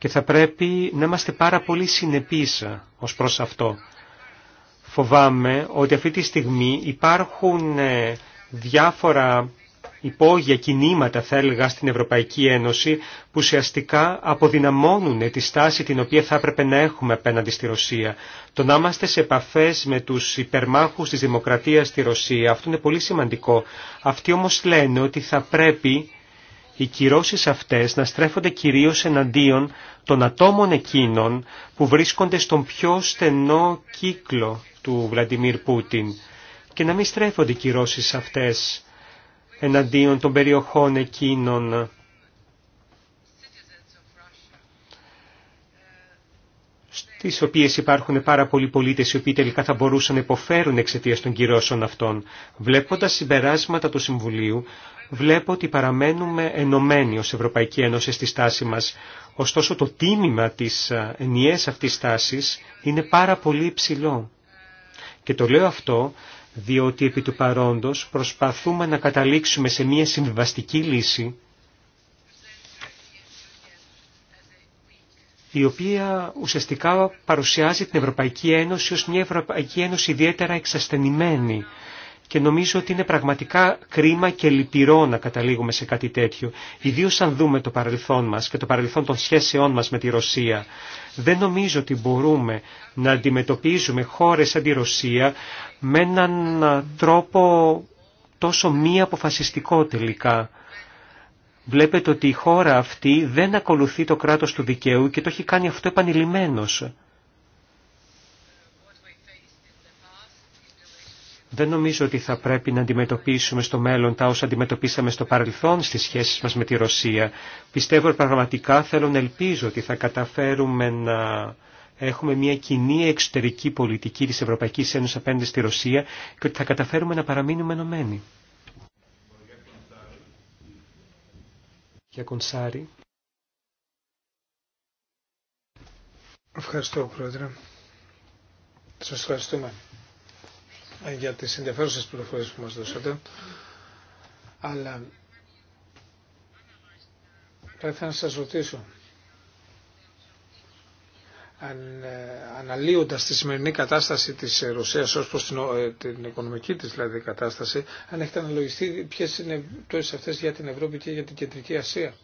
και θα πρέπει να είμαστε πάρα πολύ συνεπείς ως προς αυτό. Φοβάμαι ότι αυτή τη στιγμή υπάρχουν ε, διάφορα υπόγεια κινήματα, θα έλεγα, στην Ευρωπαϊκή Ένωση που ουσιαστικά αποδυναμώνουν τη στάση την οποία θα έπρεπε να έχουμε απέναντι στη Ρωσία. Το να είμαστε σε επαφές με τους υπερμάχους της δημοκρατίας στη Ρωσία, αυτό είναι πολύ σημαντικό. Αυτοί όμως λένε ότι θα πρέπει οι κυρώσεις αυτές να στρέφονται κυρίως εναντίον των ατόμων εκείνων που βρίσκονται στον πιο στενό κύκλο του Βλαντιμίρ Πούτιν και να μην στρέφονται οι κυρώσεις αυτές εναντίον των περιοχών εκείνων στις οποίες υπάρχουν πάρα πολλοί πολίτες οι οποίοι τελικά θα μπορούσαν να υποφέρουν εξαιτία των κυρώσεων αυτών. Βλέποντας συμπεράσματα του Συμβουλίου, βλέπω ότι παραμένουμε ενωμένοι ως Ευρωπαϊκή Ένωση στη στάση μας. Ωστόσο το τίμημα της ε, ενιαίας αυτής στάσης είναι πάρα πολύ υψηλό. Και το λέω αυτό διότι επί του παρόντος προσπαθούμε να καταλήξουμε σε μια συμβιβαστική λύση η οποία ουσιαστικά παρουσιάζει την Ευρωπαϊκή Ένωση ως μια Ευρωπαϊκή Ένωση ιδιαίτερα εξασθενημένη. Και νομίζω ότι είναι πραγματικά κρίμα και λυπηρό να καταλήγουμε σε κάτι τέτοιο. Ιδίως αν δούμε το παρελθόν μας και το παρελθόν των σχέσεών μας με τη Ρωσία. Δεν νομίζω ότι μπορούμε να αντιμετωπίζουμε χώρες σαν τη Ρωσία με έναν τρόπο τόσο μη αποφασιστικό τελικά. Βλέπετε ότι η χώρα αυτή δεν ακολουθεί το κράτος του δικαίου και το έχει κάνει αυτό επανειλημμένος. Δεν νομίζω ότι θα πρέπει να αντιμετωπίσουμε στο μέλλον τα όσα αντιμετωπίσαμε στο παρελθόν στις σχέσεις μας με τη Ρωσία. Πιστεύω πραγματικά, θέλω να ελπίζω ότι θα καταφέρουμε να έχουμε μια κοινή εξωτερική πολιτική της Ευρωπαϊκής Ένωσης απέναντι στη Ρωσία και ότι θα καταφέρουμε να παραμείνουμε ενωμένοι. Για Κονσάρη. Ευχαριστώ, Πρόεδρε. Σας ευχαριστούμε για τις ενδιαφέρουσες πληροφορίες που μας δώσατε. Αλλά θα ήθελα να σας ρωτήσω ε, αναλύοντας τη σημερινή κατάσταση της ε, Ρωσίας ως προς ε, την, οικονομική της δηλαδή κατάσταση, αν έχετε αναλογιστεί ποιες είναι τόσες αυτές για την Ευρώπη και για την Κεντρική Ασία.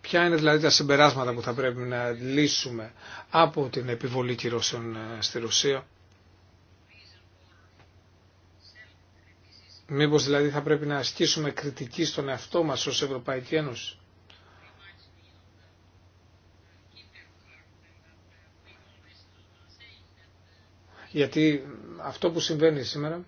Ποια είναι δηλαδή τα συμπεράσματα που θα πρέπει να λύσουμε από την επιβολή κυρώσεων στη Ρωσία. Μήπως δηλαδή θα πρέπει να ασκήσουμε κριτική στον εαυτό μας ως Ευρωπαϊκή Ένωση. γιατί αυτό που συμβαίνει σήμερα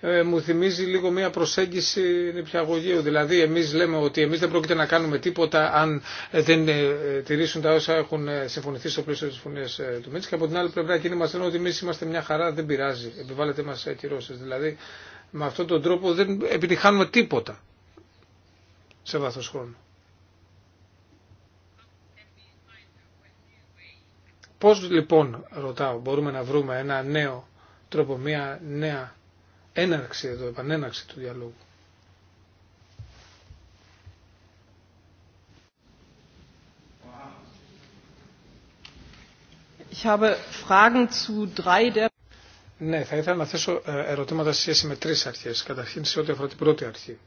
ε, μου θυμίζει λίγο μια προσέγγιση νηπιαγωγείου. Δηλαδή εμείς λέμε ότι εμείς δεν πρόκειται να κάνουμε τίποτα αν δεν ε, τηρήσουν τα όσα έχουν ε, συμφωνηθεί στο πλήσιο της συμφωνίας του Μίτσικα. και από την άλλη πλευρά εκείνοι μας λένε ότι εμείς είμαστε μια χαρά, δεν πειράζει, επιβάλλεται μας κυρώσεις. Δηλαδή με αυτόν τον τρόπο δεν επιτυχάνουμε τίποτα σε βάθος χρόνου. Πώς λοιπόν, ρωτάω, μπορούμε να βρούμε ένα νέο τρόπο, μια νέα έναρξη εδώ, επανέναρξη του διαλόγου. Ich habe Fragen zu drei der... Ναι, θα ήθελα να θέσω ε, ερωτήματα σε σχέση με τρεις αρχές. Καταρχήν σε ό,τι αφορά την πρώτη αρχή.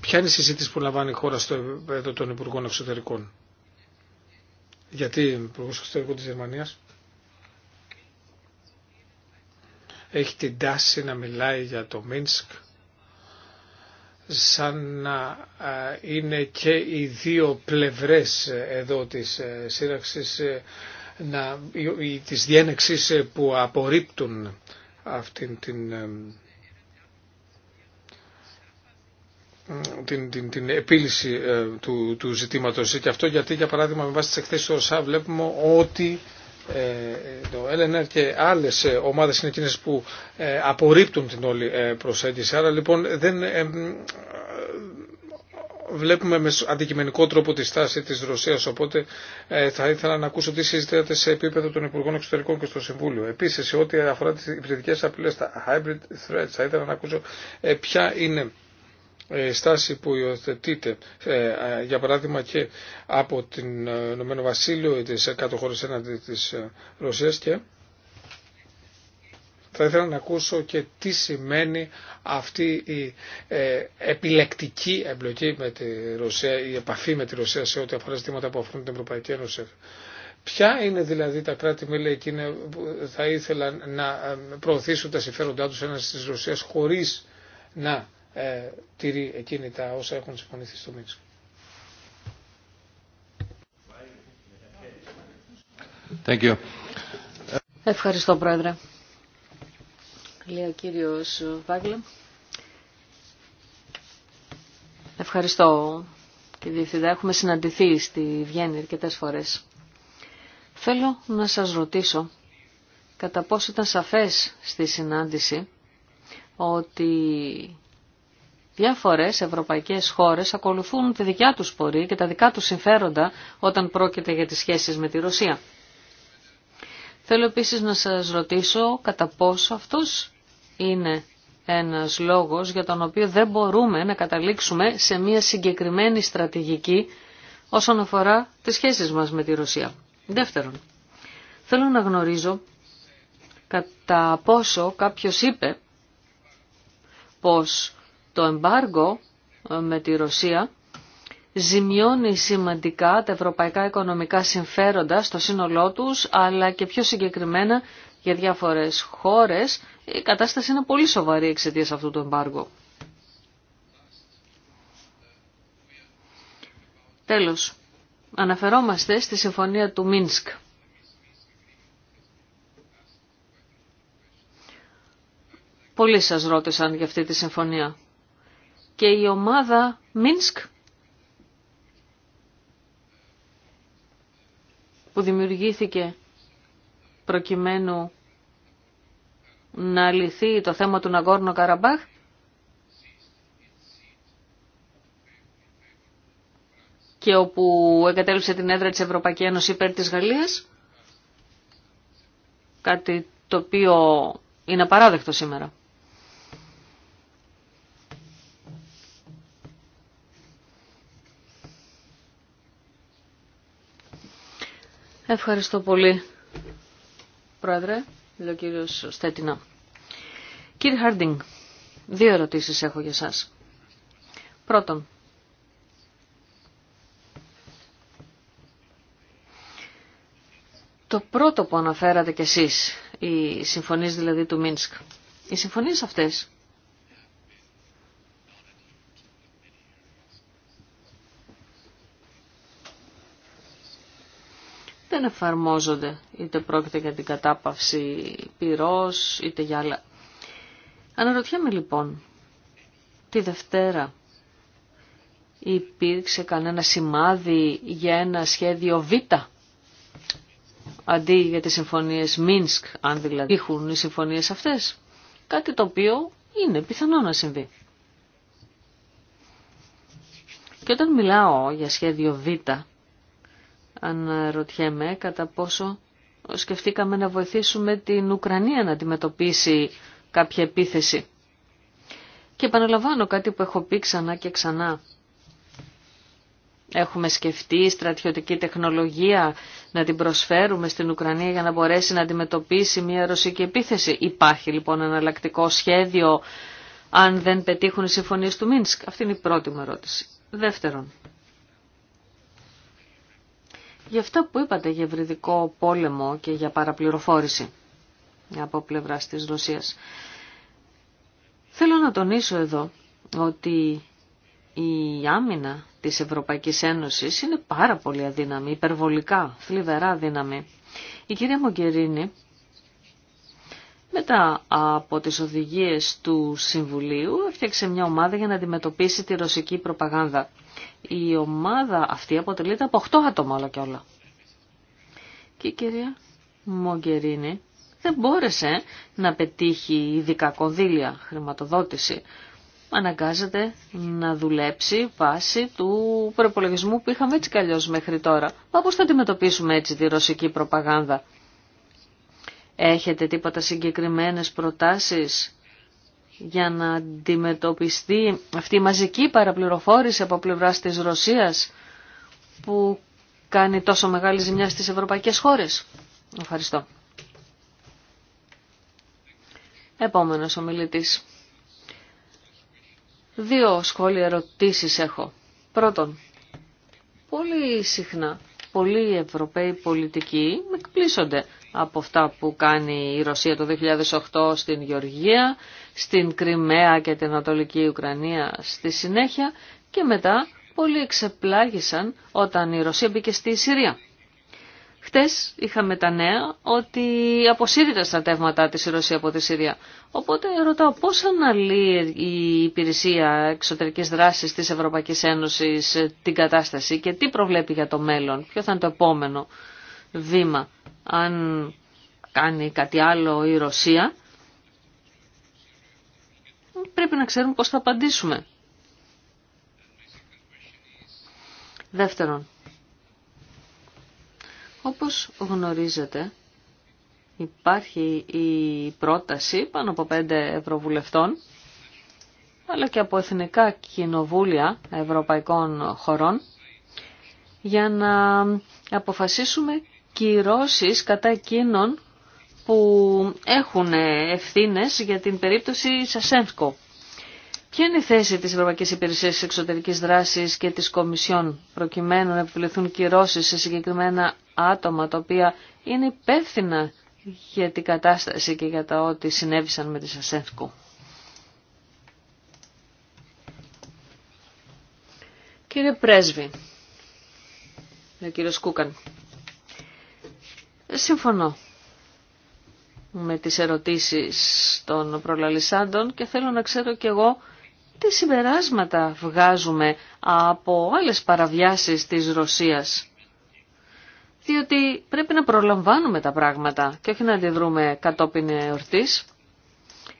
Ποια είναι η συζήτηση που λαμβάνει η χώρα στο επίπεδο των Υπουργών Εξωτερικών. Γιατί ο Υπουργό Εξωτερικών τη Γερμανία έχει την τάση να μιλάει για το Μίνσκ σαν να είναι και οι δύο πλευρές ε, εδώ της ε, σύραξη τη ε, της διένεξης που απορρίπτουν αυτήν την την, την, την επίλυση ε, του, του ζητήματος και αυτό γιατί για παράδειγμα με βάση τις εκθέσεις του ΩΣΑ βλέπουμε ότι ε, το LNR και άλλες ε, ομάδες είναι εκείνες που απορρίπτουν την όλη προσέγγιση άρα λοιπόν δεν βλέπουμε με αντικειμενικό τρόπο τη στάση της Ρωσίας οπότε θα ήθελα να ακούσω τι συζητάτε σε επίπεδο των Υπουργών Εξωτερικών και στο Συμβούλιο. Επίσης σε ό,τι αφορά τις υπηρετικές απειλές, τα hybrid threats θα ήθελα να ακούσω ποια είναι ε, στάση που υιοθετείται ε, για παράδειγμα και από την ε, Ηνωμένο Βασίλειο ή τις κάτω χώρες έναντι της Ρωσίας και θα ήθελα να ακούσω και τι σημαίνει αυτή η επιλεκτική εμπλοκή με τη Ρωσία, η επαφή με τη Ρωσία σε ό,τι αφορά ζητήματα που αφορούν την Ευρωπαϊκή Ένωση. Ποια είναι δηλαδή τα κράτη-μέλη εκείνα που θα ήθελαν να προωθήσουν τα συμφέροντά τους έναντι της Ρωσίας χωρίς να ε, τηρεί εκείνη τα όσα έχουν συμφωνηθεί στο Μίτσο. Ευχαριστώ Πρόεδρε. Λέει ο κύριος Βάγκλε. Ευχαριστώ κύριε Διευθυντά. Έχουμε συναντηθεί στη Βιέννη αρκετέ φορές. Θέλω να σας ρωτήσω κατά πόσο ήταν σαφές στη συνάντηση ότι Διάφορες ευρωπαϊκές χώρες ακολουθούν τη δικιά τους πορεία και τα δικά τους συμφέροντα όταν πρόκειται για τις σχέσεις με τη Ρωσία. Θέλω επίσης να σας ρωτήσω κατά πόσο αυτός είναι ένας λόγος για τον οποίο δεν μπορούμε να καταλήξουμε σε μια συγκεκριμένη στρατηγική όσον αφορά τις σχέσεις μας με τη Ρωσία. Δεύτερον, θέλω να γνωρίζω κατά πόσο κάποιος είπε πως το εμπάργκο ε, με τη Ρωσία ζημιώνει σημαντικά τα ευρωπαϊκά οικονομικά συμφέροντα στο σύνολό τους, αλλά και πιο συγκεκριμένα για διάφορες χώρες, η κατάσταση είναι πολύ σοβαρή εξαιτίας αυτού του εμπάργου. Τέλος, αναφερόμαστε στη συμφωνία του Μίνσκ. Πολλοί σας ρώτησαν για αυτή τη συμφωνία και η ομάδα Μίνσκ που δημιουργήθηκε προκειμένου να λυθεί το θέμα του Ναγκόρνο Καραμπάχ και όπου εγκατέλειψε την έδρα της Ευρωπαϊκή Ένωση υπέρ της Γαλλίας, κάτι το οποίο είναι απαράδεκτο σήμερα. Ευχαριστώ πολύ, Πρόεδρε, λέει ο κύριος Στέτινα. Κύριε Χάρντινγκ, δύο ερωτήσεις έχω για σας. Πρώτον, το πρώτο που αναφέρατε κι εσείς, οι συμφωνίες δηλαδή του Μίνσκ, οι συμφωνίες αυτές δεν εφαρμόζονται, είτε πρόκειται για την κατάπαυση πυρός, είτε για άλλα. Αναρωτιέμαι λοιπόν, τη Δευτέρα υπήρξε κανένα σημάδι για ένα σχέδιο Β, αντί για τις συμφωνίες Μίνσκ, αν δηλαδή έχουν οι συμφωνίες αυτές. Κάτι το οποίο είναι πιθανό να συμβεί. Και όταν μιλάω για σχέδιο Β, αναρωτιέμαι κατά πόσο σκεφτήκαμε να βοηθήσουμε την Ουκρανία να αντιμετωπίσει κάποια επίθεση. Και επαναλαμβάνω κάτι που έχω πει ξανά και ξανά. Έχουμε σκεφτεί στρατιωτική τεχνολογία να την προσφέρουμε στην Ουκρανία για να μπορέσει να αντιμετωπίσει μια ρωσική επίθεση. Υπάρχει λοιπόν εναλλακτικό σχέδιο αν δεν πετύχουν οι συμφωνίες του Μίνσκ. Αυτή είναι η πρώτη μου ερώτηση. Δεύτερον, Γι' αυτά που είπατε για ευρυδικό πόλεμο και για παραπληροφόρηση από πλευρά της Ρωσίας. Θέλω να τονίσω εδώ ότι η άμυνα της Ευρωπαϊκής Ένωσης είναι πάρα πολύ αδύναμη, υπερβολικά, θλιβερά αδύναμη. Η κυρία Μογκερίνη μετά από τις οδηγίες του Συμβουλίου έφτιαξε μια ομάδα για να αντιμετωπίσει τη ρωσική προπαγάνδα. Η ομάδα αυτή αποτελείται από 8 άτομα όλα και όλα. Και η κυρία Μογκερίνη δεν μπόρεσε να πετύχει ειδικά κονδύλια χρηματοδότηση. Αναγκάζεται να δουλέψει βάση του προπολογισμού που είχαμε έτσι καλλιώς μέχρι τώρα. Μα πώς θα αντιμετωπίσουμε έτσι τη ρωσική προπαγάνδα. Έχετε τίποτα συγκεκριμένες προτάσεις για να αντιμετωπιστεί αυτή η μαζική παραπληροφόρηση από πλευράς της Ρωσίας που κάνει τόσο μεγάλη ζημιά στις ευρωπαϊκές χώρες. Ευχαριστώ. Επόμενος μιλητής. Δύο σχόλια ερωτήσεις έχω. Πρώτον, πολύ συχνά πολλοί Ευρωπαίοι πολιτικοί με εκπλήσονται από αυτά που κάνει η Ρωσία το 2008 στην Γεωργία, στην Κρυμαία και την Ανατολική Ουκρανία στη συνέχεια και μετά πολλοί εξεπλάγησαν όταν η Ρωσία μπήκε στη Συρία. Χτες είχαμε τα νέα ότι αποσύρει τα στρατεύματά της η Ρωσία από τη Συρία. Οπότε ρωτάω πώς αναλύει η υπηρεσία εξωτερικής δράσης της Ευρωπαϊκής Ένωσης την κατάσταση και τι προβλέπει για το μέλλον, ποιο θα είναι το επόμενο βήμα αν κάνει κάτι άλλο η Ρωσία, πρέπει να ξέρουμε πώς θα απαντήσουμε. Δεύτερον, όπως γνωρίζετε, υπάρχει η πρόταση πάνω από πέντε ευρωβουλευτών, αλλά και από εθνικά κοινοβούλια ευρωπαϊκών χωρών, για να αποφασίσουμε κυρώσεις κατά εκείνων που έχουν ευθύνες για την περίπτωση Σασένσκο. Ποια είναι η θέση της Ευρωπαϊκής Υπηρεσίας Εξωτερικής Δράσης και της Κομισιόν προκειμένου να επιβληθούν κυρώσεις σε συγκεκριμένα άτομα τα οποία είναι υπεύθυνα για την κατάσταση και για τα ό,τι συνέβησαν με τη Σασένσκο. Κύριε Πρέσβη, ο κύριος Συμφωνώ με τις ερωτήσεις των προλαλισσάντων και θέλω να ξέρω κι εγώ τι συμπεράσματα βγάζουμε από άλλες παραβιάσεις της Ρωσίας. Διότι πρέπει να προλαμβάνουμε τα πράγματα και όχι να αντιδρούμε κατόπιν εορτής.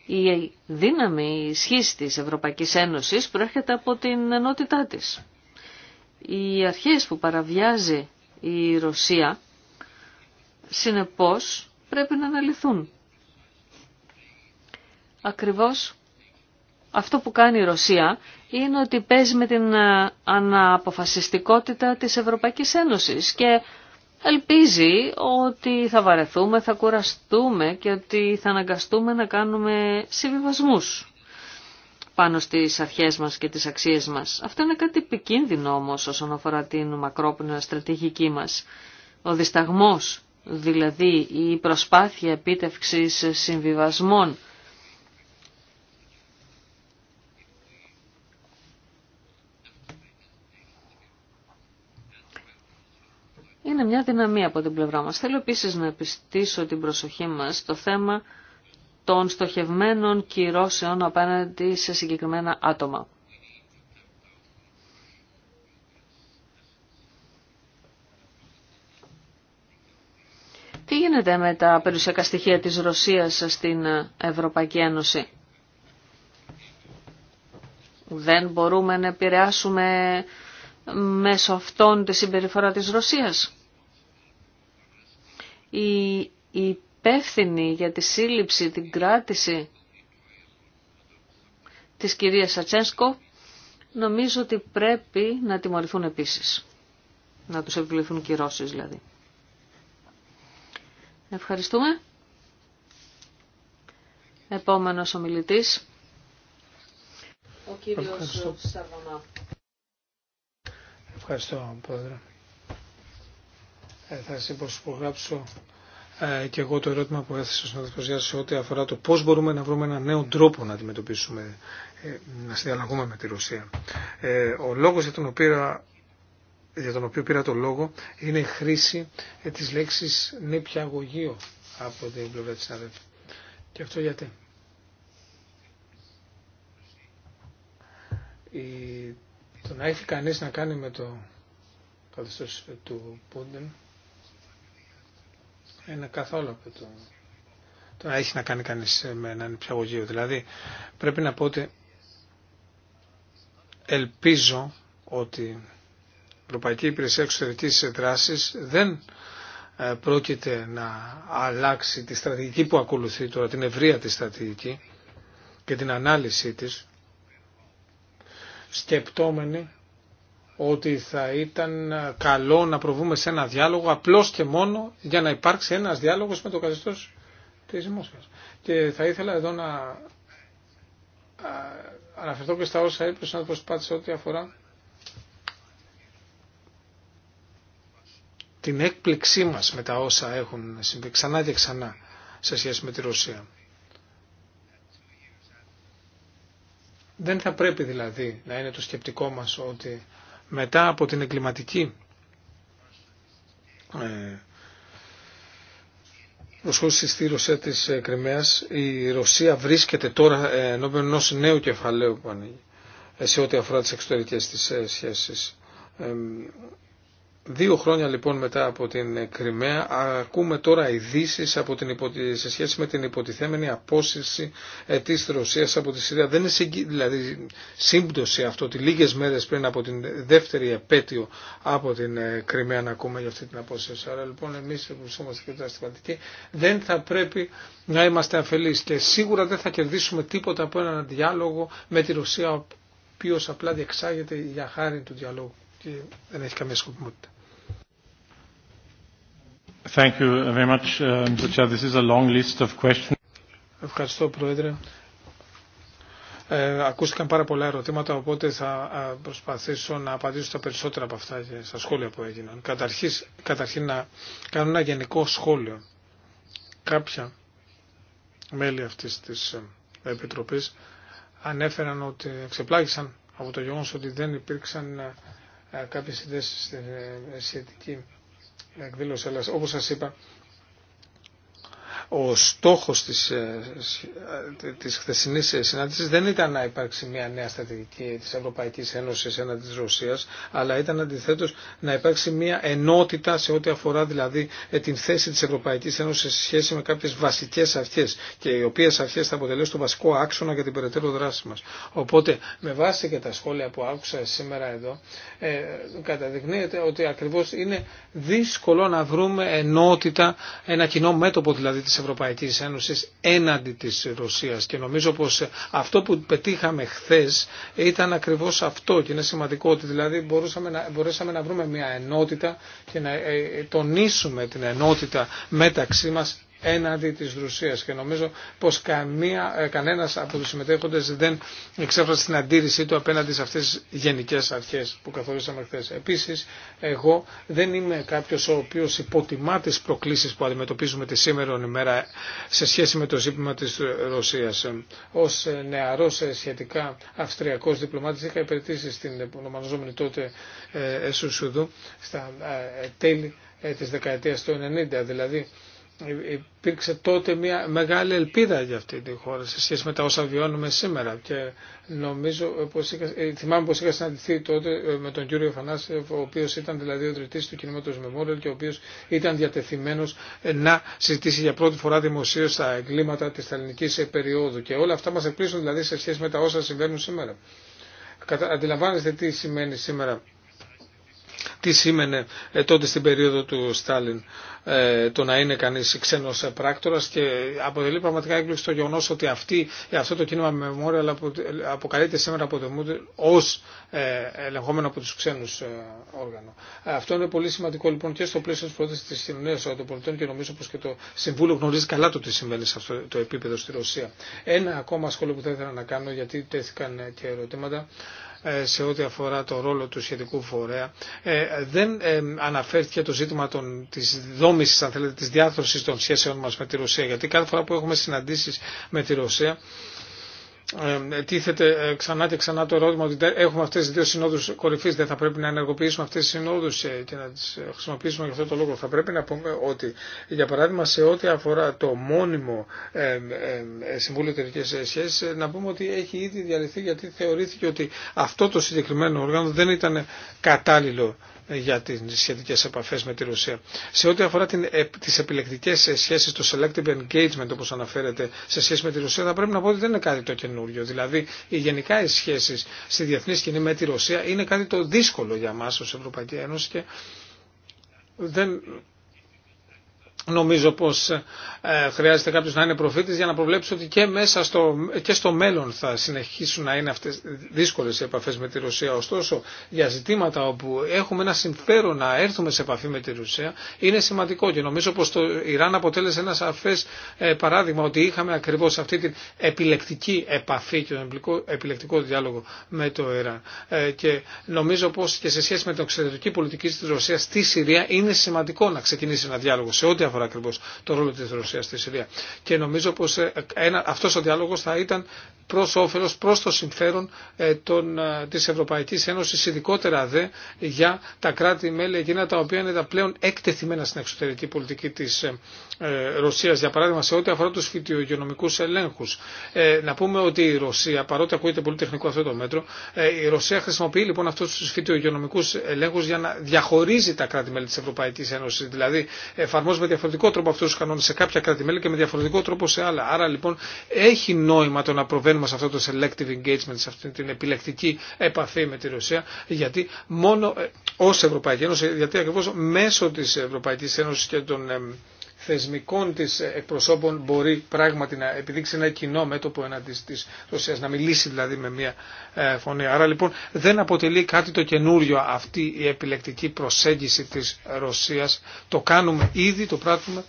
Η δύναμη η ισχύς της Ευρωπαϊκής Ένωσης προέρχεται από την ενότητά της. Οι αρχές που παραβιάζει η Ρωσία συνεπώς πρέπει να αναλυθούν. Ακριβώς αυτό που κάνει η Ρωσία είναι ότι παίζει με την ε, αναποφασιστικότητα της Ευρωπαϊκής Ένωσης και ελπίζει ότι θα βαρεθούμε, θα κουραστούμε και ότι θα αναγκαστούμε να κάνουμε συμβιβασμούς πάνω στις αρχές μας και τις αξίες μας. Αυτό είναι κάτι επικίνδυνο όμως όσον αφορά την μακρόπνοια στρατηγική μας. Ο δισταγμός δηλαδή η προσπάθεια επίτευξης συμβιβασμών είναι μια δυναμία από την πλευρά μας. Θέλω επίσης να επιστήσω την προσοχή μας στο θέμα των στοχευμένων κυρώσεων απέναντι σε συγκεκριμένα άτομα. γίνεται με τα περιουσιακά στοιχεία της Ρωσίας στην Ευρωπαϊκή Ένωση. Δεν μπορούμε να επηρεάσουμε μέσω αυτών τη συμπεριφορά της Ρωσίας. Οι υπεύθυνοι για τη σύλληψη, την κράτηση της κυρίας Σατσένσκο νομίζω ότι πρέπει να τιμωρηθούν επίσης. Να τους επιβληθούν κυρώσεις δηλαδή. Ευχαριστούμε. Επόμενος ομιλητής. Ο κύριος Ευχαριστώ. Ευχαριστώ, Πρόεδρε. Ε, θα συμπροσυπογράψω ε, και εγώ το ερώτημα που έθεσε ο συνάδελφος ό,τι αφορά το πώς μπορούμε να βρούμε έναν νέο τρόπο να αντιμετωπίσουμε, ε, να συνδιαλλαγούμε με τη Ρωσία. Ε, ο λόγος για τον οποίο για τον οποίο πήρα το λόγο είναι η χρήση ε, της λέξης νηπιαγωγείο από την πλευρά της Και αυτό γιατί. Η... Το να έχει κανείς να κάνει με το καθεστώς ε, του Πούντεν είναι καθόλου από το... το να έχει να κάνει κανείς ε, με ένα νηπιαγωγείο. Δηλαδή πρέπει να πω ότι ελπίζω ότι Ευρωπαϊκή Υπηρεσία Εξωτερικής Δράσης δεν ε, πρόκειται να αλλάξει τη στρατηγική που ακολουθεί τώρα, την ευρεία τη στρατηγική και την ανάλυση της, σκεπτόμενη ότι θα ήταν ε, καλό να προβούμε σε ένα διάλογο απλώς και μόνο για να υπάρξει ένας διάλογος με το καθεστώς της Μόσχας. Και θα ήθελα εδώ να ε, αναφερθώ και στα όσα είπε ο συνάδελφος ό,τι αφορά την έκπληξή μας με τα όσα έχουν συμβεί ξανά και ξανά σε σχέση με τη Ρωσία. Δεν θα πρέπει δηλαδή να είναι το σκεπτικό μας ότι μετά από την εγκληματική ε, προσχώρηση στη Ρωσία της ε, Κρυμαίας η Ρωσία βρίσκεται τώρα ε, ενώπιον ενός νέου κεφαλαίου που ανοίγει ε, σε ό,τι αφορά τις εξωτερικές της σχέσεις. Δύο χρόνια λοιπόν μετά από την Κρυμαία ακούμε τώρα ειδήσει σε σχέση με την υποτιθέμενη απόσυρση ε, της Ρωσίας από τη Συρία. Δεν είναι δηλαδή, σύμπτωση αυτό ότι λίγες μέρες πριν από την δεύτερη επέτειο από την ε, Κρυμαία να ακούμε για αυτή την απόσυρση. Άρα λοιπόν εμείς που είμαστε και δεν θα πρέπει να είμαστε αφελείς και σίγουρα δεν θα κερδίσουμε τίποτα από έναν διάλογο με τη Ρωσία ο οποίος απλά διεξάγεται για χάρη του διαλόγου και δεν έχει καμία σκοπιμότητα. Ευχαριστώ, Πρόεδρε. Ε, ακούστηκαν πάρα πολλά ερωτήματα, οπότε θα προσπαθήσω να απαντήσω στα περισσότερα από αυτά και στα σχόλια που έγιναν. Καταρχής καταρχήν να κάνω ένα γενικό σχόλιο. Κάποια μέλη αυτής της ε, Επιτροπής ανέφεραν ότι εξεπλάγησαν από το γεγονός ότι δεν υπήρξαν ε, κάποιες ιδέες ε, σχετική εκδήλωση. Αλλά όπως σας είπα ο στόχος της, ε, ε, της χθεσινής ε, συνάντησης δεν ήταν να υπάρξει μια νέα στρατηγική της Ευρωπαϊκής Ένωσης έναντι της Ρωσίας, αλλά ήταν αντιθέτως να υπάρξει μια ενότητα σε ό,τι αφορά δηλαδή την θέση της Ευρωπαϊκής Ένωσης σε σχέση με κάποιες βασικές αρχές και οι οποίες αρχές θα αποτελέσουν το βασικό άξονα για την περαιτέρω δράση μας. Οπότε με βάση και τα σχόλια που άκουσα σήμερα εδώ ε, καταδεικνύεται ότι ακριβώς είναι δύσκολο να βρούμε ενότητα, ένα κοινό μέτωπο δηλαδή της Ευρωπαϊκής Ένωσης έναντι της Ρωσίας και νομίζω πως αυτό που πετύχαμε χθες ήταν ακριβώς αυτό και είναι σημαντικό ότι δηλαδή μπορούσαμε να, μπορέσαμε να βρούμε μια ενότητα και να ε, ε, τονίσουμε την ενότητα μεταξύ μας έναντι της Ρουσίας και νομίζω πως καμία, ε, κανένας από τους συμμετέχοντες δεν εξέφρασε την αντίρρησή του απέναντι σε αυτές τις γενικές αρχές που καθορίσαμε χθε. Επίσης, εγώ δεν είμαι κάποιος ο οποίος υποτιμά τις προκλήσεις που αντιμετωπίζουμε τη σήμερα ημέρα σε σχέση με το ζήτημα της Ρωσίας. Ως ε, νεαρός ε, σχετικά αυστριακός διπλωμάτης είχα υπηρετήσει στην ονομαζόμενη τότε Εσουσουδού στα τέλη της δεκαετίας του 90, δηλαδή υπήρξε τότε μια μεγάλη ελπίδα για αυτή τη χώρα σε σχέση με τα όσα βιώνουμε σήμερα και νομίζω πως είχα, ε, θυμάμαι πως είχα συναντηθεί τότε ε, με τον κύριο Φανάσεφ ο οποίος ήταν δηλαδή ο τριτή του κινήματος Memorial και ο οποίος ήταν διατεθειμένος ε, να συζητήσει για πρώτη φορά δημοσίως τα εγκλήματα της ελληνικής περίοδου και όλα αυτά μας εκπλήσουν δηλαδή σε σχέση με τα όσα συμβαίνουν σήμερα. Αντιλαμβάνεστε τι σημαίνει σήμερα τι σήμαινε ε, τότε στην περίοδο του Στάλιν ε, το να είναι κανείς ξένος πράκτορας και αποτελεί πραγματικά έκπληξη το γεγονό ότι αυτή, αυτό το κίνημα με Memorial αποκαλείται σήμερα από το Moodle ως ε, ελεγχόμενο από τους ξένους όργανο. Αυτό είναι πολύ σημαντικό λοιπόν και στο πλαίσιο της πρόθεσης της κοινωνίας των πολιτών και νομίζω πως και το Συμβούλιο γνωρίζει καλά το τι συμβαίνει σε αυτό το επίπεδο στη Ρωσία. Ένα ακόμα σχόλιο που θα ήθελα να κάνω γιατί τέθηκαν και ερωτήματα ε, σε ό,τι αφορά το ρόλο του σχετικού φορέα. Ε, δεν ε, αναφέρθηκε το ζήτημα των, της δόμησης, αν θέλετε, της διάθρωσης των σχέσεων μας με τη Ρωσία, γιατί κάθε φορά που έχουμε συναντήσεις με τη Ρωσία, ε, τίθεται ε, ξανά και ξανά το ερώτημα ότι έχουμε αυτέ τι δύο συνόδου κορυφή. Δεν θα πρέπει να ενεργοποιήσουμε αυτέ τι συνόδου ε, και να τι χρησιμοποιήσουμε για αυτό το λόγο. Θα πρέπει να πούμε ότι, για παράδειγμα, σε ό,τι αφορά το μόνιμο Συμβούλιο Εταιρικέ Σχέσει, να πούμε ότι έχει ήδη διαλυθεί γιατί θεωρήθηκε ότι αυτό το συγκεκριμένο όργανο δεν ήταν κατάλληλο για τι σχετικέ επαφέ με τη Ρωσία. Σε ό,τι αφορά τι τις επιλεκτικές σχέσεις, το selective engagement όπως αναφέρεται σε σχέση με τη Ρωσία, θα πρέπει να πω ότι δεν είναι κάτι το καινούριο. Δηλαδή, οι γενικά οι σχέσεις στη διεθνή σκηνή με τη Ρωσία είναι κάτι το δύσκολο για μας ως Ευρωπαϊκή Ένωση και δεν Νομίζω πως ε, χρειάζεται κάποιος να είναι προφήτης για να προβλέψει ότι και, μέσα στο, και στο μέλλον θα συνεχίσουν να είναι αυτές δύσκολες οι επαφές με τη Ρωσία. Ωστόσο, για ζητήματα όπου έχουμε ένα συμφέρον να έρθουμε σε επαφή με τη Ρωσία, είναι σημαντικό και νομίζω πως το Ιράν αποτέλεσε ένα σαφές ε, παράδειγμα ότι είχαμε ακριβώς αυτή την επιλεκτική επαφή και τον επιλεκτικό διάλογο με το Ιράν. Ε, και νομίζω πως και σε σχέση με την εξωτερική πολιτική της Ρωσίας στη Συρία είναι σημαντικό να ξεκινήσει ένα διάλογο σε ό,τι αφορά το ρόλο τη Ρωσία στη Συρία. Και νομίζω πω ε, αυτό ο διάλογο θα ήταν προ όφελο, προ το συμφέρον ε, ε, τη Ευρωπαϊκή Ένωση, ειδικότερα δε για τα κράτη-μέλη εκείνα τα οποία είναι τα πλέον εκτεθειμένα στην εξωτερική πολιτική τη ε, Ρωσίας για παράδειγμα σε ό,τι αφορά τους φυτιογενομικούς ελέγχους. Ε, να πούμε ότι η Ρωσία, παρότι ακούγεται πολύ τεχνικό αυτό το μέτρο, ε, η Ρωσία χρησιμοποιεί λοιπόν αυτούς τους φυτιογενομικούς ελέγχους για να διαχωρίζει τα κράτη-μέλη της Ευρωπαϊκής Ένωσης. Δηλαδή εφαρμόζει με διαφορετικό τρόπο αυτούς τους κανόνες σε κάποια κράτη-μέλη και με διαφορετικό τρόπο σε άλλα. Άρα λοιπόν έχει νόημα το να προβαίνουμε σε αυτό το selective engagement, σε αυτή την επιλεκτική επαφή με τη Ρωσία, γιατί μόνο ε, ως Ευρωπαϊκή Ένωση, γιατί ακριβώς μέσω της Ευρωπαϊκής Ένωσης και των ε, θεσμικών της εκπροσώπων μπορεί πράγματι να επιδείξει ένα κοινό μέτωπο εναντί της Ρωσίας, να μιλήσει δηλαδή με μια ε, φωνή. Άρα λοιπόν δεν αποτελεί κάτι το καινούριο αυτή η επιλεκτική προσέγγιση της Ρωσίας. Το κάνουμε ήδη, το πράττουμε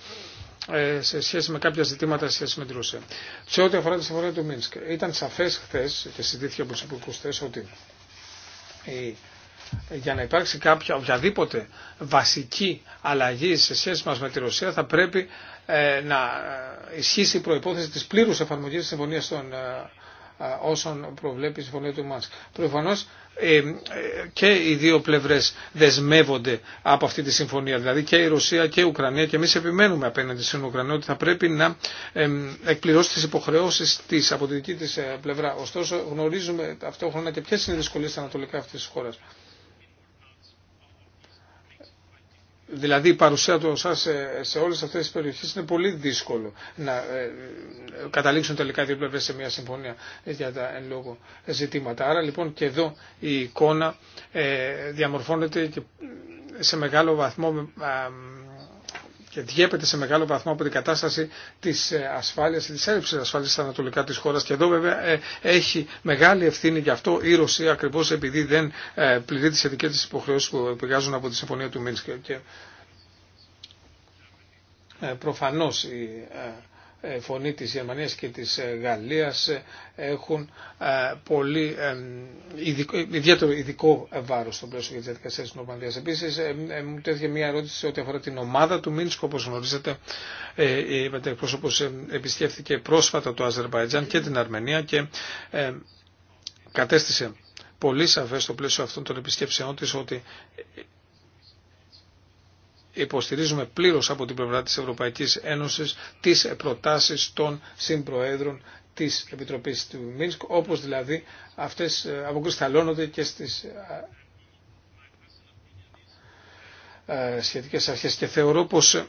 ε, σε σχέση με κάποια ζητήματα σε σχέση με τη Ρωσία. Σε ό,τι αφορά τη συμφωνία του Μίνσκ, ήταν σαφές χθε και συζητήθηκε από του υπουργού ότι η για να υπάρξει κάποια οποιαδήποτε βασική αλλαγή σε σχέση μας με τη Ρωσία θα πρέπει ε, να ε, ισχύσει η προϋπόθεση της πλήρους εφαρμογής της συμφωνίας των ε, όσων προβλέπει η συμφωνία του Μάσκ. Προφανώ ε, και οι δύο πλευρές δεσμεύονται από αυτή τη συμφωνία, δηλαδή και η Ρωσία και η Ουκρανία και εμείς επιμένουμε απέναντι στην Ουκρανία ότι θα πρέπει να εκπληρώσει τις υποχρεώσεις της από τη δική τη πλευρά. Ωστόσο γνωρίζουμε ταυτόχρονα και ποιε είναι οι δυσκολίε στα ανατολικά αυτή τη Δηλαδή η παρουσία του ΩΣΑ σε, σε όλες αυτές τις περιοχές είναι πολύ δύσκολο να ε, ε καταλήξουν τελικά οι δύο πλευρές σε μια συμφωνία για τα εν λόγω ζητήματα. Άρα λοιπόν και εδώ η εικόνα ε, διαμορφώνεται και σε μεγάλο βαθμό και διέπεται σε μεγάλο βαθμό από την κατάσταση της ε, ασφάλειας, της υποχρεώσει ασφάλεια στα ανατολικά τη χώρα. και εδώ βέβαια ε, έχει μεγάλη ευθύνη γι' αυτό η Ρωσία ακριβώς επειδή δεν ε, πληρεί τι ειδικέ τη υποχρεώσει που πηγάζουν από τη Συμφωνία του Μίνσκ. Και προφανώς η ε, φωνή της Γερμανίας και της ε, Γαλλίας ε, έχουν πολύ ιδιαίτερο ειδικό βάρος στο πλαίσιο για τις διαδικασίες της Νορμανδίας. Επίσης μου τέθηκε μια ερώτηση ό,τι αφορά την ομάδα του Μίνσκ. Όπως γνωρίζετε η μετεκπρόσωπος επισκέφθηκε πρόσφατα το Αζερβαϊτζάν και την Αρμενία και κατέστησε πολύ σαφές στο πλαίσιο αυτών των επισκέψεών της ότι υποστηρίζουμε πλήρως από την πλευρά της Ευρωπαϊκής Ένωσης τις προτάσεις των συμπροέδρων της Επιτροπής του Μίνσκ, όπως δηλαδή αυτές ε, αποκρισταλώνονται και στις ε, ε, σχετικές αρχές. Και θεωρώ πως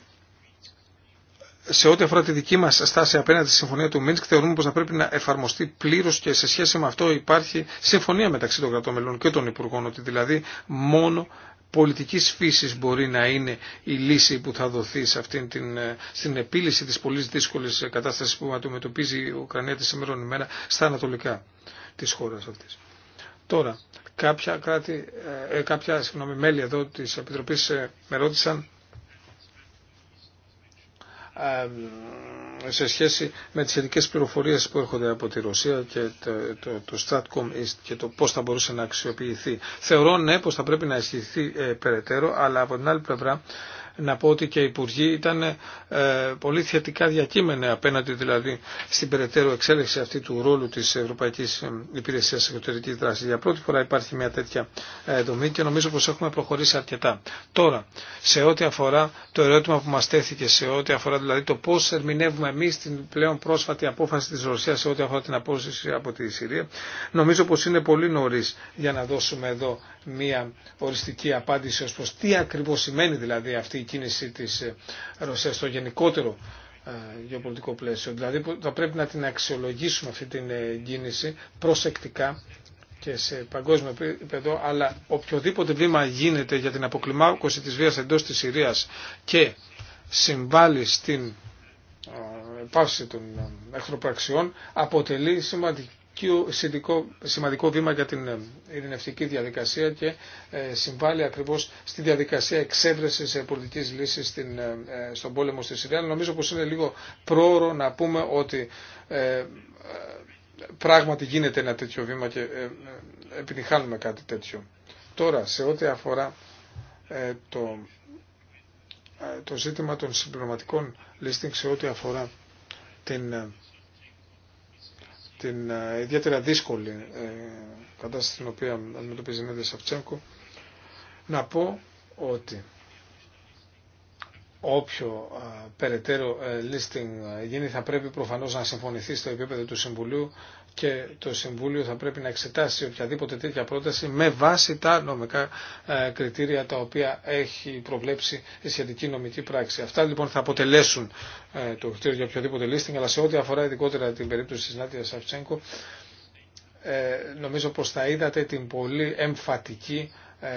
σε ό,τι αφορά τη δική μα στάση απέναντι στη συμφωνία του Μίνσκ, θεωρούμε πω θα πρέπει να εφαρμοστεί πλήρω και σε σχέση με αυτό υπάρχει συμφωνία μεταξύ των κρατών μελών και των Υπουργών, ότι δηλαδή μόνο πολιτικής φύσης μπορεί να είναι η λύση που θα δοθεί σε αυτήν την, ε, στην επίλυση της πολύ δύσκολης κατάστασης που αντιμετωπίζει η Ουκρανία τη σήμερα ημέρα στα ανατολικά της χώρας αυτής. Τώρα, κάποια, κράτη, ε, ε, κάποια μέλη εδώ της Επιτροπής ε, με ρώτησαν σε σχέση με τις ειδικές πληροφορίες που έρχονται από τη Ρωσία και το, το, Stratcom και το πώς θα μπορούσε να αξιοποιηθεί. Θεωρώ ναι πως θα πρέπει να ισχυθεί ε, περαιτέρω, αλλά από την άλλη πλευρά να πω ότι και οι Υπουργοί ήταν ε, πολύ θετικά διακείμενοι απέναντι δηλαδή στην περαιτέρω εξέλιξη αυτή του ρόλου της Ευρωπαϊκής ε, Υπηρεσίας Εξωτερικής δράση. Για πρώτη φορά υπάρχει μια τέτοια ε, δομή και νομίζω πως έχουμε προχωρήσει αρκετά. Τώρα, σε ό,τι αφορά το ερώτημα που μας τέθηκε, σε ό,τι αφορά δηλαδή το πώς ερμηνεύουμε εμείς την πλέον πρόσφατη απόφαση της Ρωσίας σε ό,τι αφορά την απόσυρση από τη Συρία, νομίζω πως είναι πολύ νωρίς για να δώσουμε εδώ μία οριστική απάντηση ως προς τι ακριβώς σημαίνει δηλαδή αυτή η κίνηση της ε, Ρωσίας στο γενικότερο ε, γεωπολιτικό πλαίσιο. Δηλαδή θα πρέπει να την αξιολογήσουμε αυτή την ε, κίνηση προσεκτικά και σε παγκόσμιο επίπεδο, αλλά οποιοδήποτε βήμα γίνεται για την αποκλιμάκωση της βίας εντός της Συρίας και συμβάλλει στην πάυση των εχθροπραξιών αποτελεί σημαντική σημαντικό, σημαντικό βήμα για την ε, ειρηνευτική διαδικασία και ε, συμβάλλει ακριβώς στη διαδικασία εξέβρεσης ε, πολιτικής λύσης στον πόλεμο στη Συρία. Νομίζω πως είναι λίγο πρόωρο να πούμε ότι πράγματι γίνεται ένα τέτοιο βήμα και επιτυχάνουμε κάτι τέτοιο. Τώρα, σε ό,τι αφορά το, το ζήτημα των συμπληρωματικών listing, σε ό,τι αφορά την την ε, ιδιαίτερα δύσκολη ε, κατάσταση στην οποία αντιμετωπίζει η Νέντε Σαφτσέγκο, να πω ότι όποιο περαιτέρω ε, listing ε, γίνει θα πρέπει προφανώς να συμφωνηθεί στο επίπεδο του Συμβουλίου και το Συμβούλιο θα πρέπει να εξετάσει οποιαδήποτε τέτοια πρόταση με βάση τα νομικά ε, κριτήρια τα οποία έχει προβλέψει η σχετική νομική πράξη. Αυτά λοιπόν θα αποτελέσουν το κριτήριο για οποιοδήποτε listing αλλά σε ό,τι αφορά ειδικότερα την περίπτωση της Νάτια Σαφτσέγκο νομίζω πως θα είδατε την πολύ εμφατική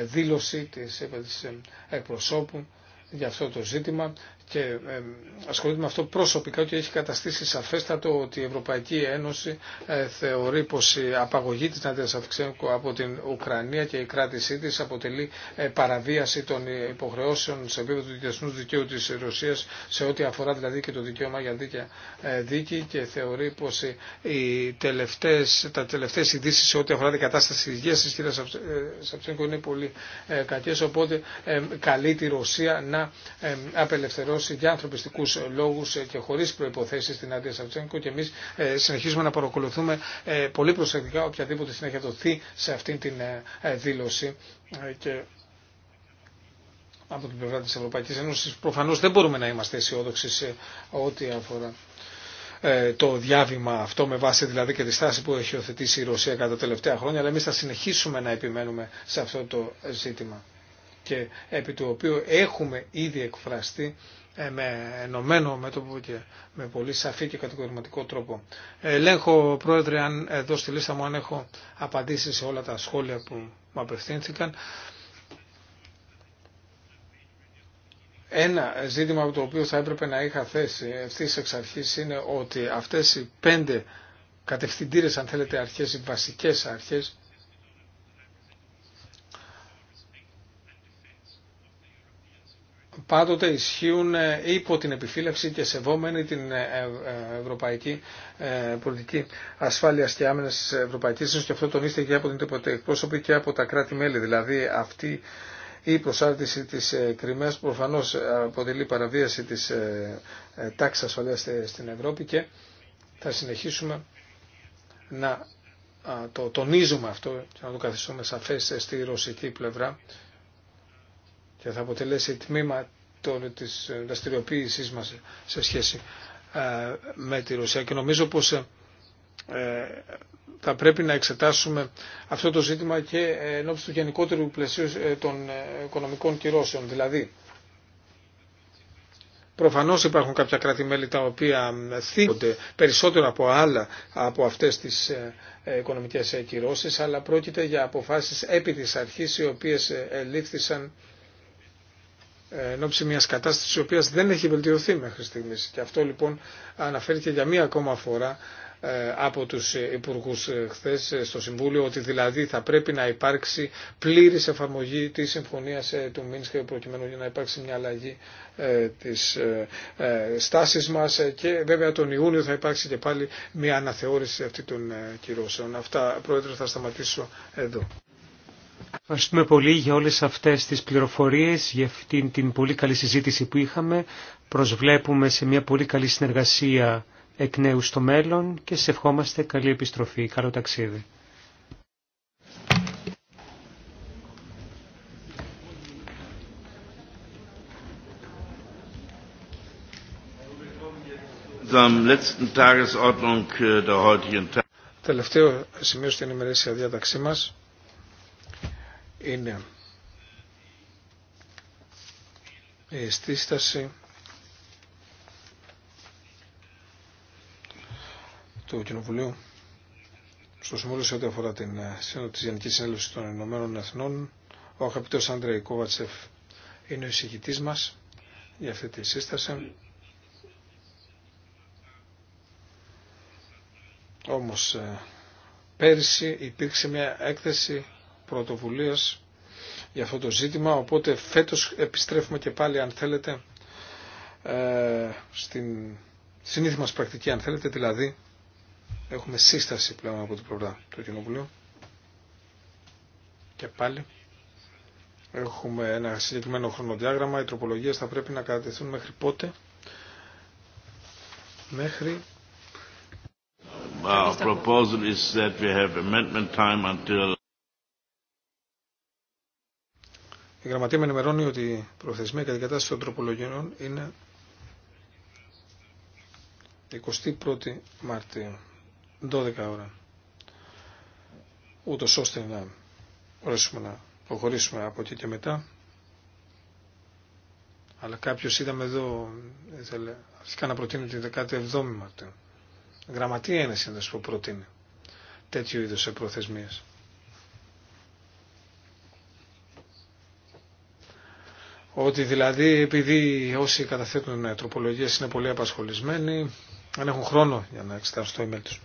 δήλωση της εκπροσώπου για αυτό το ζήτημα και ασχολείται με αυτό προσωπικά και έχει καταστήσει σαφέστατο ότι η Ευρωπαϊκή Ένωση ε, θεωρεί πως η απαγωγή της Νάντια από την Ουκρανία και η κράτησή της αποτελεί ε, παραβίαση των υποχρεώσεων σε επίπεδο του διεθνούς δικαίου της Ρωσίας σε ό,τι αφορά δηλαδή και το δικαίωμα για δίκαια ε, δίκη και θεωρεί πως οι τελευταίες, τα τελευταίες ειδήσει σε ό,τι αφορά την κατάσταση υγείας της κ. Σαφτσέγκο είναι πολύ κακές οπότε καλεί τη Ρωσία να απελευθερώσει για ανθρωπιστικού λόγου και χωρί προποθέσει την Αντία και εμεί ε, συνεχίζουμε να παρακολουθούμε ε, πολύ προσεκτικά οποιαδήποτε συνέχεια δοθεί σε αυτήν την ε, δήλωση. Και από την πλευρά της Ευρωπαϊκής Ένωσης. Προφανώς δεν μπορούμε να είμαστε αισιόδοξοι σε ό,τι αφορά το διάβημα αυτό με βάση δηλαδή και τη στάση που έχει οθετήσει η Ρωσία κατά τα τελευταία χρόνια, αλλά εμεί θα συνεχίσουμε να επιμένουμε σε αυτό το ζήτημα και επί του οποίου έχουμε ήδη εκφραστεί ε, με ενωμένο μέτωπο και με πολύ σαφή και κατηγορηματικό τρόπο. Ελέγχω, Πρόεδρε, αν εδώ στη λίστα μου αν έχω απαντήσει σε όλα τα σχόλια που μου απευθύνθηκαν. Ένα ζήτημα από το οποίο θα έπρεπε να είχα θέσει ευθύ εξ αρχή είναι ότι αυτές οι πέντε κατευθυντήρες, αν θέλετε, αρχές, οι βασικές αρχές, πάντοτε ισχύουν ε, υπό την επιφύλαξη και σεβόμενη την ε, ε, ευρωπαϊκή πολιτική ασφάλεια και άμυνα τη Ευρωπαϊκή Ένωση και αυτό τονίστε και από την εκπρόσωπη και από τα κράτη-μέλη. Δηλαδή αυτή η προσάρτηση της Κρυμαίας προφανώς αποτελεί παραβίαση της τάξης ασφαλείας στην Ευρώπη και θα συνεχίσουμε να το τονίζουμε αυτό και να το καθιστούμε σαφές στη ρωσική πλευρά και θα αποτελέσει τμήμα των, της ε, δραστηριοποίησή μας σε σχέση ε, με τη Ρωσία και νομίζω πως ε, θα πρέπει να εξετάσουμε αυτό το ζήτημα και εν του γενικότερου πλαισίου των οικονομικών κυρώσεων. Δηλαδή, προφανώς υπάρχουν κάποια κράτη-μέλη τα οποία θίγονται περισσότερο από άλλα από αυτές τις οικονομικές κυρώσεις, αλλά πρόκειται για αποφάσεις επί της αρχής οι οποίες ελήφθησαν εν ώψη μιας κατάστασης η οποία δεν έχει βελτιωθεί μέχρι στιγμής. Και αυτό λοιπόν αναφέρθηκε για μία ακόμα φορά ε, από τους υπουργού ε, χθες ε, στο Συμβούλιο ότι δηλαδή θα πρέπει να υπάρξει πλήρης εφαρμογή της συμφωνίας του Μίνσκ προκειμένου για να υπάρξει μια αλλαγή της στάσης μας και βέβαια τον Ιούνιο θα υπάρξει και πάλι μια αναθεώρηση αυτή των κυρώσεων. Αυτά πρόεδρε θα σταματήσω εδώ. Ευχαριστούμε πολύ για όλες αυτές τις πληροφορίες, για αυτήν την πολύ καλή συζήτηση που είχαμε. Προσβλέπουμε σε μια πολύ καλή συνεργασία εκ νέου στο μέλλον και σε ευχόμαστε καλή επιστροφή. Καλό ταξίδι. Äh, Τελευταίο σημείο στην ημερήσια διάταξή μας είναι η εστίσταση του Κοινοβουλίου στο Συμβούλιο σε ό,τι αφορά την ε, σύνοδο της Γενικής Συνέλευσης των Ηνωμένων Εθνών. Ο αγαπητός Άντρε Κόβατσεφ είναι ο εισηγητής μας για αυτή τη σύσταση. Όμως ε, πέρσι υπήρξε μια έκθεση πρωτοβουλίας για αυτό το ζήτημα, οπότε φέτος επιστρέφουμε και πάλι αν θέλετε ε, στην συνήθι μας πρακτική αν θέλετε, δηλαδή έχουμε σύσταση πλέον από την πλευρά του Κοινοβουλίου και πάλι έχουμε ένα συγκεκριμένο χρονοδιάγραμμα, οι τροπολογίε θα πρέπει να κατατεθούν μέχρι πότε, μέχρι Our proposal is that we have amendment time until Η Γραμματεία με ενημερώνει ότι η προθεσμία κατά την κατάσταση των τροπολογιών είναι 21η Μαρτίου, 12 ώρα. Ούτω ώστε να μπορέσουμε να προχωρήσουμε από εκεί και μετά. Αλλά κάποιος είδαμε εδώ, ήθελε αρχικά να προτείνει την 17η Μαρτίου. Γραμματεία είναι σύνδεση που προτείνει τέτοιου είδους προθεσμίες. Ότι δηλαδή επειδή όσοι καταθέτουν ε, τροπολογίες είναι πολύ απασχολημένοι, αν έχουν χρόνο για να εξετάσουν το email τους.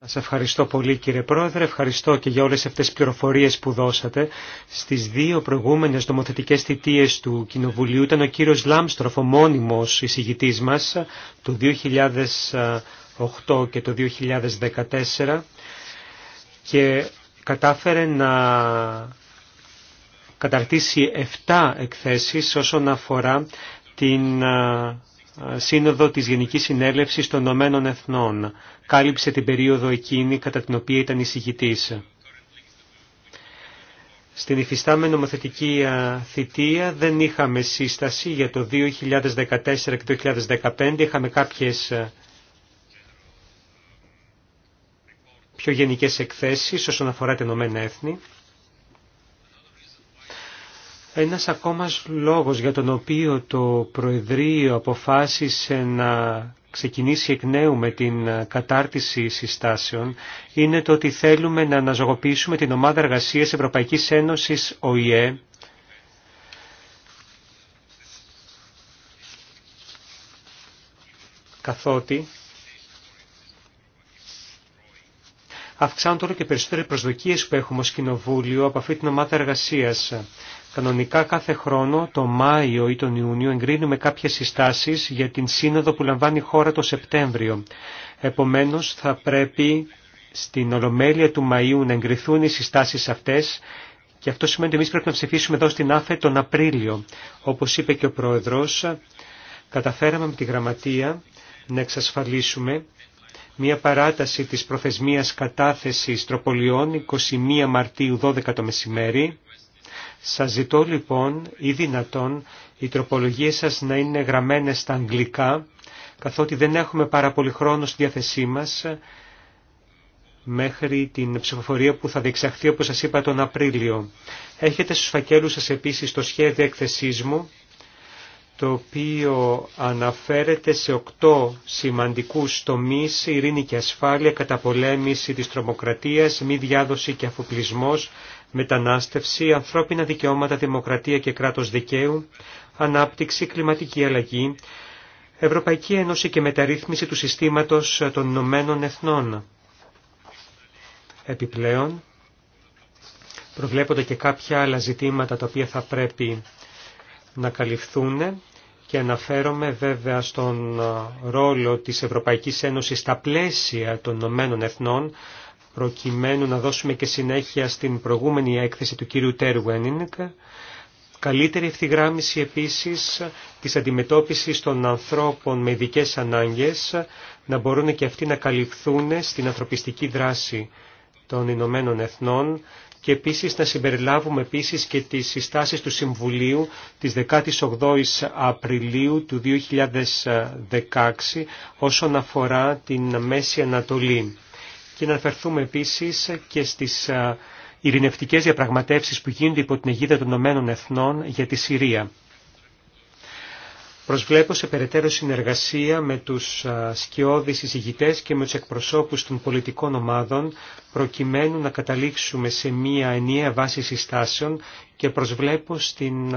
Σας ευχαριστώ πολύ κύριε Πρόεδρε, ευχαριστώ και για όλες αυτές τις πληροφορίες που δώσατε. Στις δύο προηγούμενες νομοθετικές θητείες του Κοινοβουλίου ήταν ο κύριος Λάμστροφ, ο μόνιμος εισηγητής μας, το 2008 και το 2014 και κατάφερε να καταρτήσει 7 εκθέσεις όσον αφορά την σύνοδο της Γενικής Συνέλευσης των Ηνωμένων Εθνών. Κάλυψε την περίοδο εκείνη κατά την οποία ήταν εισηγητής. Στην υφιστάμενη νομοθετική θητεία δεν είχαμε σύσταση για το 2014 και το 2015. Είχαμε κάποιες πιο γενικές εκθέσεις όσον αφορά την Ηνωμένα Έθνη. Ένας ακόμας λόγος για τον οποίο το Προεδρείο αποφάσισε να ξεκινήσει εκ νέου με την κατάρτιση συστάσεων είναι το ότι θέλουμε να αναζωογοποιήσουμε την ομάδα εργασίας Ευρωπαϊκής Ένωσης ΟΗΕ καθότι αυξάνονται όλο και περισσότερο οι που έχουμε ω Κοινοβούλιο από αυτή την ομάδα εργασία. Κανονικά κάθε χρόνο, το Μάιο ή τον Ιούνιο, εγκρίνουμε κάποιες συστάσεις για την σύνοδο που λαμβάνει η χώρα το Σεπτέμβριο. Επομένως, θα πρέπει στην Ολομέλεια του Μαΐου να εγκριθούν οι συστάσεις αυτές και αυτό σημαίνει ότι εμείς πρέπει να ψηφίσουμε εδώ στην ΑΦΕ τον Απρίλιο. Όπως είπε και ο Πρόεδρος, καταφέραμε με τη Γραμματεία να εξασφαλίσουμε μια παράταση της προθεσμίας κατάθεσης τροπολιών 21 Μαρτίου 12 το μεσημέρι. Σας ζητώ λοιπόν ή δυνατόν οι τροπολογίες σας να είναι γραμμένες στα αγγλικά, καθότι δεν έχουμε πάρα πολύ χρόνο στη διάθεσή μας μέχρι την ψηφοφορία που θα διεξαχθεί όπως σας είπα τον Απρίλιο. Έχετε στους φακέλους σας επίσης το σχέδιο εκθεσής μου το οποίο αναφέρεται σε οκτώ σημαντικούς τομείς, ειρήνη και ασφάλεια, καταπολέμηση της τρομοκρατίας, μη διάδοση και αφοπλισμός, μετανάστευση, ανθρώπινα δικαιώματα, δημοκρατία και κράτος δικαίου, ανάπτυξη, κλιματική αλλαγή, Ευρωπαϊκή Ένωση και μεταρρύθμιση του συστήματος των Ηνωμένων Εθνών. Επιπλέον, προβλέπονται και κάποια άλλα ζητήματα τα οποία θα πρέπει να καλυφθούν και αναφέρομαι βέβαια στον ρόλο της Ευρωπαϊκής Ένωσης στα πλαίσια των Ηνωμένων Εθνών προκειμένου να δώσουμε και συνέχεια στην προηγούμενη έκθεση του κύριου Τέρου Ένινγκ καλύτερη ευθυγράμμιση επίσης της αντιμετώπισης των ανθρώπων με ειδικέ ανάγκες να μπορούν και αυτοί να καλυφθούν στην ανθρωπιστική δράση των Ηνωμένων Εθνών και επίσης να συμπεριλάβουμε επίσης και τις συστάσεις του Συμβουλίου της 18ης Απριλίου του 2016 όσον αφορά την Μέση Ανατολή. Και να αναφερθούμε επίσης και στις ε, ειρηνευτικές διαπραγματεύσεις που γίνονται υπό την αιγίδα των Ηνωμένων Εθνών για τη Συρία. Προσβλέπω σε περαιτέρω συνεργασία με τους σκιώδεις εισηγητές και με τους εκπροσώπους των πολιτικών ομάδων προκειμένου να καταλήξουμε σε μία ενιαία βάση συστάσεων και προσβλέπω στην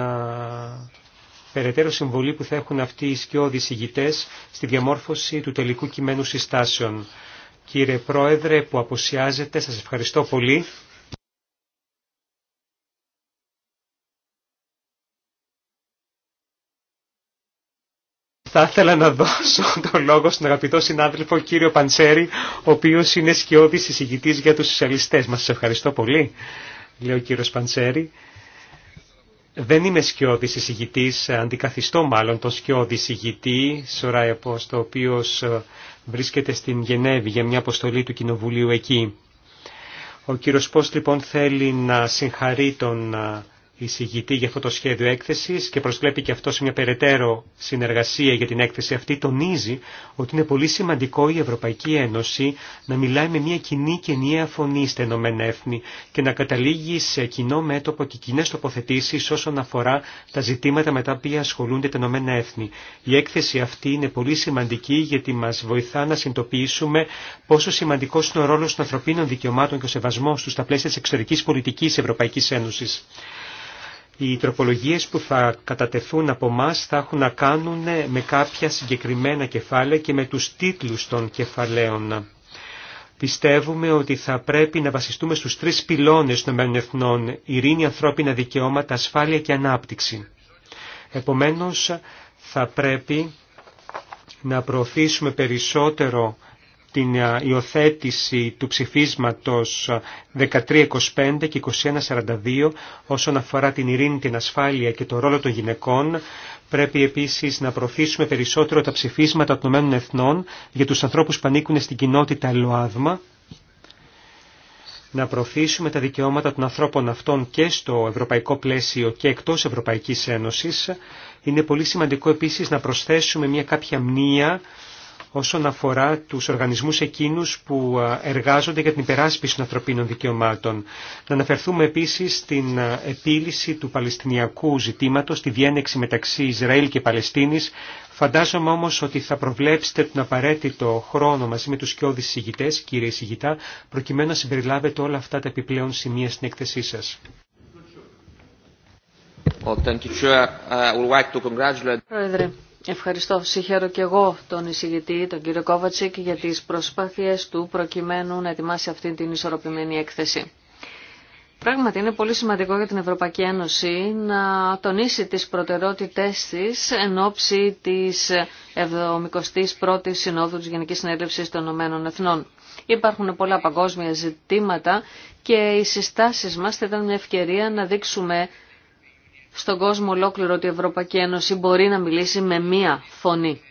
περαιτέρω συμβολή που θα έχουν αυτοί οι σκιώδεις εισηγητές στη διαμόρφωση του τελικού κειμένου συστάσεων. Κύριε Πρόεδρε που αποσιάζετε, σας ευχαριστώ πολύ. Θα ήθελα να δώσω τον λόγο στον αγαπητό συνάδελφο κύριο Παντσέρη, ο οποίος είναι σκιώδης εισηγητής για τους σοσιαλιστές μας. σε ευχαριστώ πολύ, λέει ο κύριος Παντσέρη. Δεν είμαι σκιώδης εισηγητής, αντικαθιστώ μάλλον τον σκιώδη εισηγητή, Σωράια Πόστο, ο οποίος ε, βρίσκεται στην Γενέβη για μια αποστολή του Κοινοβουλίου εκεί. Ο κύριος Πόστ λοιπόν θέλει να συγχαρεί τον ε, εισηγητή για αυτό το σχέδιο έκθεσης και προσβλέπει και αυτό σε μια περαιτέρω συνεργασία για την έκθεση αυτή, τονίζει ότι είναι πολύ σημαντικό η Ευρωπαϊκή Ένωση να μιλάει με μια κοινή και νέα φωνή στα Ενωμένα Έθνη και να καταλήγει σε κοινό μέτωπο και κοινέ τοποθετήσει όσον αφορά τα ζητήματα με τα οποία ασχολούνται τα Ενωμένα Έθνη. Η έκθεση αυτή είναι πολύ σημαντική γιατί μα βοηθά να συνειδητοποιήσουμε πόσο σημαντικό είναι ο ρόλο των ανθρωπίνων δικαιωμάτων και ο σεβασμό του στα πλαίσια τη εξωτερική πολιτική Ευρωπαϊκή Ένωση. Οι τροπολογίες που θα κατατεθούν από εμά θα έχουν να κάνουν με κάποια συγκεκριμένα κεφάλαια και με τους τίτλους των κεφαλαίων. Πιστεύουμε ότι θα πρέπει να βασιστούμε στους τρεις πυλώνες των εθνών, ειρήνη, ανθρώπινα δικαιώματα, ασφάλεια και ανάπτυξη. Επομένως, θα πρέπει να προωθήσουμε περισσότερο την ε, υιοθέτηση του ψηφίσματος 1325 και 2142 όσον αφορά την ειρήνη, την ασφάλεια και το ρόλο των γυναικών. Πρέπει επίσης να προωθήσουμε περισσότερο τα ψηφίσματα των ΗΕ... Εθνών για τους ανθρώπους που ανήκουν στην κοινότητα ΛΟΑΔΜΑ να προωθήσουμε τα δικαιώματα των ανθρώπων αυτών και στο ευρωπαϊκό πλαίσιο και εκτός Ευρωπαϊκής Ένωσης. Είναι πολύ σημαντικό επίσης να προσθέσουμε μια κάποια μνήμα όσον αφορά τους οργανισμούς εκείνους που εργάζονται για την υπεράσπιση των ανθρωπίνων δικαιωμάτων. Να αναφερθούμε επίσης στην επίλυση του Παλαιστινιακού ζητήματος, τη διένεξη μεταξύ Ισραήλ και Παλαιστίνης. Φαντάζομαι όμως ότι θα προβλέψετε τον απαραίτητο χρόνο μαζί με τους κοιόδης συγητές, κύριε συγητά, προκειμένου να συμπεριλάβετε όλα αυτά τα επιπλέον σημεία στην έκθεσή σας. Uh, like to congratulate... Πρόεδρε, Ευχαριστώ. Συγχαίρω και εγώ τον εισηγητή, τον κύριο Κόβατσικ, για τις προσπάθειες του προκειμένου να ετοιμάσει αυτή την ισορροπημένη έκθεση. Πράγματι είναι πολύ σημαντικό για την Ευρωπαϊκή Ένωση να τονίσει τις προτεραιότητές της εν ώψη της 71ης Συνόδου της Γενικής Συνέλευσης των Ηνωμένων Εθνών. Υπάρχουν πολλά παγκόσμια ζητήματα και οι συστάσεις μας θα ήταν μια ευκαιρία να δείξουμε στον κόσμο ολόκληρο ότι η Ευρωπαϊκή Ένωση μπορεί να μιλήσει με μία φωνή.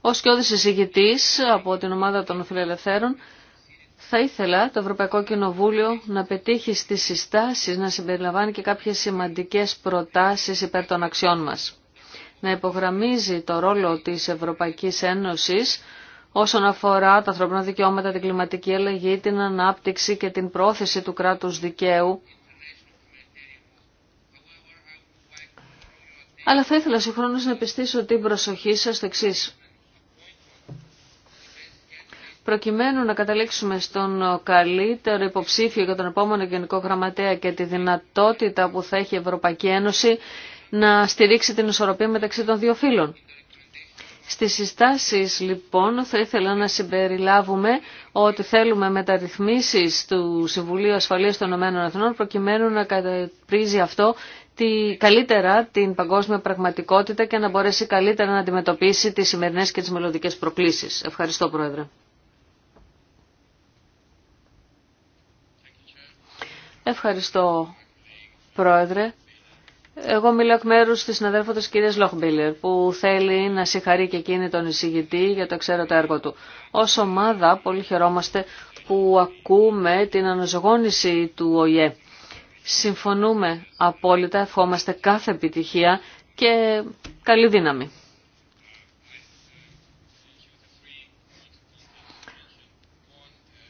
Ως και εισηγητής από την ομάδα των φιλελευθέρων, θα ήθελα το Ευρωπαϊκό Κοινοβούλιο να πετύχει στις συστάσεις να συμπεριλαμβάνει και κάποιες σημαντικές προτάσεις υπέρ των αξιών μας. Να υπογραμμίζει το ρόλο της Ευρωπαϊκής Ένωσης όσον αφορά τα ανθρώπινα δικαιώματα, την κλιματική αλλαγή, την ανάπτυξη και την πρόθεση του κράτους δικαίου. Αλλά θα ήθελα συγχρόνως να επιστήσω την προσοχή σας στο εξή. Προκειμένου να καταλήξουμε στον καλύτερο υποψήφιο για τον επόμενο Γενικό Γραμματέα και τη δυνατότητα που θα έχει η Ευρωπαϊκή Ένωση να στηρίξει την ισορροπία μεταξύ των δύο φύλων. Στις συστάσεις λοιπόν θα ήθελα να συμπεριλάβουμε ότι θέλουμε μεταρρυθμίσεις του Συμβουλίου Ασφαλείας των Ηνωμένων Αθηνών προκειμένου να καταπρίζει αυτό τη, καλύτερα την παγκόσμια πραγματικότητα και να μπορέσει καλύτερα να αντιμετωπίσει τις σημερινές και τις μελλοντικέ προκλήσεις. Ευχαριστώ Πρόεδρε. Ευχαριστώ Πρόεδρε. Εγώ μιλάω εκ μέρου τη συναδέλφου τη κυρία Λόχμπιλερ, που θέλει να συγχαρεί και εκείνη τον εισηγητή για το εξαίρετο έργο του. Ω ομάδα, πολύ χαιρόμαστε που ακούμε την αναζωγόνηση του ΟΙΕ. Συμφωνούμε απόλυτα, ευχόμαστε κάθε επιτυχία και καλή δύναμη.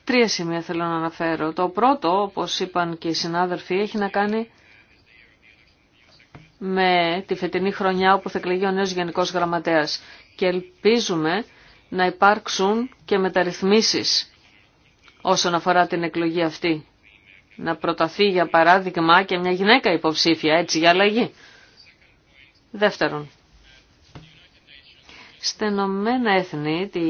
Τρία σημεία θέλω να αναφέρω. Το πρώτο, όπως είπαν και οι συνάδελφοι, έχει να κάνει με τη φετινή χρονιά όπου θα εκλεγεί ο νέος Γενικός Γραμματέας και ελπίζουμε να υπάρξουν και μεταρρυθμίσεις όσον αφορά την εκλογή αυτή. Να προταθεί για παράδειγμα και μια γυναίκα υποψήφια έτσι για αλλαγή. Δεύτερον, στενομένα έθνη τη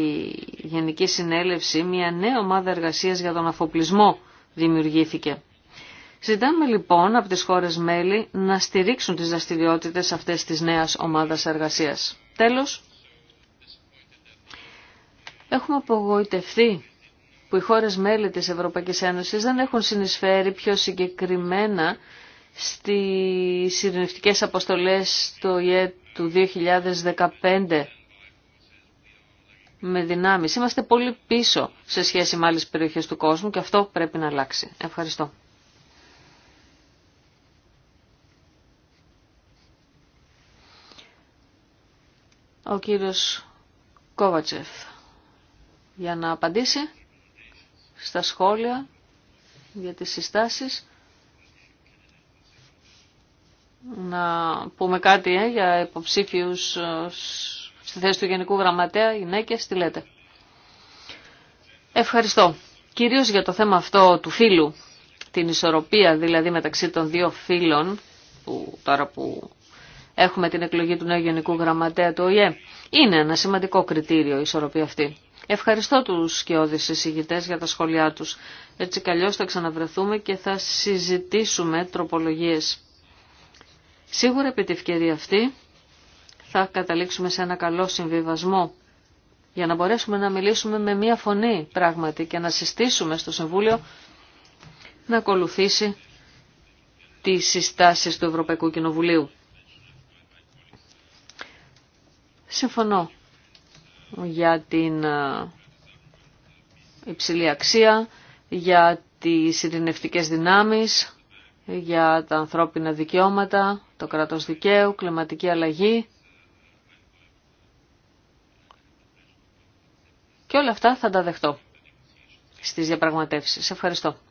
Γενική Συνέλευση μια νέα ομάδα εργασίας για τον αφοπλισμό δημιουργήθηκε. Ζητάμε λοιπόν από τις χώρες μέλη να στηρίξουν τις δραστηριότητε αυτές της νέας ομάδας εργασίας. Τέλος, έχουμε απογοητευτεί που οι χώρες μέλη της Ευρωπαϊκής Ένωσης δεν έχουν συνεισφέρει πιο συγκεκριμένα στις ειρηνευτικές αποστολές στο ΙΕ του 2015 με δυνάμεις. Είμαστε πολύ πίσω σε σχέση με άλλες περιοχές του κόσμου και αυτό πρέπει να αλλάξει. Ευχαριστώ. ο κύριος Κόβατσεφ για να απαντήσει στα σχόλια για τις συστάσεις. Να πούμε κάτι ε, για υποψήφιους ε, στη θέση του Γενικού Γραμματέα, γυναίκες, τι λέτε. Ευχαριστώ. Κυρίως για το θέμα αυτό του φίλου, την ισορροπία δηλαδή μεταξύ των δύο φίλων, που, τώρα που έχουμε την εκλογή του νέου Γενικού Γραμματέα του ΟΗΕ. Είναι ένα σημαντικό κριτήριο η ισορροπία αυτή. Ευχαριστώ τους σκιώδεις εισηγητές για τα σχόλιά τους. Έτσι καλλιώς θα ξαναβρεθούμε και θα συζητήσουμε τροπολογίες. Σίγουρα επί τη ευκαιρία αυτή θα καταλήξουμε σε ένα καλό συμβιβασμό για να μπορέσουμε να μιλήσουμε με μία φωνή πράγματι και να συστήσουμε στο Συμβούλιο να ακολουθήσει τις συστάσεις του Ευρωπαϊκού Κοινοβουλίου. Συμφωνώ για την ε, υψηλή αξία, για τις ειρηνευτικές δυνάμεις, για τα ανθρώπινα δικαιώματα, το κράτος δικαίου, κλιματική αλλαγή. Και όλα αυτά θα τα δεχτώ στις διαπραγματεύσεις. Ευχαριστώ.